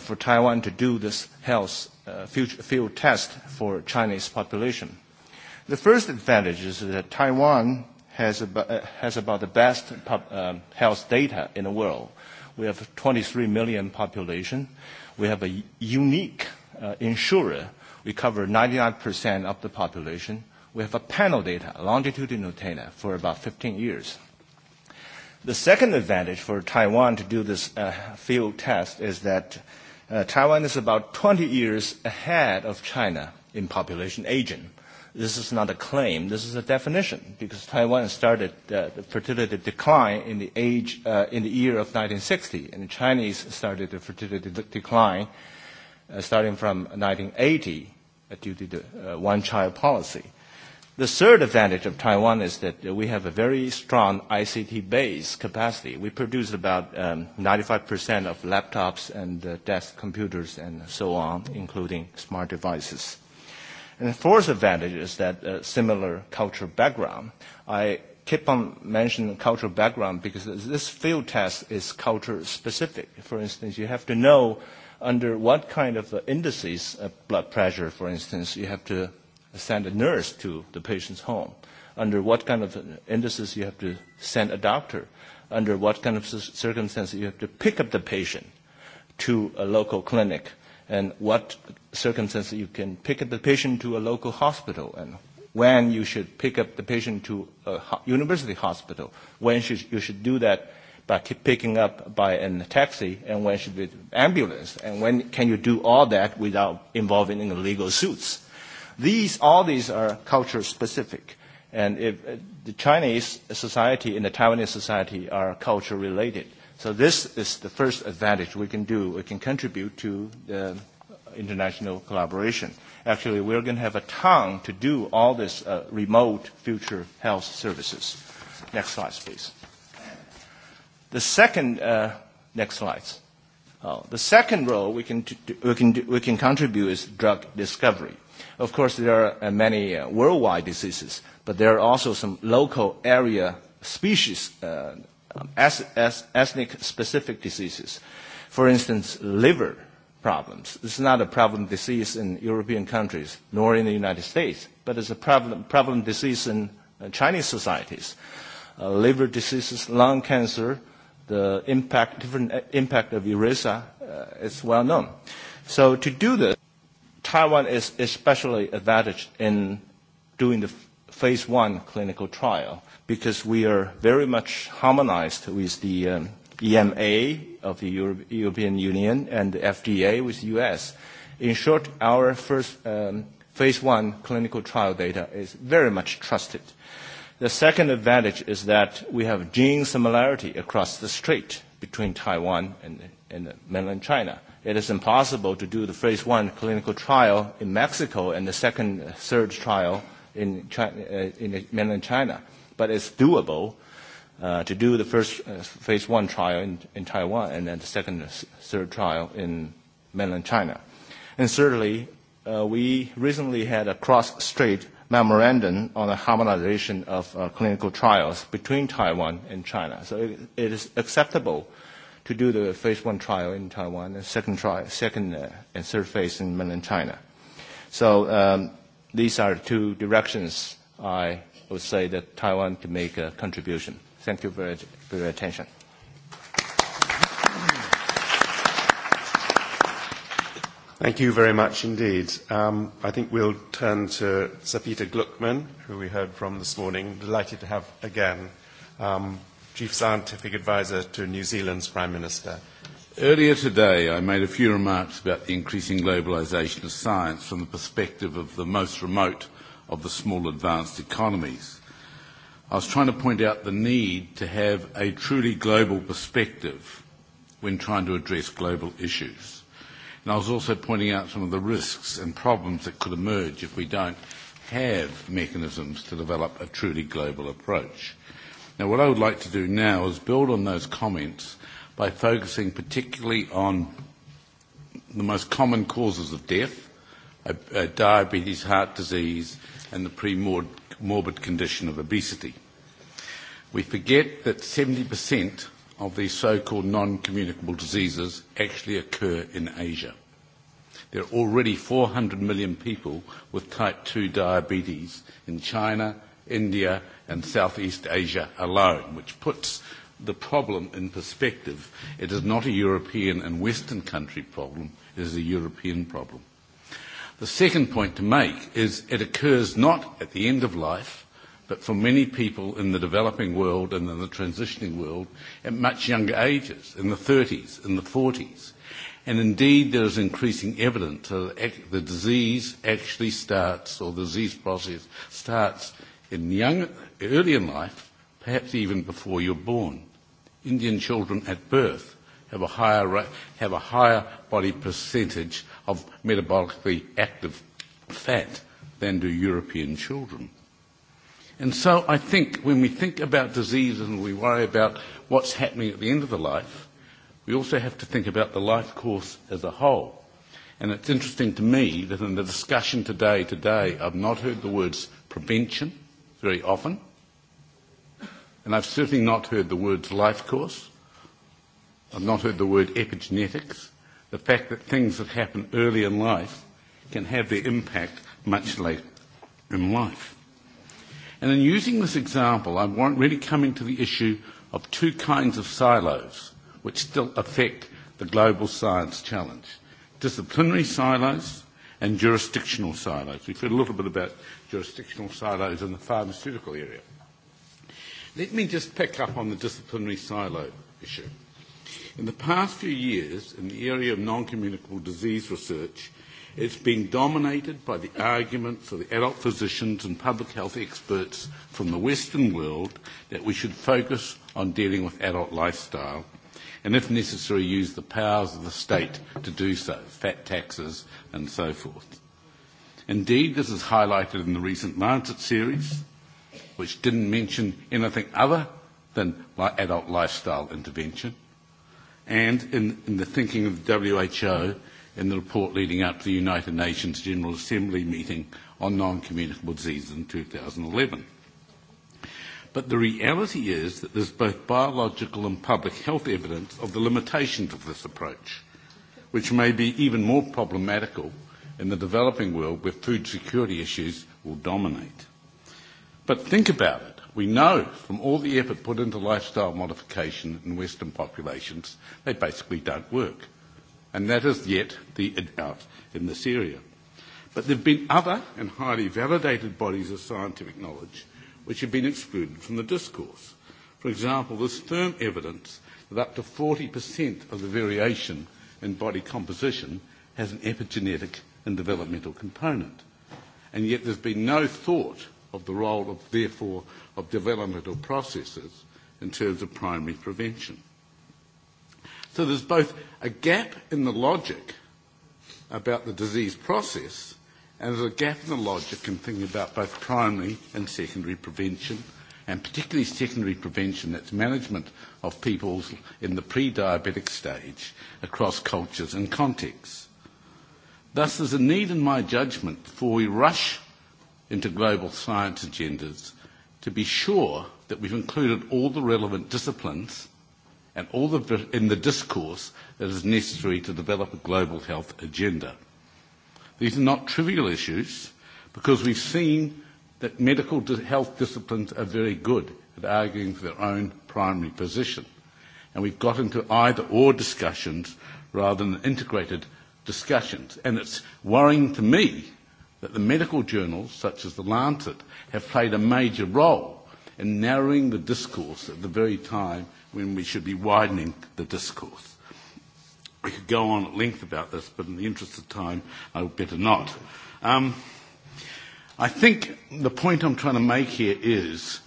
[SPEAKER 19] for Taiwan to do this health field test for Chinese population. The first advantage is that Taiwan has about the best health data in the world. We have 23 million population. We have a unique insurer. We cover 99% of the population. We have a panel data, longitudinal data, for about 15 years. The second advantage for Taiwan to do this field test is that Taiwan is about 20 years ahead of China in population aging. This is not a claim. This is a definition because Taiwan started the fertility decline in the age in the year of 1960, and the Chinese started the fertility decline starting from 1980 due to the one-child policy. The third advantage of Taiwan is that we have a very strong ICT-based capacity. We produce about 95% of laptops and desk computers and so on, including smart devices. And the fourth advantage is that similar cultural background. I keep on mentioning cultural background because this field test is culture specific. For instance, you have to know under what kind of indices of blood pressure, for instance, you have to send a nurse to the patient's home. Under what kind of indices you have to send a doctor. Under what kind of circumstances you have to pick up the patient to a local clinic and what circumstances you can pick up the patient to a local hospital and when you should pick up the patient to a university hospital, when you should do that by picking up by a taxi and when should be ambulance and when can you do all that without involving in legal suits. These, all these are culture specific. And if the Chinese society and the Taiwanese society are culture related. So this is the first advantage we can do. We can contribute to the international collaboration. Actually, we're going to have a tongue to do all this remote future health services. Next slide, please. The second, next slide. The second role we can we can contribute is drug discovery. Of course, there are many worldwide diseases, but there are also some local area species ethnic-specific diseases. For instance, liver problems. This is not a problem disease in European countries, nor in the United States, but it's a problem disease in Chinese societies. Liver diseases, lung cancer, the impact, different impact of ERISA is well known. So to do this, Taiwan is especially advantaged in doing the phase one clinical trial because we are very much harmonized with the EMA of the European Union and the FDA with the U.S. In short, our first phase one clinical trial data is very much trusted. The second advantage is that we have gene similarity across the strait between Taiwan and mainland China. It is impossible to do the phase one clinical trial in Mexico and the second, third trial in mainland China but it's doable to do the first phase one trial in Taiwan and then the second, third trial in mainland China. And thirdly, we recently had a cross-strait memorandum on the harmonization of clinical trials between Taiwan and China. So it is acceptable to do the phase one trial in Taiwan and second trial, second and third phase in mainland China. So these are two directions I would say that Taiwan can make a contribution. Thank you for your attention.
[SPEAKER 1] Thank you very much indeed. I think we'll turn to Sir Peter Gluckman, who we heard from this morning. Delighted to have again, Chief Scientific
[SPEAKER 20] Advisor to New Zealand's Prime Minister. Earlier today, I made a few remarks about the increasing globalisation of science from the perspective of the most remote of the small advanced economies. I was trying to point out the need to have a truly global perspective when trying to address global issues. And I was also pointing out some of the risks and problems that could emerge if we don't have mechanisms to develop a truly global approach. Now, what I would like to do now is build on those comments by focusing particularly on the most common causes of death, diabetes, heart disease and the pre-morbid condition of obesity. We forget that 70% of these so-called non-communicable diseases actually occur in Asia. There are already 400 million people with type 2 diabetes in China, India and Southeast Asia alone, which puts the problem in perspective. It is not a European and Western country problem, it is a European problem. The second point to make is it occurs not at the end of life, but for many people in the developing world and in the transitioning world at much younger ages, in the 30s, in the 40s. And indeed, there is increasing evidence that the disease actually starts, or the disease process starts in young, early in life, perhaps even before you're born. Indian children at birth have a higher, have a higher body percentage of metabolically active fat than do European children. And so I think when we think about disease and we worry about what's happening at the end of the life, we also have to think about the life course as a whole. And it's interesting to me that in the discussion today, today, I've not heard the words prevention very often. And I've certainly not heard the words life course. I've not heard the word epigenetics the fact that things that happen early in life can have their impact much later in life. And in using this example, I'm really coming to the issue of two kinds of silos which still affect the global science challenge. Disciplinary silos and jurisdictional silos. We've heard a little bit about jurisdictional silos in the pharmaceutical area. Let me just pick up on the disciplinary silo issue. In the past few years, in the area of non-communicable disease research, it's been dominated by the arguments of the adult physicians and public health experts from the Western world that we should focus on dealing with adult lifestyle and, if necessary, use the powers of the state to do so, fat taxes and so forth. Indeed, this is highlighted in the recent Lancet series, which didn't mention anything other than adult lifestyle intervention and in the thinking of the WHO in the report leading up to the United Nations General Assembly meeting on non-communicable diseases in 2011. But the reality is that there's both biological and public health evidence of the limitations of this approach, which may be even more problematical in the developing world where food security issues will dominate. But think about it. We know from all the effort put into lifestyle modification in Western populations, they basically don't work. And that is yet the doubt in this area. But there have been other and highly validated bodies of scientific knowledge which have been excluded from the discourse. For example, there's firm evidence that up to 40% of the variation in body composition has an epigenetic and developmental component. And yet there's been no thought of the role of, therefore, of developmental processes in terms of primary prevention. So there's both a gap in the logic about the disease process and there's a gap in the logic in thinking about both primary and secondary prevention and particularly secondary prevention, that's management of people in the pre-diabetic stage across cultures and contexts. Thus, there's a need, in my judgment, before we rush into global science agendas to be sure that we've included all the relevant disciplines and all the in the discourse that is necessary to develop a global health agenda. These are not trivial issues because we've seen that medical health disciplines are very good at arguing for their own primary position. And we've got into either or discussions rather than integrated discussions. And it's worrying to me that the medical journals, such as The Lancet, have played a major role in narrowing the discourse at the very time when we should be widening the discourse. We could go on at length about this, but in the interest of time, I would better not. Um, I think the point I'm trying to make here is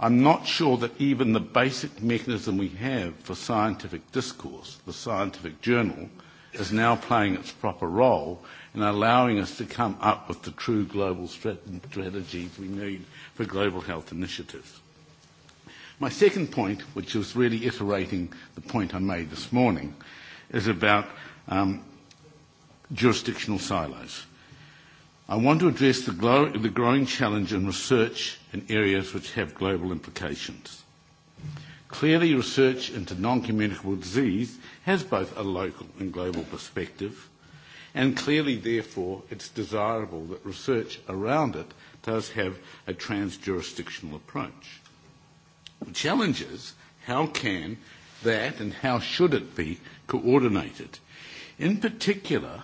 [SPEAKER 20] I'm not sure that even the basic mechanism we have for scientific discourse, the scientific journal, is now playing its proper role and allowing us to come up with the true global strategies we need for global health initiatives. My second point, which is really iterating the point I made this morning, is about jurisdictional silos. I want to address the growing challenge in research in areas which have global implications. Clearly, research into non-communicable disease has both a local and global perspective, and clearly, therefore, it's desirable that research around it does have a trans-jurisdictional approach. The challenge is how can that and how should it be coordinated, in particular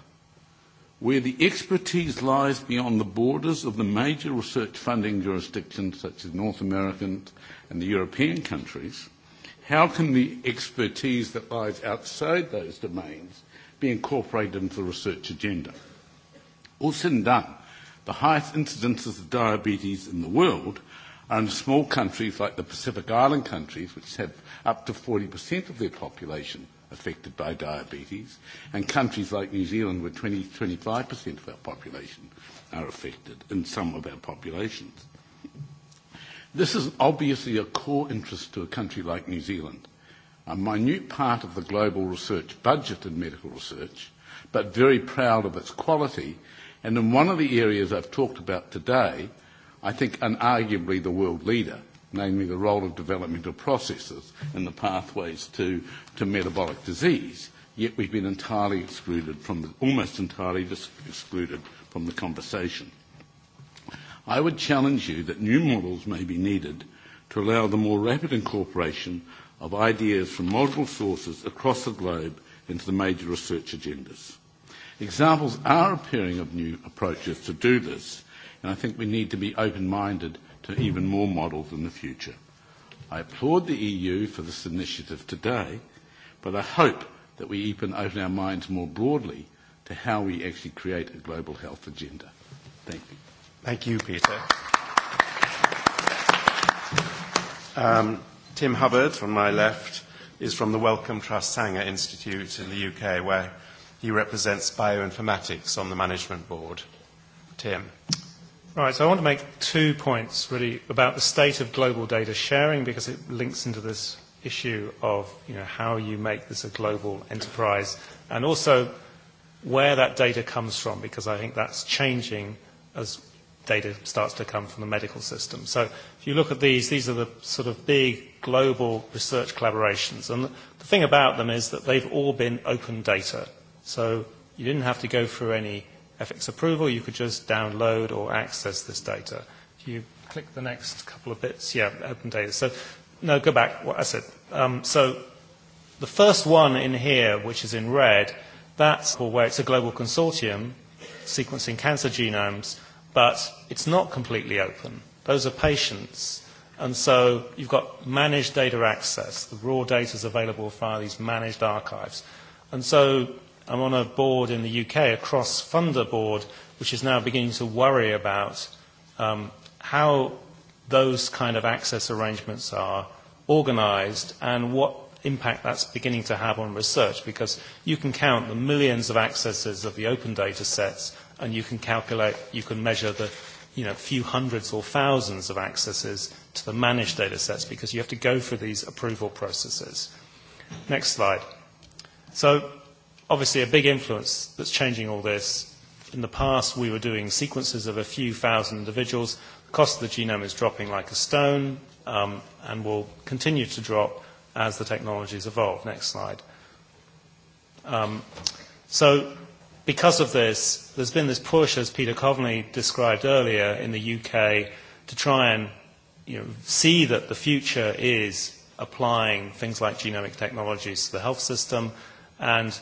[SPEAKER 20] where the expertise lies beyond the borders of the major research funding jurisdictions such as North American and the European countries, how can the expertise that lies outside those domains be incorporated into the research agenda. All said and done, the highest incidences of diabetes in the world are in small countries like the Pacific Island countries, which have up to 40% of their population affected by diabetes, and countries like New Zealand, where 20-25% of our population are affected in some of our populations. This is obviously a core interest to a country like New Zealand a minute part of the global research budget in medical research, but very proud of its quality. And in one of the areas I've talked about today, I think unarguably the world leader, namely the role of developmental processes in the pathways to, to metabolic disease. Yet we've been entirely excluded from the, almost entirely excluded from the conversation. I would challenge you that new models may be needed to allow the more rapid incorporation of ideas from multiple sources across the globe into the major research agendas. Examples are appearing of new approaches to do this, and I think we need to be open-minded to even more models in the future. I applaud the EU for this initiative today, but I hope that we even open our minds more broadly to how we actually create a global health agenda. Thank you. Thank you, Peter.
[SPEAKER 1] Tim Hubbard, on my left, is from the Wellcome Trust Sanger Institute in the UK, where he represents bioinformatics on the management board. Tim.
[SPEAKER 21] Right, so I want to make two points really about the state of global data sharing because it links into this issue of you know, how you make this a global enterprise and also where that data comes from because I think that's changing as data starts to come from the medical system. So if you look at these, these are the sort of big global research collaborations. And the thing about them is that they've all been open data. So you didn't have to go through any ethics approval. You could just download or access this data. If you click the next couple of bits, yeah, open data. So no, go back. What I said. um So the first one in here, which is in red, that's where it's a global consortium sequencing cancer genomes but it's not completely open. Those are patients. And so you've got managed data access. The raw data is available via these managed archives. And so I'm on a board in the UK, a cross-funder board, which is now beginning to worry about how those kind of access arrangements are organised and what impact that's beginning to have on research, because you can count the millions of accesses of the open data sets and you can calculate, you can measure the you know, few hundreds or thousands of accesses to the managed data sets because you have to go through these approval processes. Next slide. So obviously a big influence that's changing all this. In the past, we were doing sequences of a few thousand individuals. The cost of the genome is dropping like a stone and will continue to drop as the technologies evolve. Next slide. Um, so because of this, there's been this push, as Peter Coveney described earlier, in the UK to try and you know, see that the future is applying things like genomic technologies to the health system and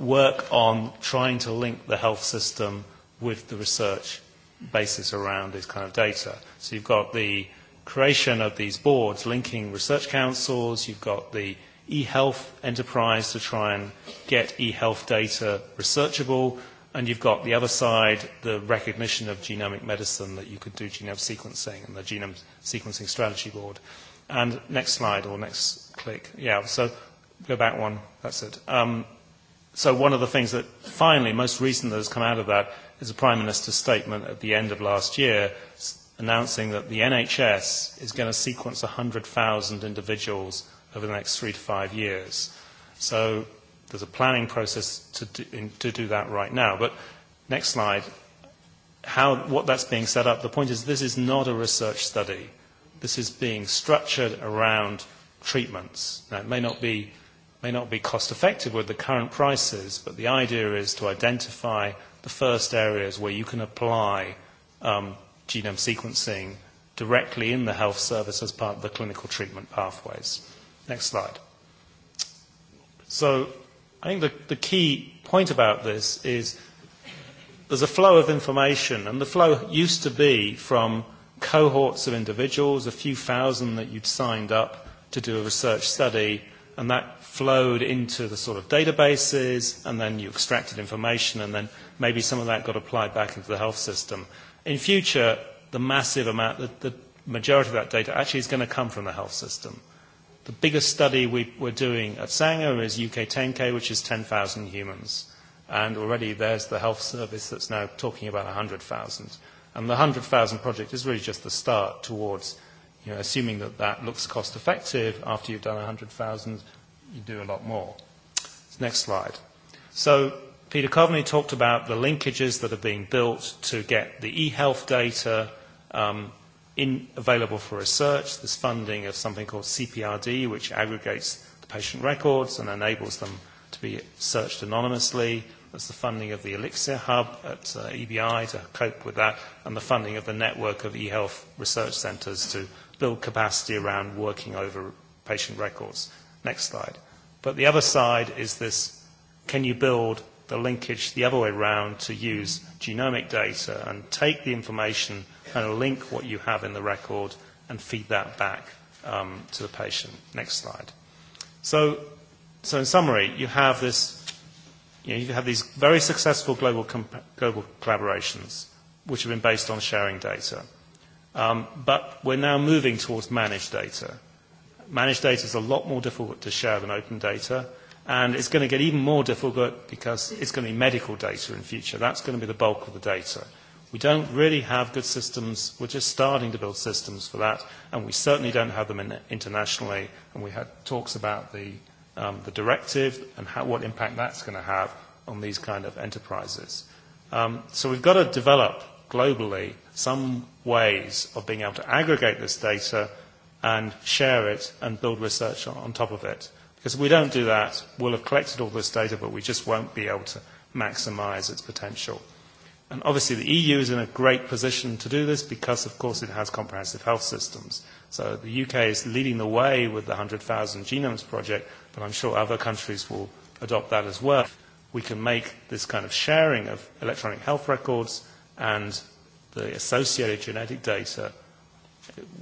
[SPEAKER 21] work on trying to link the health system with the research basis around this kind of data. So you've got the creation of these boards linking research councils, you've got the e-health enterprise to try and get e-health data researchable, and you've got the other side, the recognition of genomic medicine that you could do genome sequencing and the genome sequencing strategy board. And next slide or next click. Yeah, so go back one. That's it. So one of the things that finally, most recent that has come out of that is a Prime Minister's statement at the end of last year announcing that the NHS is going to sequence 100,000 individuals over the next three to five years. So there's a planning process to do that right now. But next slide. How, what that's being set up, the point is this is not a research study. This is being structured around treatments. Now, it may not be may not be cost effective with the current prices, but the idea is to identify the first areas where you can apply um, genome sequencing directly in the health service as part of the clinical treatment pathways. Next slide. So I think the, the key point about this is there's a flow of information, and the flow used to be from cohorts of individuals, a few thousand that you'd signed up to do a research study, and that flowed into the sort of databases, and then you extracted information, and then maybe some of that got applied back into the health system. In future, the massive amount, the majority of that data actually is going to come from the health system. The biggest study we we're doing at Sanger is UK 10K, which is 10,000 humans. And already there's the health service that's now talking about 100,000. And the 100,000 project is really just the start towards, you know, assuming that that looks cost effective after you've done 100,000, you do a lot more. Next slide. So Peter Coveney talked about the linkages that are being built to get the e-health data, in available for research. There's funding of something called CPRD, which aggregates the patient records and enables them to be searched anonymously. There's the funding of the Elixir Hub at EBI to cope with that, and the funding of the network of e-health research centres to build capacity around working over patient records. Next slide. But the other side is this, can you build the linkage the other way around to use genomic data and take the information kind of link what you have in the record and feed that back um, to the patient. Next slide. So, so in summary, you have this, you, know, you have these very successful global, global collaborations which have been based on sharing data. Um, but we're now moving towards managed data. Managed data is a lot more difficult to share than open data. And it's going to get even more difficult because it's going to be medical data in future. That's going to be the bulk of the data. We don't really have good systems. We're just starting to build systems for that, and we certainly don't have them internationally. And we had talks about the the directive and what impact that's going to have on these kind of enterprises. So we've got to develop globally some ways of being able to aggregate this data and share it and build research on top of it. Because if we don't do that, we'll have collected all this data, but we just won't be able to maximize its potential. And obviously the EU is in a great position to do this because, of course, it has comprehensive health systems. So the UK is leading the way with the 100,000 Genomes Project, but I'm sure other countries will adopt that as well. We can make this kind of sharing of electronic health records and the associated genetic data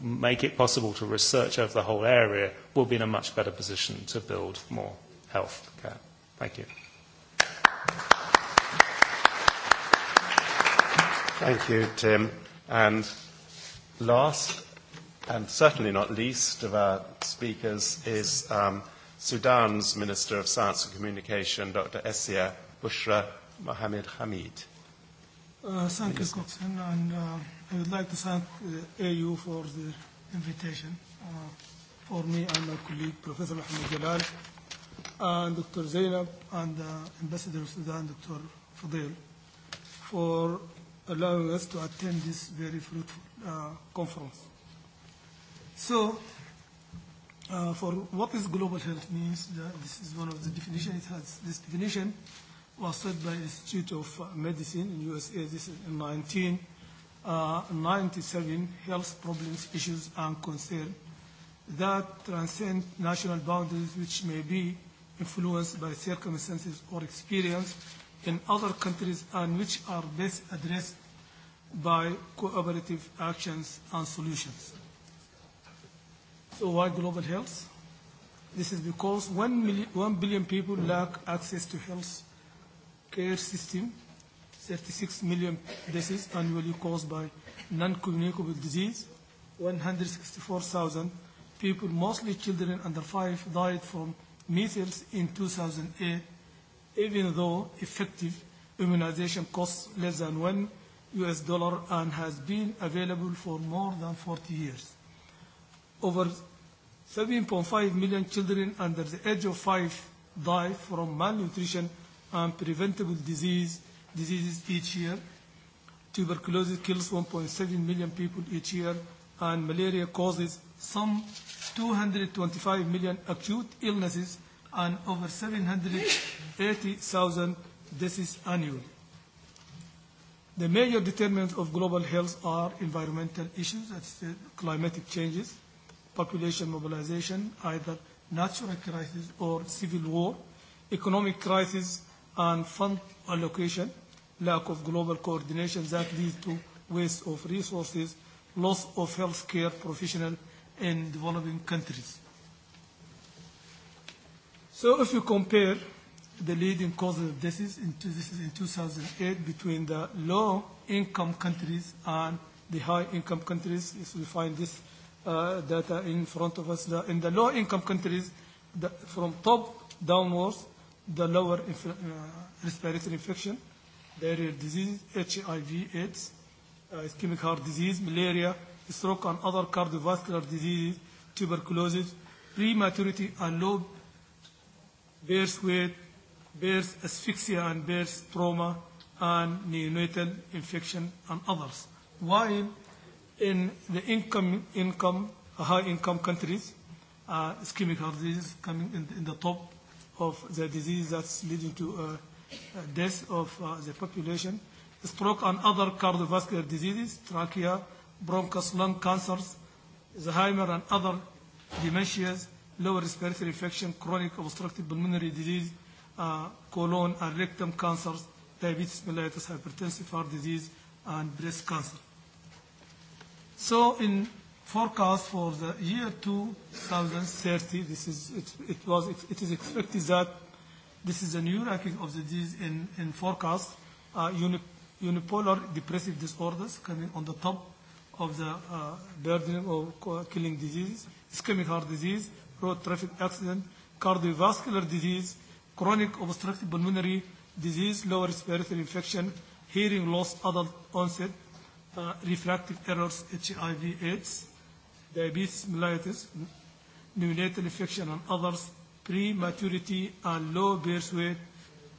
[SPEAKER 21] make it possible to research over the whole area, we'll be in a much better position to build more health care. Thank you.
[SPEAKER 1] Thank you, Tim. And last, and certainly not least, of our speakers is Sudan's Minister of Science and Communication, Dr. Essia Bushra Mohamed Hamid.
[SPEAKER 10] Thank you, Coxon, and I would like to thank the AU for the invitation. For me and my colleague, Professor Mohamed Jalal, and Dr. Zainab, and Ambassador of Sudan, Dr. Fadil, for allowing us to attend this very fruitful conference. So, for what is global health means, this is one of the definitions. It has this definition was set by Institute of Medicine in USA. This is in 1997. Health problems, issues, and concerns that transcend national boundaries, which may be influenced by circumstances or experience in other countries and which are best addressed by cooperative actions and solutions. So why global health? This is because 1 billion people lack access to health care system, 36 million deaths annually caused by non-communicable disease, 164,000 people, mostly children under five, died from measles in 2008 even though effective immunization costs less than one US dollar and has been available for more than 40 years. Over 7.5 million children under the age of five die from malnutrition and preventable disease, diseases each year. Tuberculosis kills 1.7 million people each year, and malaria causes some 225 million acute illnesses and over 780,000 deaths annually. The major determinants of global health are environmental issues, that's climatic changes, population mobilization, either natural crisis or civil war, economic crisis and fund allocation, lack of global coordination that leads to waste of resources, loss of health care professionals in developing countries. So if you compare the leading causes of deaths in, this is in 2008 between the low-income countries and the high-income countries, if we find this data in front of us. in the low-income countries, from top downwards, the lower respiratory infection, diarrheal disease, HIV, AIDS, ischemic heart disease, malaria, stroke and other cardiovascular diseases, tuberculosis, prematurity and low bears weight, bears asphyxia and bears trauma and neonatal infection and others. While in the income, income high-income countries, uh, ischemic heart disease coming in, in the top of the disease that's leading to uh, death of the population, stroke and other cardiovascular diseases, trachea, bronchus, lung cancers, Alzheimer and other dementias, lower respiratory infection, chronic obstructive pulmonary disease, colon and rectum cancers, diabetes mellitus, hypertensive heart disease, and breast cancer. So in forecast for the year 2030, this is it was it is expected that this is a new ranking of the disease in in forecast. Unipolar depressive disorders coming on the top of the burden of killing diseases, ischemic heart disease, road traffic accident, cardiovascular disease, chronic obstructive pulmonary disease, lower respiratory infection, hearing loss, adult onset, refractive errors, HIV, AIDS, diabetes mellitus, neonatal infection and others, prematurity and low birth weight,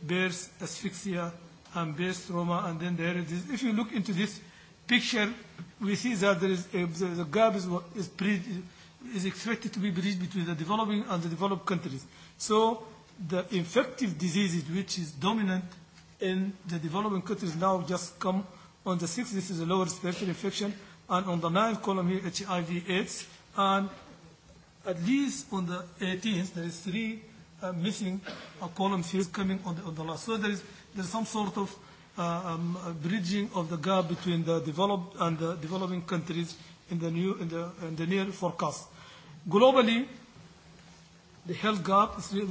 [SPEAKER 10] birth asphyxia and birth trauma, and then there is. If you look into this picture, we see that there is a, the, gap is, is, is expected to be bridged between the developing and the developed countries. So the infective diseases which is dominant in the developing countries now just come on the sixth, this is a lower respiratory infection, and on the ninth column here, HIV AIDS, and at least on the 18th, there is three missing columns here coming on the, on the last. So there is, there some sort of um, bridging of the gap between the developed and the developing countries in the, new, in the, in the near forecast. Globally, the health gap is the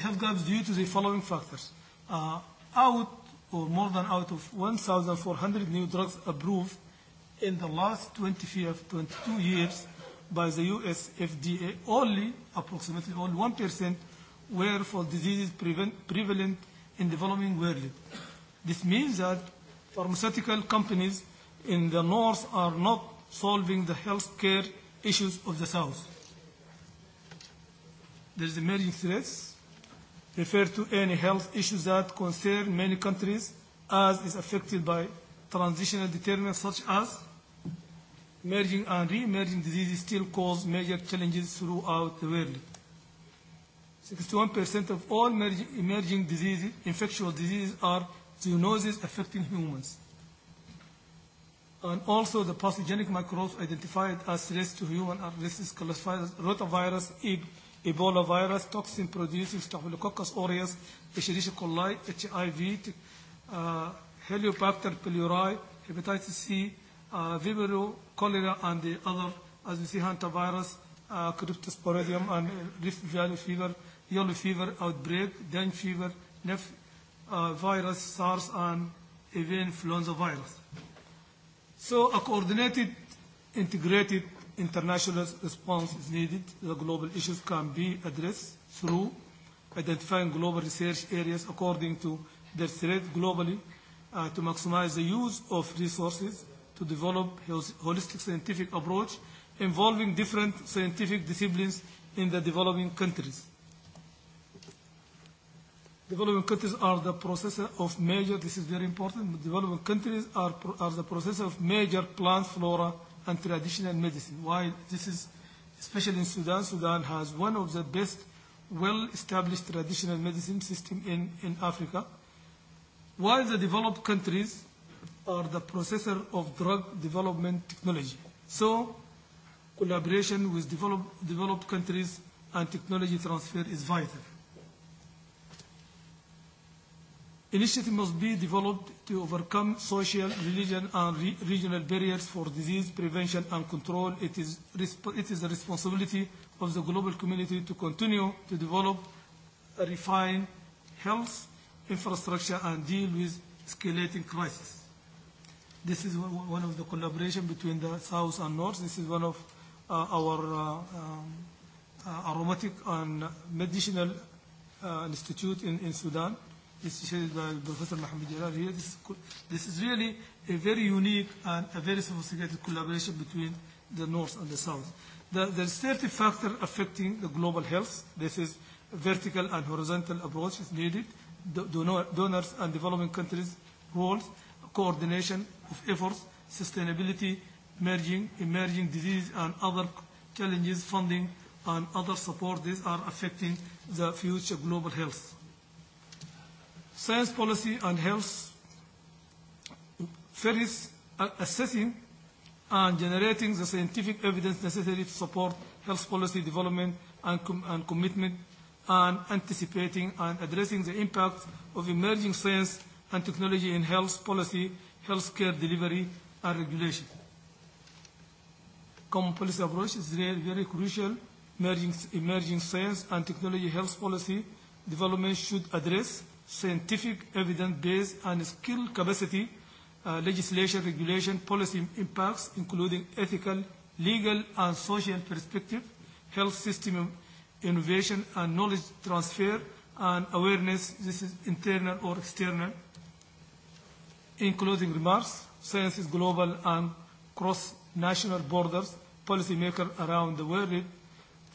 [SPEAKER 10] health gap is due to the following factors. Out or more than out of 1,400 new drugs approved in the last 22 years by the U.S. FDA, only approximately only 1% were for diseases prevalent in developing world. This means that pharmaceutical companies in the north are not solving the health care issues of the south. There is emerging threats refer to any health issues that concern many countries as is affected by transitional determinants such as emerging and re-emerging diseases still cause major challenges throughout the world. 61% of all emerging diseases, infectious diseases are zoonoses affecting humans. And also the pathogenic microbes identified as threats to human are this is classified as rotavirus, Ebola virus, toxin producing Staphylococcus aureus, Escherichia coli, HIV, uh, pylori, hepatitis C, uh, Vibrio, cholera, and the other, as we see, hantavirus, uh, cryptosporidium, and Rift Valley fever, yellow fever outbreak, dengue fever, Neph virus, SARS, and even influenza virus. So a coordinated, integrated international response is needed. The global issues can be addressed through identifying global research areas according to their threat globally to maximize the use of resources to develop holistic scientific approach involving different scientific disciplines in the developing countries. Developing countries are the processor of major, this is very important, developing countries are, are the processor of major plant flora and traditional medicine. While this is, especially in Sudan, Sudan has one of the best well-established traditional medicine system in, in Africa. While the developed countries are the processor of drug development technology. So collaboration with developed countries and technology transfer is vital. initiative must be developed to overcome social, religion and regional barriers for disease prevention and control. It is the responsibility of the global community to continue to develop, refine health infrastructure and deal with escalating crisis. This is one of the collaboration between the South and North. This is one of our aromatic and medicinal institute in Sudan is by Professor Mohamed Jalal here. This, is really a very unique and a very sophisticated collaboration between the North and the South. There are 30 factors affecting the global health. This is a vertical and horizontal approach is needed. Donors and developing countries' roles, coordination of efforts, sustainability, merging, emerging disease and other challenges, funding and other support. These are affecting the future global health science policy and health service assessing and generating the scientific evidence necessary to support health policy development and commitment and anticipating and addressing the impact of emerging science and technology in health policy, healthcare delivery and regulation. Common policy approach is very crucial. Emerging science and technology health policy development should address scientific evidence based and skill capacity legislation regulation policy impacts including ethical legal and social perspective health system innovation and knowledge transfer and awareness this is internal or external including remarks science is global and cross national borders policymakers around the world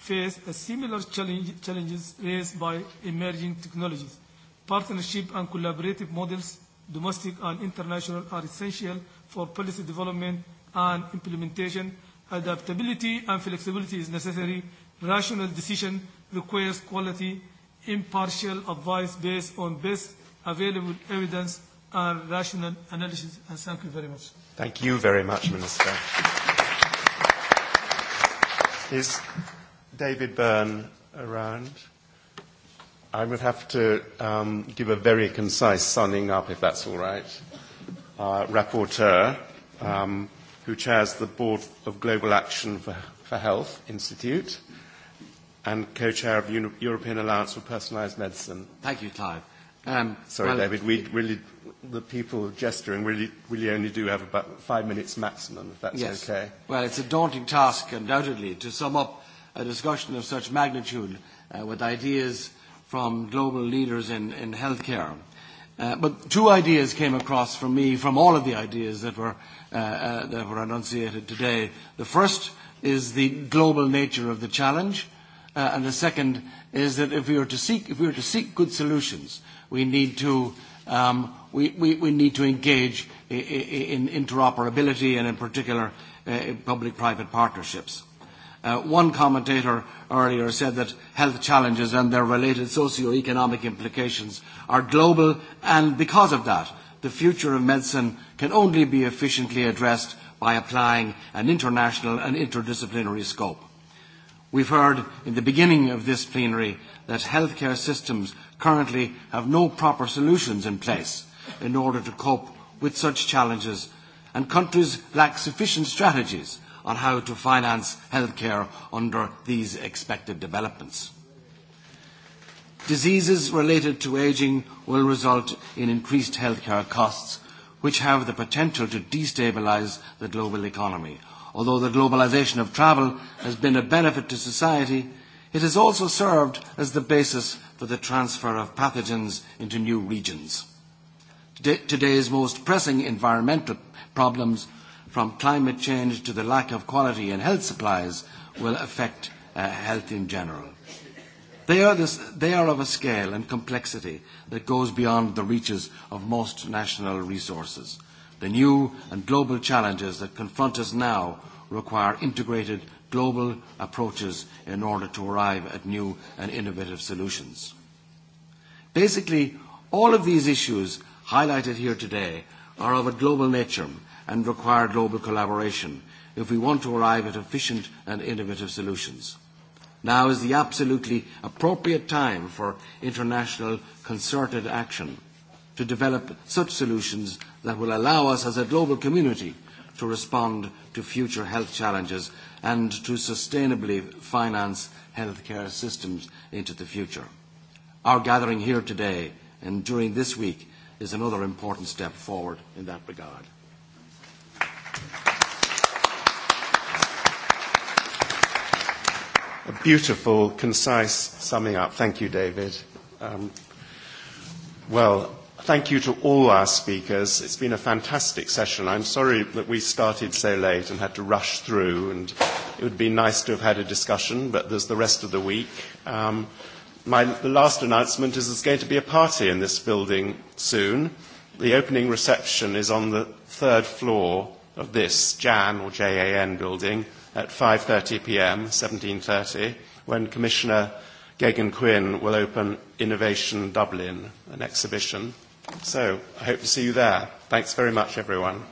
[SPEAKER 10] face a similar challenges raised by emerging technologies. Partnership and collaborative models, domestic and international, are essential for policy development and implementation. Adaptability and flexibility is necessary. Rational decision requires quality, impartial advice based on best available evidence and rational analysis. And thank you very much.
[SPEAKER 1] Thank you very much, Minister. David Byrne around? I would have to um, give a very concise summing up, if that's all right. rapporteur, um, who chairs the Board of Global Action for, Health Institute and co-chair of European Alliance for Personalised Medicine. Thank you, Clive. Sorry, David, we really, the people gesturing really, really only do have about five minutes maximum, if that's okay.
[SPEAKER 22] Well, it's a daunting task, undoubtedly, to sum up a discussion of such magnitude with ideas from global leaders in, in healthcare. but two ideas came across from me from all of the ideas that were, that were enunciated today. The first is the global nature of the challenge, and the second is that if we are to seek, if we are to seek good solutions, we need to we, we, we need to engage in interoperability and in particular public-private partnerships. One commentator earlier said that health challenges and their related socio-economic implications are global, and because of that, the future of medicine can only be efficiently addressed by applying an international and interdisciplinary scope. We've heard in the beginning of this plenary that healthcare systems currently have no proper solutions in place in order to cope with such challenges, and countries lack sufficient strategies on how to finance healthcare under these expected developments. Diseases related to ageing will result in increased healthcare costs, which have the potential to destabilise the global economy. Although the globalisation of travel has been a benefit to society, it has also served as the basis for the transfer of pathogens into new regions. Today's most pressing environmental problems from climate change to the lack of quality in health supplies will affect health in general. They are of a scale and complexity that goes beyond the reaches of most national resources. The new and global challenges that confront us now require integrated global approaches in order to arrive at new and innovative solutions. Basically, all of these issues highlighted here today are of a global nature and require global collaboration if we want to arrive at efficient and innovative solutions. Now is the absolutely appropriate time for international concerted action to develop such solutions that will allow us as a global community to respond to future health challenges and to sustainably finance healthcare systems into the future. Our gathering here today and during this week is another important step forward in that regard.
[SPEAKER 1] A beautiful, concise summing up. Thank you, David. Um, well, thank you to all our speakers. It's been a fantastic session. I'm sorry that we started so late and had to rush through, and it would be nice to have had a discussion, but there's the rest of the week. Um, my, the last announcement is there's going to be a party in this building soon. The opening reception is on the third floor of this JAN or JAN building at 5.30 p.m., 17.30, when Commissioner Gagan Quinn will open Innovation Dublin, an exhibition. So I hope to see you there. Thanks very much, everyone.